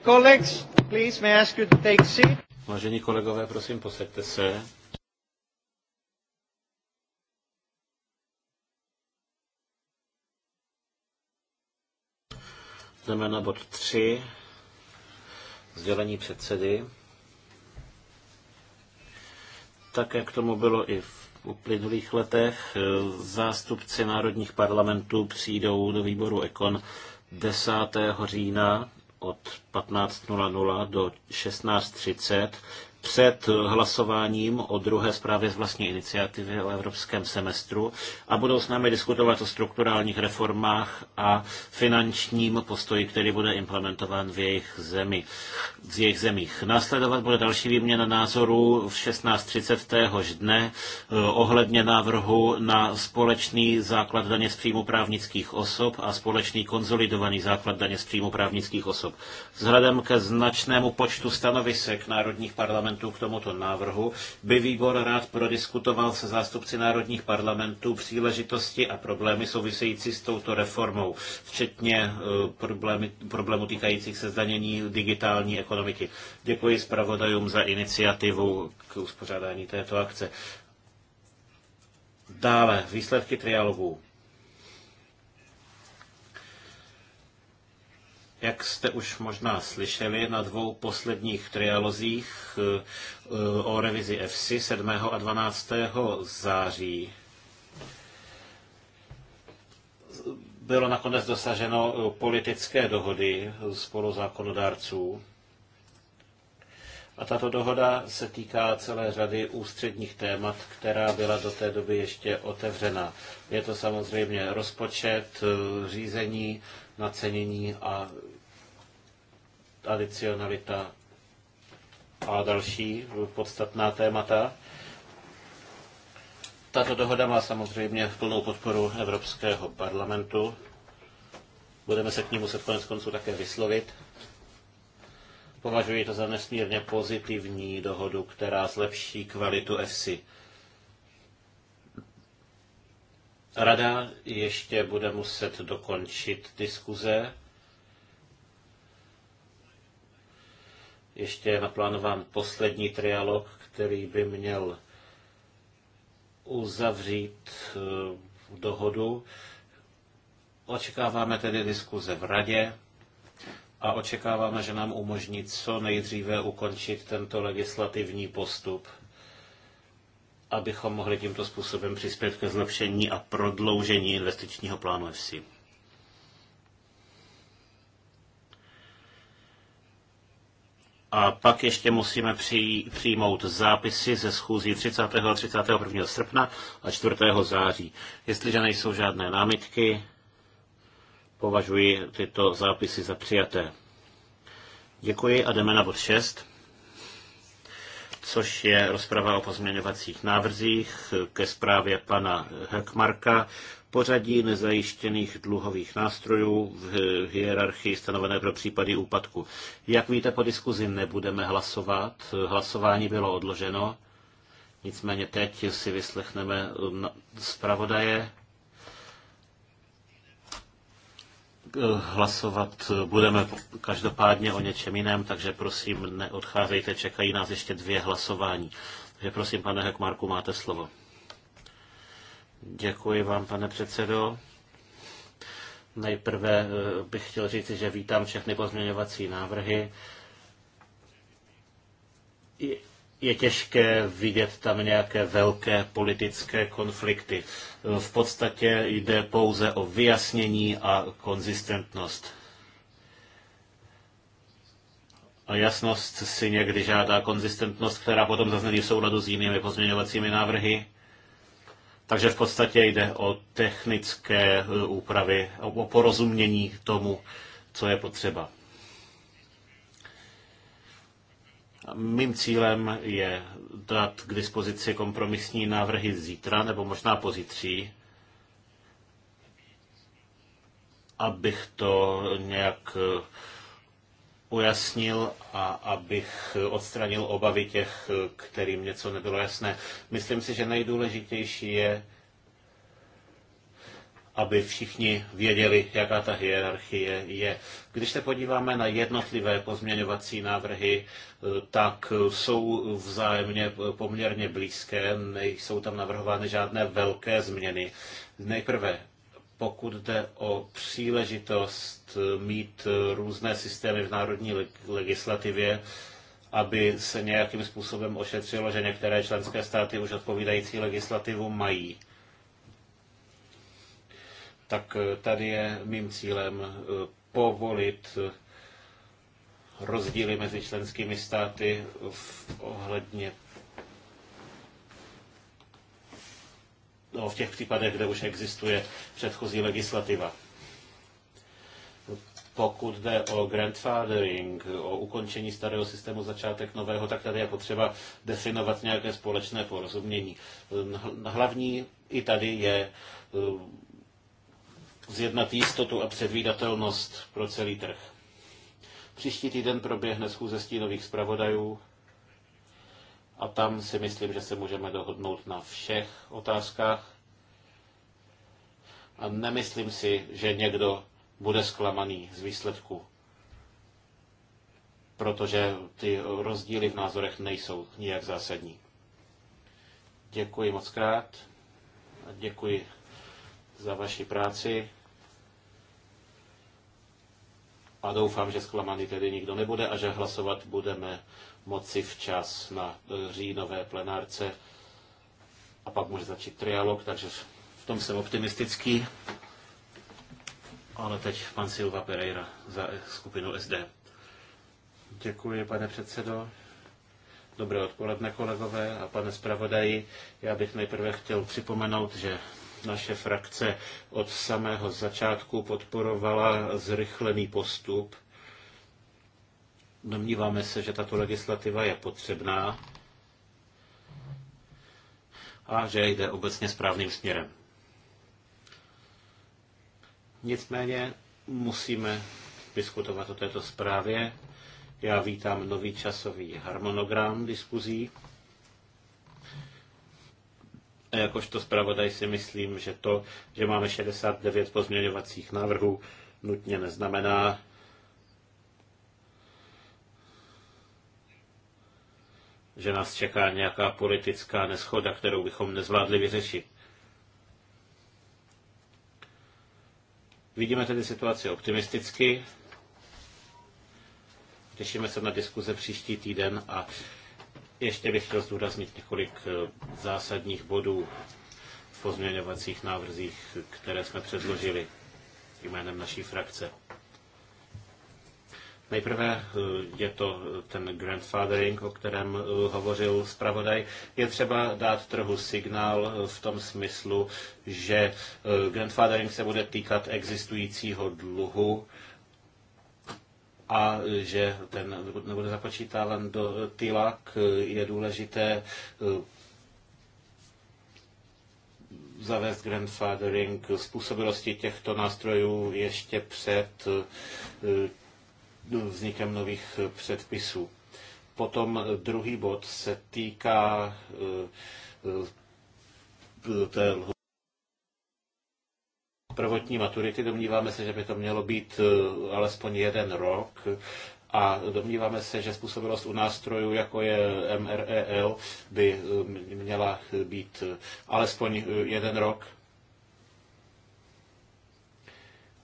Colleagues, please, may I ask you to take seat? Vážení kolegové, prosím, posaďte se. Jdeme na bod 3, sdělení předsedy. Tak, jak tomu bylo i v uplynulých letech, zástupci národních parlamentů přijdou do výboru Ekon 10. října od 15.00 do 16.30 před hlasováním o druhé zprávě z vlastní iniciativy o evropském semestru a budou s námi diskutovat o strukturálních reformách a finančním postoji, který bude implementován v jejich, zemi, v jejich zemích. Následovat bude další výměna názorů v 16.30 téhož dne eh, ohledně návrhu na společný základ daně z příjmu právnických osob a společný konzolidovaný základ daně z příjmu právnických osob. Vzhledem ke značnému počtu stanovisek národních parlamentů parlamentu k tomuto návrhu, by výbor rád prodiskutoval se zástupci národních parlamentů příležitosti a problémy související s touto reformou, včetně e, problémy, problémů týkajících se zdanění digitální ekonomiky. Děkuji zpravodajům za iniciativu k uspořádání této akce. Dále výsledky trialogů. Jak jste už možná slyšeli, na dvou posledních trialozích eh, o revizi FC 7. a 12. září bylo nakonec dosaženo eh, politické dohody spolu zákonodárců. A tato dohoda se týká celé řady ústředních témat, která byla do té doby ještě otevřena. Je to samozřejmě rozpočet, eh, řízení, nacenění a adicionalita a další podstatná témata. Tato dohoda má samozřejmě plnou podporu Evropského parlamentu. Budeme se k ní muset konec konců také vyslovit. Považuji to za nesmírně pozitivní dohodu, která zlepší kvalitu EFSI. Rada ještě bude muset dokončit diskuze Ještě je naplánován poslední trialog, který by měl uzavřít eh, dohodu. Očekáváme tedy diskuze v radě a očekáváme, že nám umožní co nejdříve ukončit tento legislativní postup, abychom mohli tímto způsobem přispět ke zlepšení a prodloužení investičního plánu EFSI. A pak ještě musíme přijmout zápisy ze schůzí 30. a 31. srpna a 4. září. Jestliže nejsou žádné námitky, považuji tyto zápisy za přijaté. Děkuji a jdeme na bod 6, což je rozprava o pozměňovacích návrzích ke zprávě pana Hekmarka pořadí nezajištěných dluhových nástrojů v hierarchii stanovené pro případy úpadku. Jak víte, po diskuzi nebudeme hlasovat. Hlasování bylo odloženo. Nicméně teď si vyslechneme um, zpravodaje. Hlasovat budeme každopádně o něčem jiném, takže prosím neodcházejte, čekají nás ještě dvě hlasování. Takže prosím, pane Hekmarku, máte slovo. Děkuji vám, pane předsedo. Nejprve eh, bych chtěl říct, že vítám všechny pozměňovací návrhy. Je těžké vidět tam nějaké velké politické konflikty. Eh, v podstatě jde pouze o vyjasnění a konzistentnost. A jasnost si někdy žádá konzistentnost, která potom zaznění v souladu s jinými pozměňovacími návrhy. Takže v podstatě jde o technické e, úpravy, o porozumění tomu, co je potřeba. Mým cílem je dát k dispozici kompromisní návrhy zítra nebo možná pozítří, abych to nějak e, ujasnil a abych odstranil obavy těch, kterým něco nebylo jasné. Myslím si, že nejdůležitější je, aby všichni věděli, jaká ta hierarchie je. Když se podíváme na jednotlivé pozměňovací návrhy, tak jsou vzájemně poměrně blízké, nejsou tam navrhovány žádné velké změny. Nejprve pokud jde o příležitost mít různé systémy v národní legislativě, aby se nějakým způsobem ošetřilo, že některé členské státy už odpovídající legislativu mají. Tak eh, tady je mým cílem eh, povolit eh, rozdíly mezi členskými státy v ohledně no, v těch případech, kde už existuje předchozí legislativa. Pokud jde o grandfathering, o ukončení starého systému, začátek nového, tak tady je potřeba definovat nějaké společné porozumění. Hm, hm, hlavní i tady je hm, zjednat jistotu a předvídatelnost pro celý trh. Příští týden proběhne schůze stínových zpravodajů a tam si myslím, že se můžeme dohodnout na všech otázkách. A nemyslím si, že někdo bude zklamaný z výsledku, protože ty rozdíly v názorech nejsou nijak zásadní. Děkuji moc krát a děkuji za vaši práci. A doufám, že zklamaný tedy nikdo nebude a že hlasovat budeme moci včas na e, říjnové plenárce a pak může začít trialog, takže v tom jsem optimistický. Ale teď pan Silva Pereira za skupinu SD. Děkuji, pane předsedo. Dobré odpoledne, kolegové a pane zpravodaji. Já bych nejprve chtěl připomenout, že naše frakce od samého začátku podporovala zrychlený postup Domníváme se, že tato legislativa je potřebná a že jde obecně správným směrem. Nicméně musíme diskutovat o této zprávě. Já vítám nový časový harmonogram diskuzí. A jakožto zpravodaj si myslím, že to, že máme 69 pozměňovacích návrhů, nutně neznamená, že nás čeká nějaká politická neschoda, kterou bychom nezvládli vyřešit. Vidíme tedy situaci optimisticky. Těšíme se na diskuze příští týden a ještě bych chtěl zdůraznit několik eh, zásadních bodů v pozměňovacích návrzích, které jsme předložili jménem naší frakce. Nejprve eh, je to eh, ten grandfathering, o kterém eh, hovořil zpravodaj. Je třeba dát trhu signál v tom smyslu, že grandfathering se bude týkat existujícího dluhu a že ten nebude započítáván do TILAK. Je důležité zavést grandfathering způsobilosti těchto nástrojů ještě před No, vznikem nových eh, předpisů. Potom eh, druhý bod se týká eh, té prvotní maturity. Domníváme se, že by to mělo být alespoň jeden rok a domníváme se, že způsobilost u nástrojů, jako je MREL, by měla být alespoň jeden rok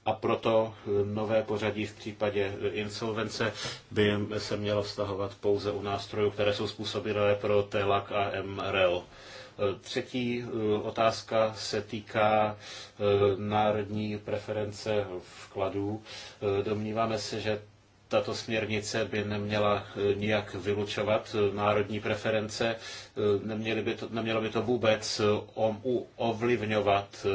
a proto eh, nové pořadí v případě eh, insolvence by se mělo vztahovat pouze u nástrojů, které jsou způsobilé pro TELAC a MREL. Eh, třetí otázka se týká národní preference vkladů. Domníváme se, že tato směrnice by neměla eh, nijak vylučovat eh, národní preference, eh, neměly by to, nemělo by to vůbec ovlivňovat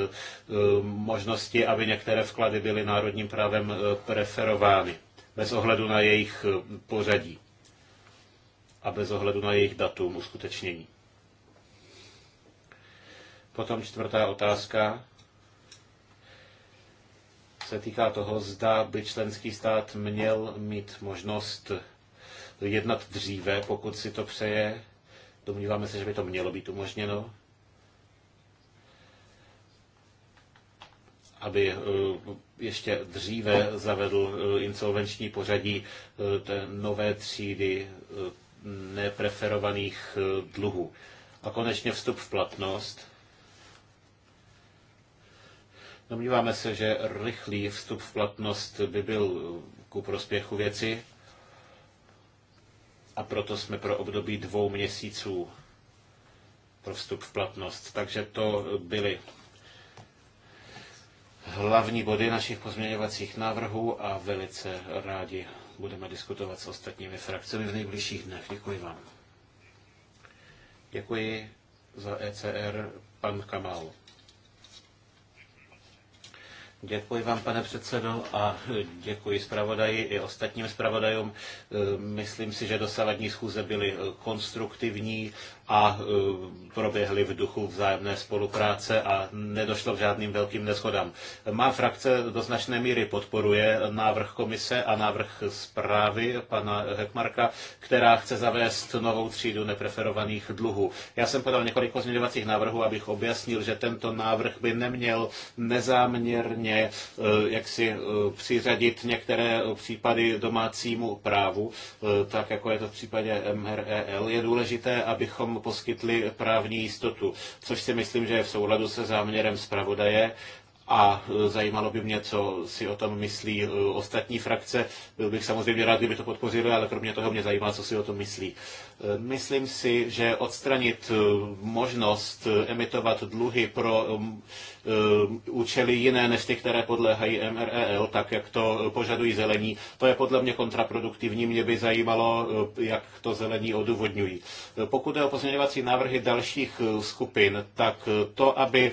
možnosti, aby některé vklady byly národním právem preferovány, bez ohledu na jejich pořadí a bez ohledu na jejich datum uskutečnění. Potom čtvrtá otázka se týká toho, zda by členský stát měl mít možnost jednat dříve, pokud si to přeje. Domníváme se, že by to mělo být umožněno. aby eh, ještě dříve zavedl eh, insolvenční pořadí eh, té nové třídy nepreferovaných dluhů. A konečně vstup v platnost. Domníváme se, že rychlý vstup v platnost by byl ku prospěchu věci a proto jsme pro období dvou měsíců pro vstup v platnost. Takže to byly hlavní body našich pozměňovacích návrhů a velice rádi budeme diskutovat s ostatními frakcemi v nejbližších dnech. Děkuji vám. Děkuji za ECR, pan Kamal. Děkuji vám, pane předsedo, a děkuji zpravodaji i ostatním zpravodajům. Myslím si, že dosavadní schůze byly konstruktivní a e, proběhly v duchu vzájemné spolupráce a nedošlo k žádným velkým neschodám. Má frakce do značné míry podporuje návrh komise a návrh zprávy pana Hekmarka, která chce zavést novou třídu nepreferovaných dluhů. Já jsem podal několik pozměňovacích návrhů, abych objasnil, že tento návrh by neměl nezáměrně e, si e, přiřadit některé případy domácímu právu, tak jako je to v případě MREL. Je důležité, abychom abychom poskytli právní jistotu, což si myslím, že je v souladu se záměrem zpravodaje a e, zajímalo by mě, co si o tom myslí e, ostatní frakce. Byl bych samozřejmě rád, kdyby to podpořili, ale kromě toho mě zajímá, co si o tom myslí Myslím si, že odstranit eh, možnost eh, emitovat dluhy pro eh, účely jiné než ty, které podléhají MREL, tak jak to požadují zelení, to je podle mě kontraproduktivní. Mě by zajímalo, jak to zelení odůvodňují. Pokud je o pozměňovací návrhy dalších skupin, tak to, aby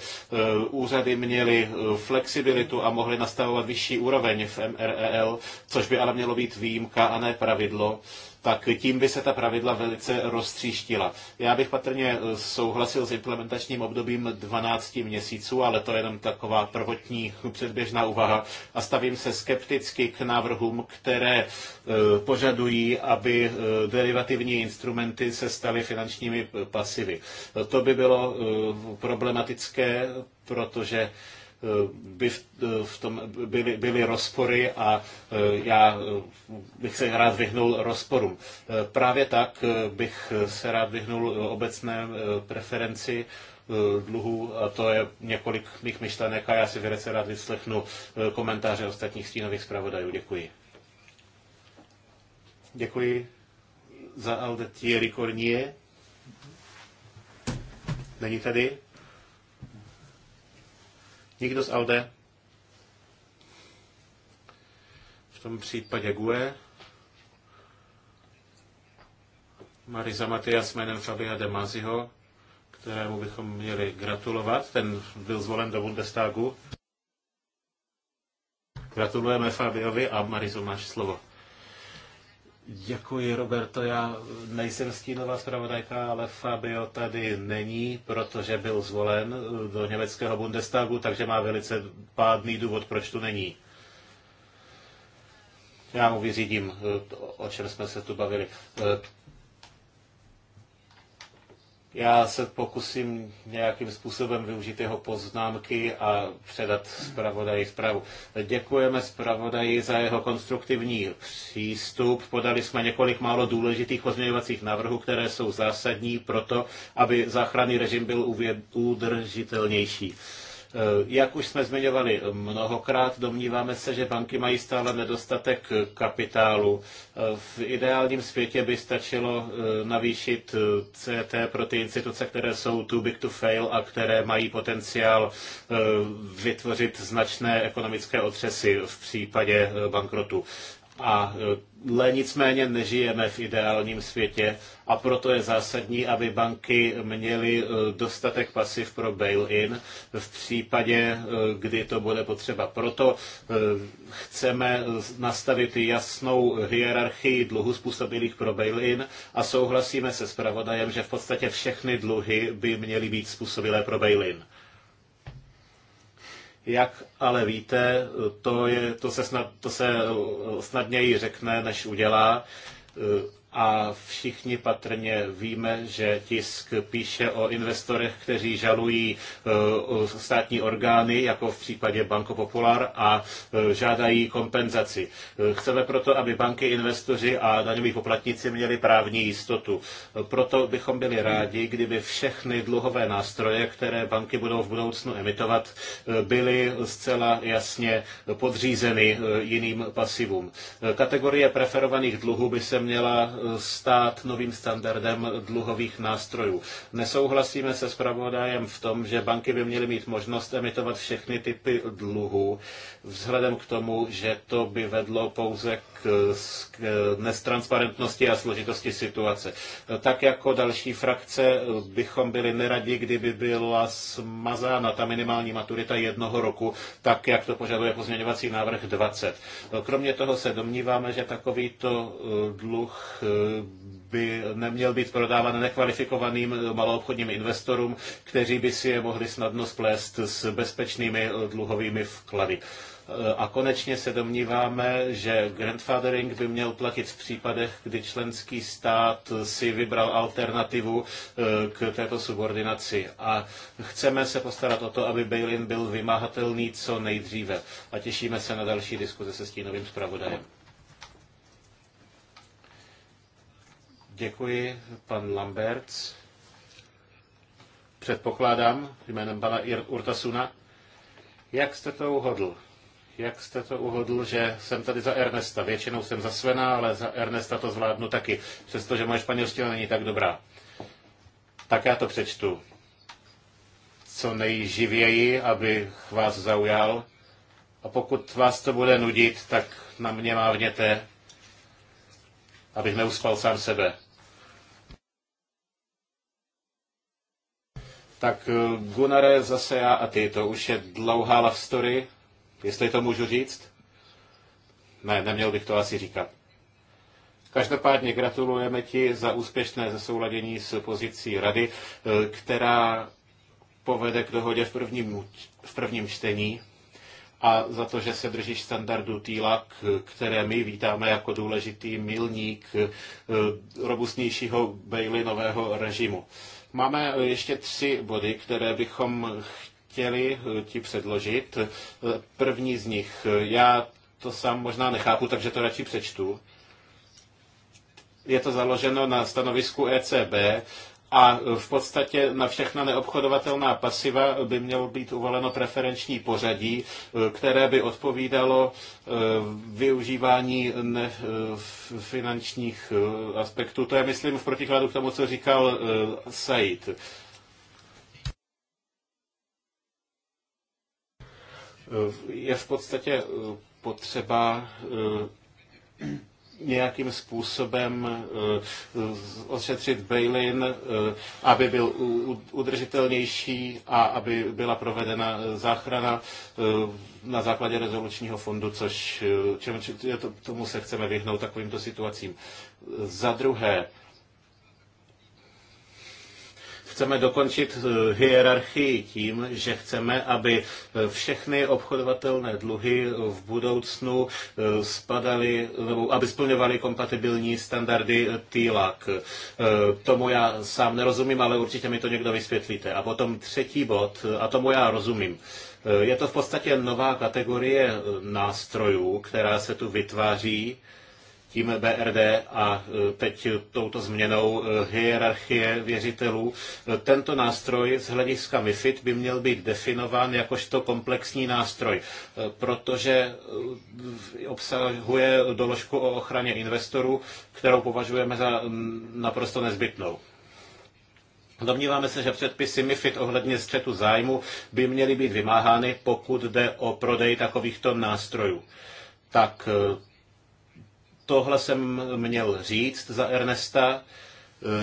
úřady měly flexibilitu a mohly nastavovat vyšší úroveň v MREL, což by ale mělo být výjimka a ne pravidlo, tak tím by se ta pravidla velice roztříštila. Já bych patrně eh, souhlasil s implementačním obdobím 12 měsíců, ale to je jenom taková prvotní předběžná úvaha a stavím se skepticky k návrhům, které eh, požadují, aby eh, derivativní instrumenty se staly finančními pasivy. To by bylo problematické, protože by v tom byly, byly rozpory a e, já e, bych se rád vyhnul rozporům. E, právě tak bych se rád vyhnul obecné preferenci dluhů a to je několik mých myšlenek a já si velice rád vyslechnu komentáře ostatních stínových zpravodajů. Děkuji. Děkuji za Alde Thierry Cornier. Není tady? Nikdo z Alde? V tom případě GUE. Marisa Matias jménem Fabia de Maziho, kterému bychom měli gratulovat. Ten byl zvolen do Bundestagu. Gratulujeme Fabiovi a Marizo, máš slovo. Děkuji, Roberto. Já nejsem stínová zpravodajka, ale Fabio tady není, protože byl zvolen do německého Bundestagu, takže má velice pádný důvod, proč tu není. Já mu vyřídím, o čem jsme se tu bavili. Já se pokusím nějakým způsobem využít jeho poznámky a předat zpravodaji zprávu. Děkujeme zpravodaji za jeho konstruktivní přístup. Podali jsme několik málo důležitých pozměňovacích návrhů, které jsou zásadní pro to, aby záchranný režim byl udržitelnější. Eh, jak už jsme zmiňovali mnohokrát, domníváme se, že banky mají stále nedostatek kapitálu. Eh, v ideálním světě by stačilo eh, navýšit CT pro ty instituce, které jsou too big to fail a které mají potenciál vytvořit značné ekonomické otřesy v případě bankrotu. A e, nicméně nežijeme v ideálním světě a proto je zásadní, aby banky měly e, dostatek pasiv pro bail-in v případě, e, kdy to bude potřeba. Proto chceme nastavit jasnou hierarchii dluhu způsobilých pro bail-in a souhlasíme se s pravodajem, že v podstatě všechny dluhy by měly být způsobilé pro bail-in. Jak ale víte, to, je, to, se, snad, to se snadněji řekne, než udělá a všichni patrně víme, že tisk píše o investorech, kteří žalují eh, státní orgány, jako v případě Banko Popular, a eh, žádají kompenzaci. Eh, chceme proto, aby banky, investoři a daňoví poplatníci měli právní jistotu. Proto bychom byli rádi, kdyby všechny dluhové nástroje, které banky budou v budoucnu emitovat, byly zcela jasně podřízeny jiným pasivům. Kategorie preferovaných dluhů by se měla stát novým standardem dluhových nástrojů. Nesouhlasíme se zpravodajem v tom, že banky by měly mít možnost emitovat všechny typy dluhů, vzhledem k tomu, že to by vedlo pouze k, k nestransparentnosti a složitosti situace. Tak jako další frakce bychom byli neradi, kdyby byla smazána ta minimální maturita jednoho roku, tak jak to požaduje pozměňovací návrh 20. Kromě toho se domníváme, že takovýto dluh Eh, by neměl být prodáván nekvalifikovaným maloobchodním investorům, kteří by si je mohli snadno splést s bezpečnými eh, dluhovými vklady. Eh, a konečně se domníváme, že grandfathering by měl platit v případech, kdy členský stát si vybral alternativu k této subordinaci. A chceme se postarat o to, aby bail-in byl vymahatelný co nejdříve. A těšíme se na další diskuze se stínovým zpravodajem. Děkuji, pan Lambert. Předpokládám jménem pana Urtasuna. Jak jste to uhodl? Jak jste to uhodl, že jsem tady za Ernesta? Většinou jsem za Svena, ale za Ernesta to zvládnu taky, přestože moje španělština není tak dobrá. Tak já to přečtu. Co nejživěji, abych vás zaujal. A pokud vás to bude nudit, tak na mě mávněte, abych neuspal sám sebe. Tak eh, Gunare, zase já a ty, to už je dlouhá love story, jestli to můžu říct. Ne, neměl bych to asi říkat. Každopádně gratulujeme ti za úspěšné zesouladění s pozicí rady, eh, která povede k dohodě v prvním, v prvním čtení a za to, že se držíš standardu týla, eh, které my vítáme jako důležitý milník robustnějšího Bejlinového režimu. Máme eh, ještě tři body, které bychom chtěli eh, ti předložit. Eh, první z nich, já to sám možná nechápu, takže to radši přečtu. Je to založeno na stanovisku ECB a v podstatě na všechna neobchodovatelná pasiva by mělo být uvoleno preferenční pořadí, eh, které by odpovídalo eh, využívání eh, finančních aspektů. To je, myslím, v protikladu k tomu, co říkal Said. Je v podstatě potřeba nějakým způsobem eh, ošetřit bail-in, eh, aby byl udržitelnější a aby byla provedena eh, záchrana na základě rezolučního fondu, což čem, tomu se chceme vyhnout takovýmto situacím. Za druhé, chceme dokončit eh, hierarchii tím, že chceme, aby eh, všechny obchodovatelné dluhy eh, v budoucnu spadaly, nebo aby splňovaly kompatibilní standardy TILAC. Tomu já sám nerozumím, ale určitě mi to někdo vysvětlíte. A potom třetí bod, a tomu já rozumím. Je to v podstatě nová kategorie nástrojů, která se tu vytváří tím BRD a e, teď touto změnou e, hierarchie věřitelů. E, tento nástroj z hlediska MIFID by měl být definován jakožto komplexní nástroj, protože obsahuje doložku o ochraně investorů, kterou považujeme za naprosto nezbytnou. Domníváme se, že předpisy MIFID ohledně střetu zájmu by měly být vymáhány, pokud jde o prodej takovýchto nástrojů. Tak Tohle jsem měl říct za Ernesta.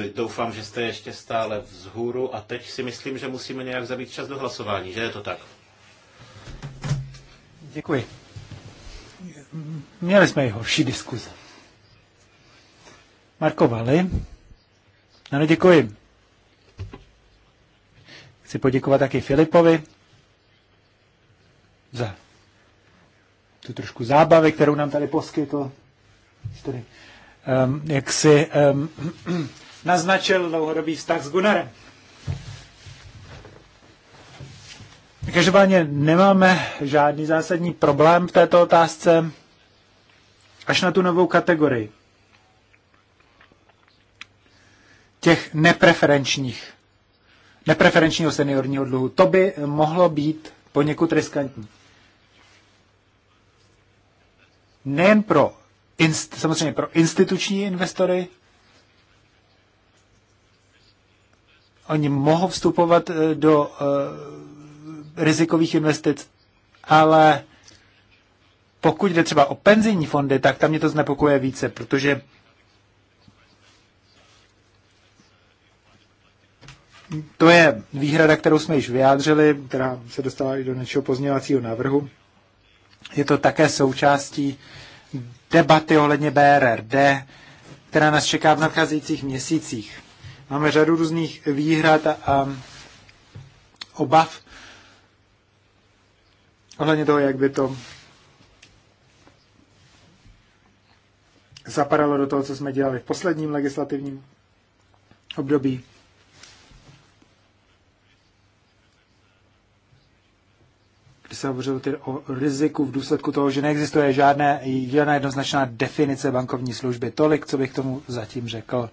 E, doufám, že jste ještě stále vzhůru a teď si myslím, že musíme nějak zabít čas do hlasování, že je to tak? Děkuji. Měli jsme i horší diskuze. Marko Vali. Ano, děkuji. Chci poděkovat taky Filipovi za tu trošku zábavy, kterou nám tady poskytl tedy, um, jak si um, naznačil dlouhodobý vztah s Gunarem. Každopádně nemáme žádný zásadní problém v této otázce, až na tu novou kategorii těch nepreferenčních, nepreferenčního seniorního dluhu. To by mohlo být poněkud riskantní. Nejen pro inst, samozřejmě pro instituční investory. Oni mohou vstupovat eh, do uh, rizikových investic, ale pokud jde třeba o penzijní fondy, tak tam mě to znepokuje více, protože to je výhrada, kterou jsme již vyjádřili, která se dostala i do našeho pozměňovacího návrhu. Je to také součástí debaty ohledně BRRD, která nás čeká v nadcházejících měsících. Máme řadu různých výhrad a, a obav ohledně toho, jak by to zapadalo do toho, co jsme dělali v posledním legislativním období. se hovořilo tedy o riziku v důsledku toho, že neexistuje žádné, žádná jednoznačná definice bankovní služby. Tolik, co bych tomu zatím řekl.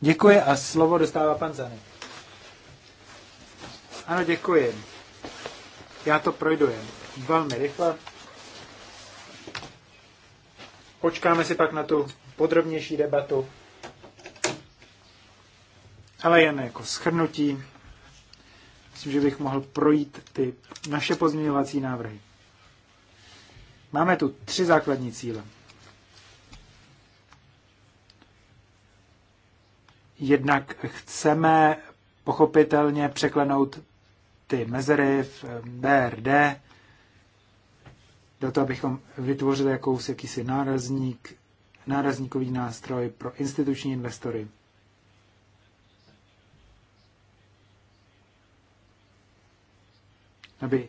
Děkuji a slovo dostává pan Zany. Ano, děkuji. Já to projdu jen velmi rychle. Počkáme si pak na tu podrobnější debatu. Ale jen jako schrnutí Myslím, že bych mohl projít ty naše pozměňovací návrhy. Máme tu tři základní cíle. Jednak chceme pochopitelně překlenout ty mezery v eh, BRD, do toho, abychom vytvořili jakousi jakýsi nárazník, nárazníkový nástroj pro instituční investory – aby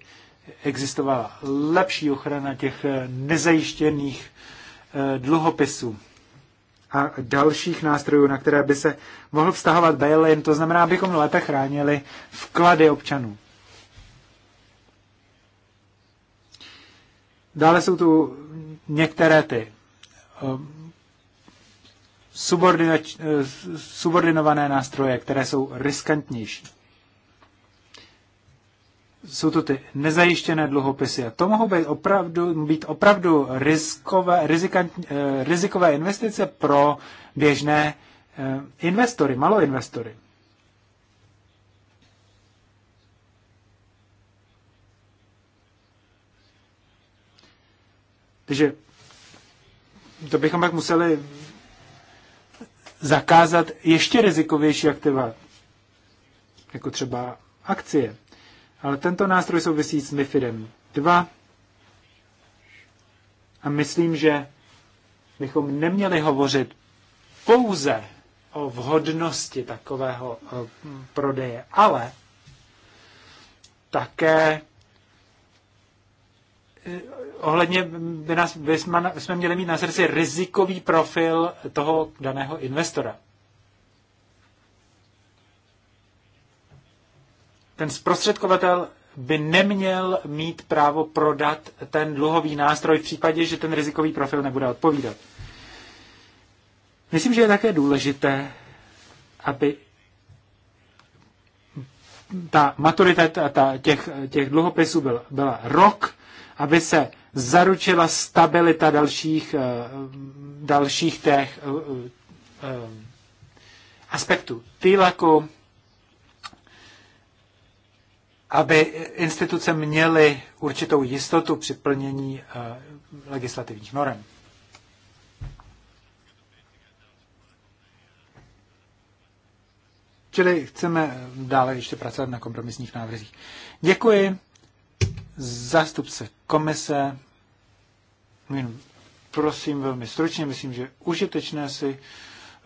existovala lepší ochrana těch eh, nezajištěných eh, dluhopisů a dalších nástrojů, na které by se mohl vztahovat bail-in, to znamená, abychom lépe chránili vklady občanů. Dále jsou tu některé ty eh, subordinované nástroje, které jsou riskantnější jsou to ty nezajištěné dluhopisy. A to mohou být opravdu, být opravdu riskové, eh, rizikové investice pro běžné eh, investory, maloinvestory. Takže to bychom pak museli zakázat ještě rizikovější aktiva, jako třeba akcie. Ale tento nástroj souvisí s MIFIDem 2 a myslím, že bychom neměli hovořit pouze o vhodnosti takového eh, prodeje, ale také eh, ohledně by, nás, by jsme měli mít na srdci rizikový profil toho daného investora. ten zprostředkovatel by neměl mít právo prodat ten dluhový nástroj v případě, že ten rizikový profil nebude odpovídat. Myslím, že je také důležité, aby ta maturita ta, ta, těch, těch dluhopisů byl, byla rok, aby se zaručila stabilita dalších, eh, dalších těch eh, eh, aspektů. jako aby instituce měly určitou jistotu při plnění eh, legislativních norm, Čili chceme dále ještě pracovat na kompromisních návrzích. Děkuji. Zástupce komise, prosím velmi stručně, myslím, že užitečné si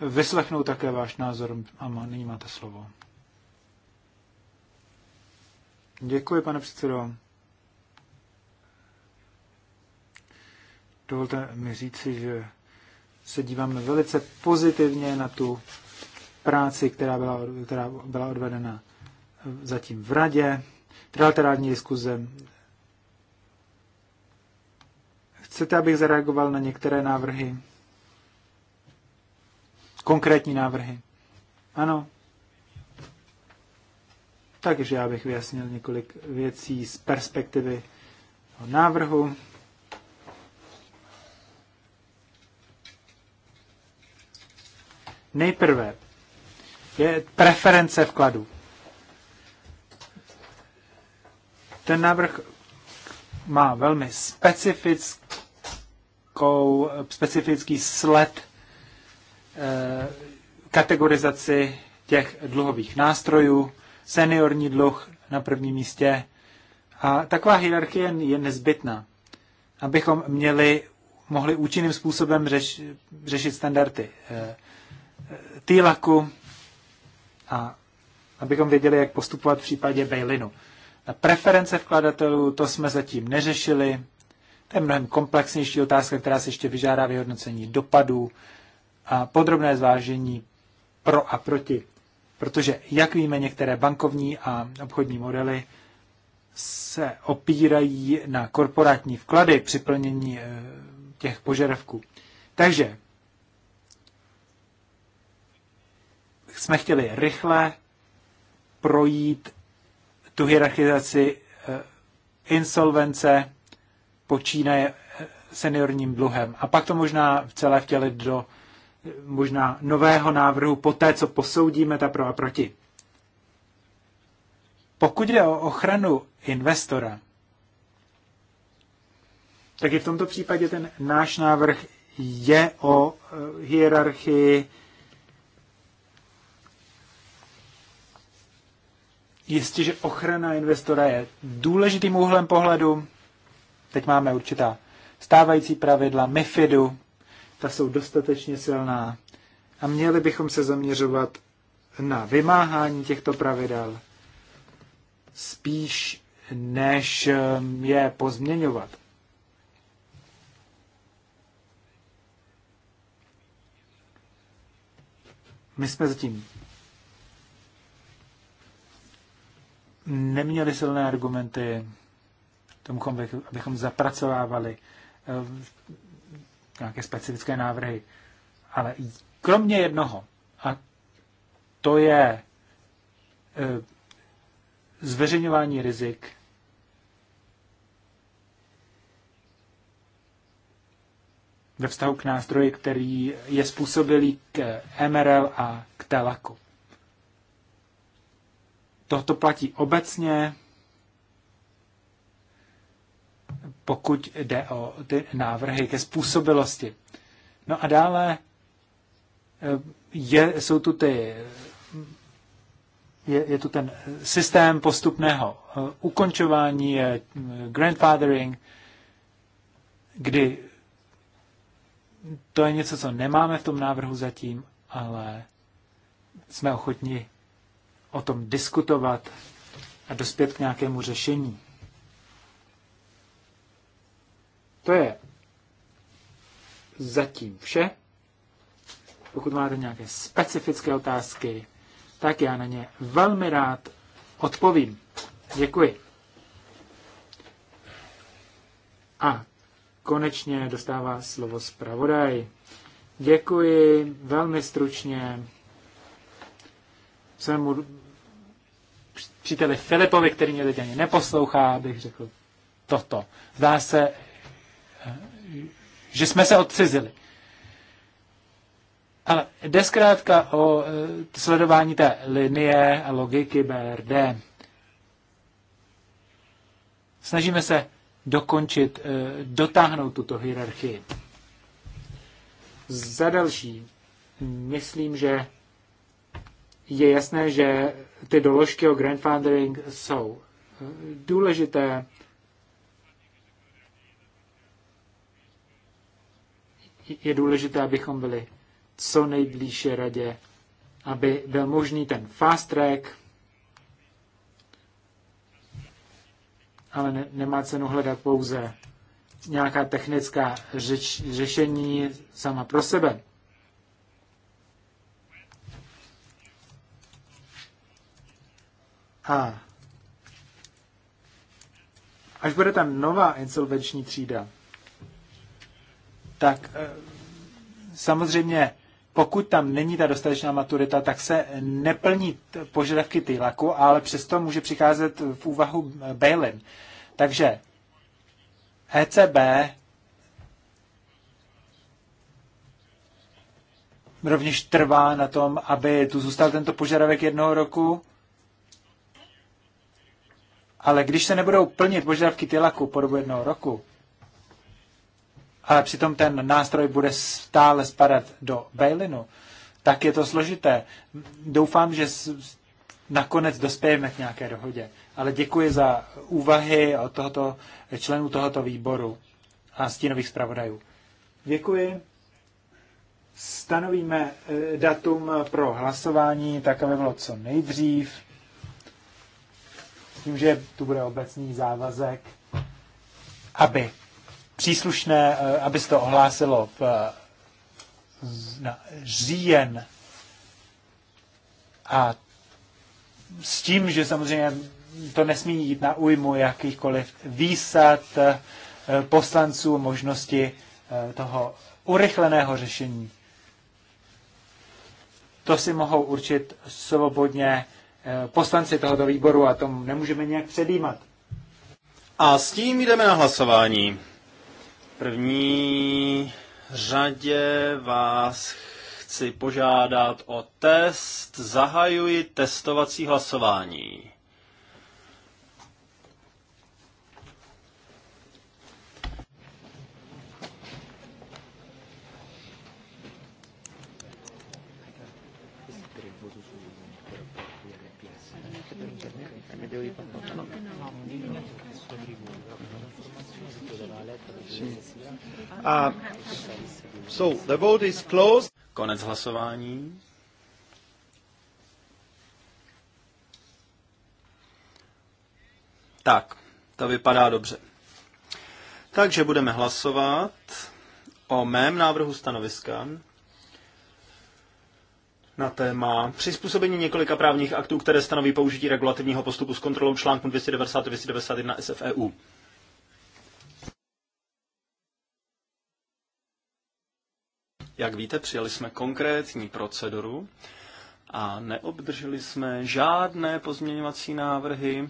vyslechnout také váš názor a nyní máte slovo. Děkuji, pane předsedo. Dovolte mi říci, že se díváme velice pozitivně na tu práci, která byla, která byla odvedena zatím v radě. Trilaterální diskuze. Chcete, abych zareagoval na některé návrhy? Konkrétní návrhy? Ano, takže já bych vyjasnil několik věcí z perspektivy návrhu. Nejprve je preference vkladů. Ten návrh má velmi specifickou, specifický sled eh, kategorizaci těch dluhových nástrojů seniorní dluh na prvním místě. A taková hierarchie je nezbytná, abychom měli, mohli účinným způsobem řeš, řešit standardy e, eh, eh, týlaku a abychom věděli, jak postupovat v případě bailinu. Na preference vkladatelů to jsme zatím neřešili. To je mnohem komplexnější otázka, která se ještě vyžádá vyhodnocení dopadů a podrobné zvážení pro a proti. Protože, jak víme, některé bankovní a obchodní modely se opírají na korporátní vklady při plnění eh, těch požadavků. Takže jsme chtěli rychle projít tu hierarchizaci eh, insolvence počínaje eh, seniorním dluhem. A pak to možná v celé vtělit do možná nového návrhu po té, co posoudíme ta pro a proti. Pokud jde o ochranu investora, tak i v tomto případě ten náš návrh je o eh, hierarchii Jistě, že ochrana investora je důležitým úhlem pohledu. Teď máme určitá stávající pravidla MIFIDu, ta jsou dostatečně silná a měli bychom se zaměřovat na vymáhání těchto pravidel spíš než um, je pozměňovat. My jsme zatím neměli silné argumenty, tomu, abychom zapracovávali eh, nějaké specifické návrhy. Ale kromě jednoho, a to je e, zveřejňování rizik ve vztahu k nástroji, který je způsobilý k MRL a k TELAKu. Toto platí obecně, pokud jde o ty návrhy ke způsobilosti. No a dále eh, je, jsou tu ty, je, je tu ten systém postupného eh, ukončování, eh, grandfathering, kdy to je něco, co nemáme v tom návrhu zatím, ale jsme ochotni o tom diskutovat a dospět k nějakému řešení. To je zatím vše. Pokud máte nějaké specifické otázky, tak já na ně velmi rád odpovím. Děkuji. A konečně dostává slovo zpravodaj. Děkuji velmi stručně svému příteli Filipovi, který mě teď ani neposlouchá, bych řekl toto. Zdá se, že jsme se odcizili. Ale jde zkrátka o eh, sledování té linie a logiky BRD. Snažíme se dokončit, eh, dotáhnout tuto hierarchii. Za další, myslím, že je jasné, že ty doložky o grandfathering jsou eh, důležité je důležité, abychom byli co nejblíže radě, aby byl možný ten fast track, ale ne, nemá cenu hledat pouze nějaká technická řeč, řešení sama pro sebe. A až bude ta nová insolvenční třída, tak eh, samozřejmě pokud tam není ta dostatečná maturita, tak se neplní požadavky TILAKu, ale přesto může přicházet v úvahu eh, Bailin. Takže ECB rovněž trvá na tom, aby tu zůstal tento požadavek jednoho roku, ale když se nebudou plnit požadavky Tylaku po dobu jednoho roku, ale přitom ten nástroj bude stále spadat do bailinu, tak je to složité. Doufám, že nakonec dospějeme k nějaké dohodě. Ale děkuji za úvahy od tohoto, členů tohoto výboru a stínových zpravodajů. Děkuji. Stanovíme eh, datum pro hlasování, tak aby bylo co nejdřív. S tím, že tu bude obecný závazek, aby příslušné, eh, aby se to ohlásilo v, eh, na říjen a s tím, že samozřejmě to nesmí jít na újmu jakýchkoliv výsad eh, poslanců, možnosti toho urychleného řešení. To si mohou určit svobodně poslanci tohoto výboru a tomu nemůžeme nějak předjímat. A s tím jdeme na hlasování první řadě vás chci požádat o test. Zahajuji testovací hlasování. Uh, so the vote is closed. Konec hlasování. Tak, to vypadá dobře. Takže budeme hlasovat o mém návrhu stanoviska na téma přizpůsobení několika právních aktů, které stanoví použití regulativního postupu s kontrolou článku 290 291 SFEU. Jak víte, přijali jsme konkrétní proceduru a neobdrželi jsme žádné pozměňovací návrhy.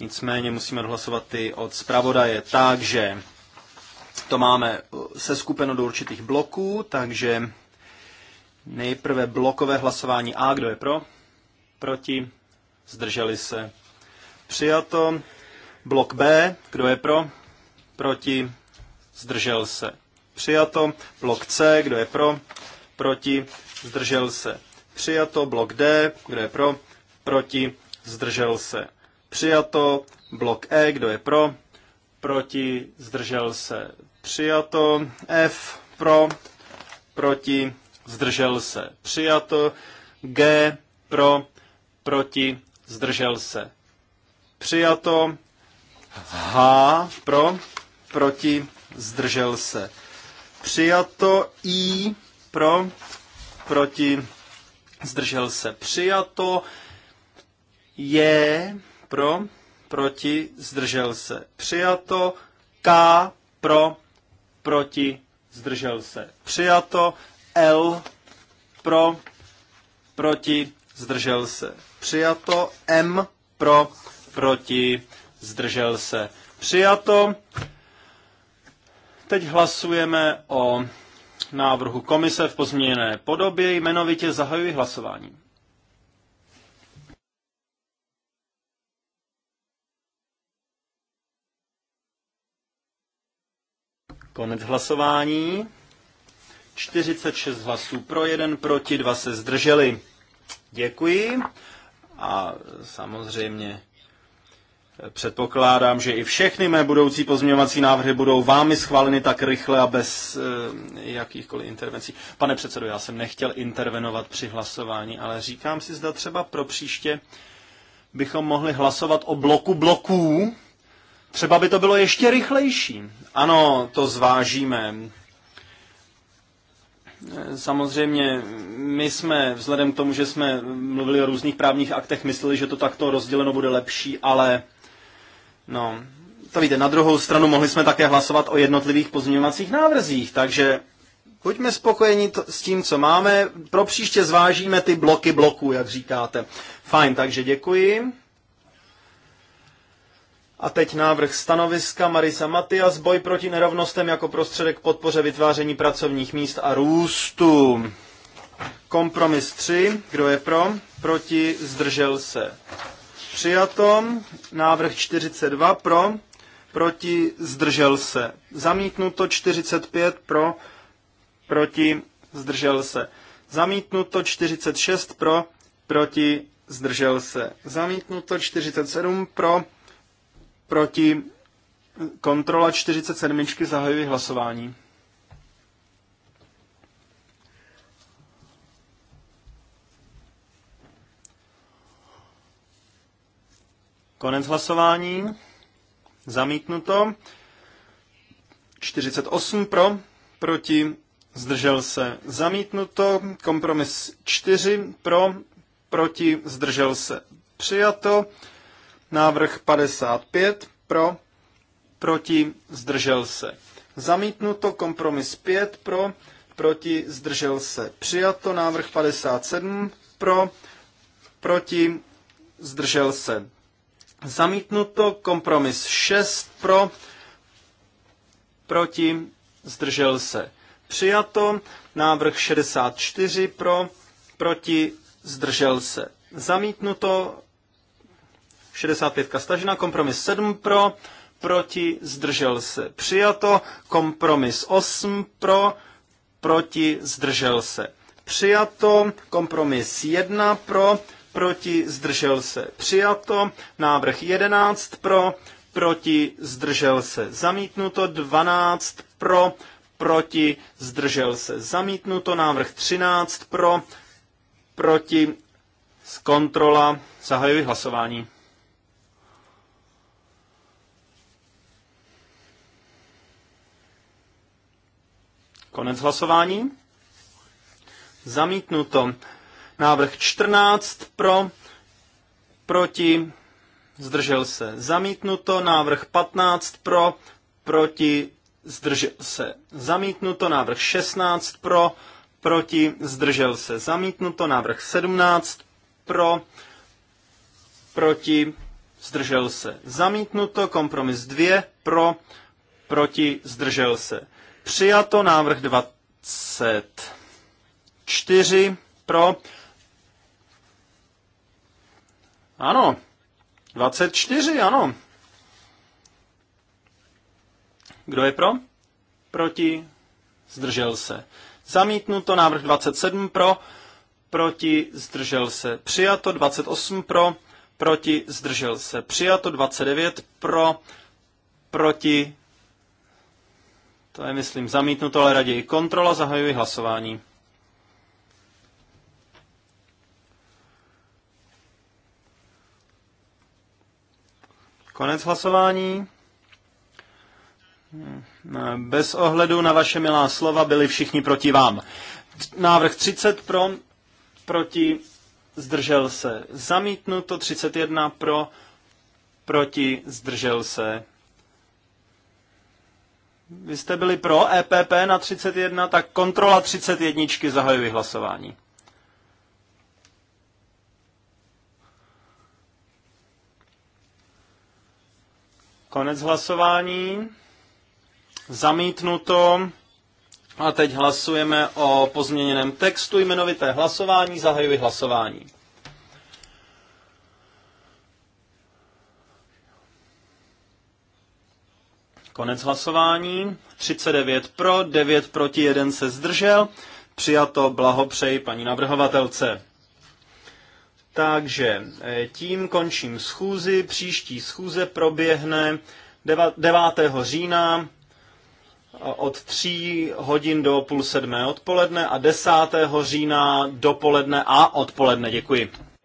Nicméně musíme dohlasovat ty od zpravodaje. Takže to máme seskupeno do určitých bloků, takže nejprve blokové hlasování A, kdo je pro, proti, zdrželi se. Přijato. Blok B, kdo je pro, proti, zdržel se přijato. Blok C, kdo je pro, proti, zdržel se, přijato. Blok D, kdo je pro, proti, zdržel se, přijato. Blok E, kdo je pro, proti, zdržel se, přijato. F, pro, proti, zdržel se, přijato. G, pro, proti, zdržel se. Přijato. H pro, proti, zdržel se přijato, I pro, proti, zdržel se, přijato, J pro, proti, zdržel se, přijato, K pro, proti, zdržel se, přijato, L pro, proti, zdržel se, přijato, M pro, proti, zdržel se, přijato, Teď hlasujeme o návrhu komise v pozměněné podobě. Jmenovitě zahajuji hlasování. Konec hlasování. 46 hlasů pro, jeden proti, dva se zdrželi. Děkuji. A samozřejmě Předpokládám, že i všechny mé budoucí pozměňovací návrhy budou vámi schváleny tak rychle a bez e, jakýchkoliv intervencí. Pane předsedo, já jsem nechtěl intervenovat při hlasování, ale říkám si, zda třeba pro příště bychom mohli hlasovat o bloku bloků. Třeba by to bylo ještě rychlejší. Ano, to zvážíme. Eh, samozřejmě, my jsme, vzhledem k tomu, že jsme mluvili o různých právních aktech, mysleli, že to takto rozděleno bude lepší, ale No, to víte, na druhou stranu mohli jsme také hlasovat o jednotlivých pozměňovacích návrzích, takže buďme spokojeni s tím, co máme. Pro příště zvážíme ty bloky bloků, jak říkáte. Fajn, takže děkuji. A teď návrh stanoviska Marisa Matias, boj proti nerovnostem jako prostředek podpoře vytváření pracovních míst a růstu. Kompromis 3, kdo je pro? Proti, zdržel se. Přijato. Návrh 42 pro. Proti zdržel se. Zamítnuto 45 pro. Proti zdržel se. Zamítnuto 46 pro. Proti zdržel se. Zamítnuto 47 pro. Proti kontrola 47. Zahajuji hlasování. Konec hlasování. Zamítnuto. 48 pro, proti, zdržel se. Zamítnuto. Kompromis 4 pro, proti, zdržel se. Přijato. Návrh 55 pro, proti, zdržel se. Zamítnuto. Kompromis 5 pro, proti, zdržel se. Přijato. Návrh 57 pro, proti, zdržel se. Zamítnuto kompromis 6 pro, proti, zdržel se. Přijato návrh 64 pro, proti, zdržel se. Zamítnuto 65 stažena, kompromis 7 pro, proti, zdržel se. Přijato kompromis 8 pro, proti, zdržel se. Přijato kompromis 1 pro, proti, zdržel se, přijato. Návrh 11 pro, proti, zdržel se, zamítnuto. 12 pro, proti, zdržel se, zamítnuto. Návrh 13 pro, proti, z kontrola, zahajuji hlasování. Konec hlasování. Zamítnuto. Návrh 14 pro, proti, zdržel se zamítnuto. Návrh 15 pro, proti, zdržel se zamítnuto. Návrh 16 pro, proti, zdržel se zamítnuto. Návrh 17 pro, proti, zdržel se zamítnuto. Kompromis 2 pro, proti, zdržel se. Přijato návrh 24 pro, ano, 24, ano. Kdo je pro? Proti? Zdržel se. Zamítnuto návrh 27 pro, proti zdržel se. Přijato 28 pro, proti zdržel se. Přijato 29 pro, proti. To je, myslím, zamítnuto, ale raději kontrola. Zahajuji hlasování. Konec hlasování. Bez ohledu na vaše milá slova byli všichni proti vám. Návrh 30 pro, proti, zdržel se. Zamítnuto 31 pro, proti, zdržel se. Vy jste byli pro EPP na 31, tak kontrola 31 zahajuji hlasování. Konec hlasování. Zamítnuto. A teď hlasujeme o pozměněném textu jmenovité hlasování. Zahajuji hlasování. Konec hlasování. 39 pro, 9 proti, 1 se zdržel. Přijato blahopřeji paní navrhovatelce. Takže eh, tím končím schůzi. Příští schůze proběhne 9. října eh, od 3 hodin do půl sedmé odpoledne a 10. října dopoledne a odpoledne. Děkuji.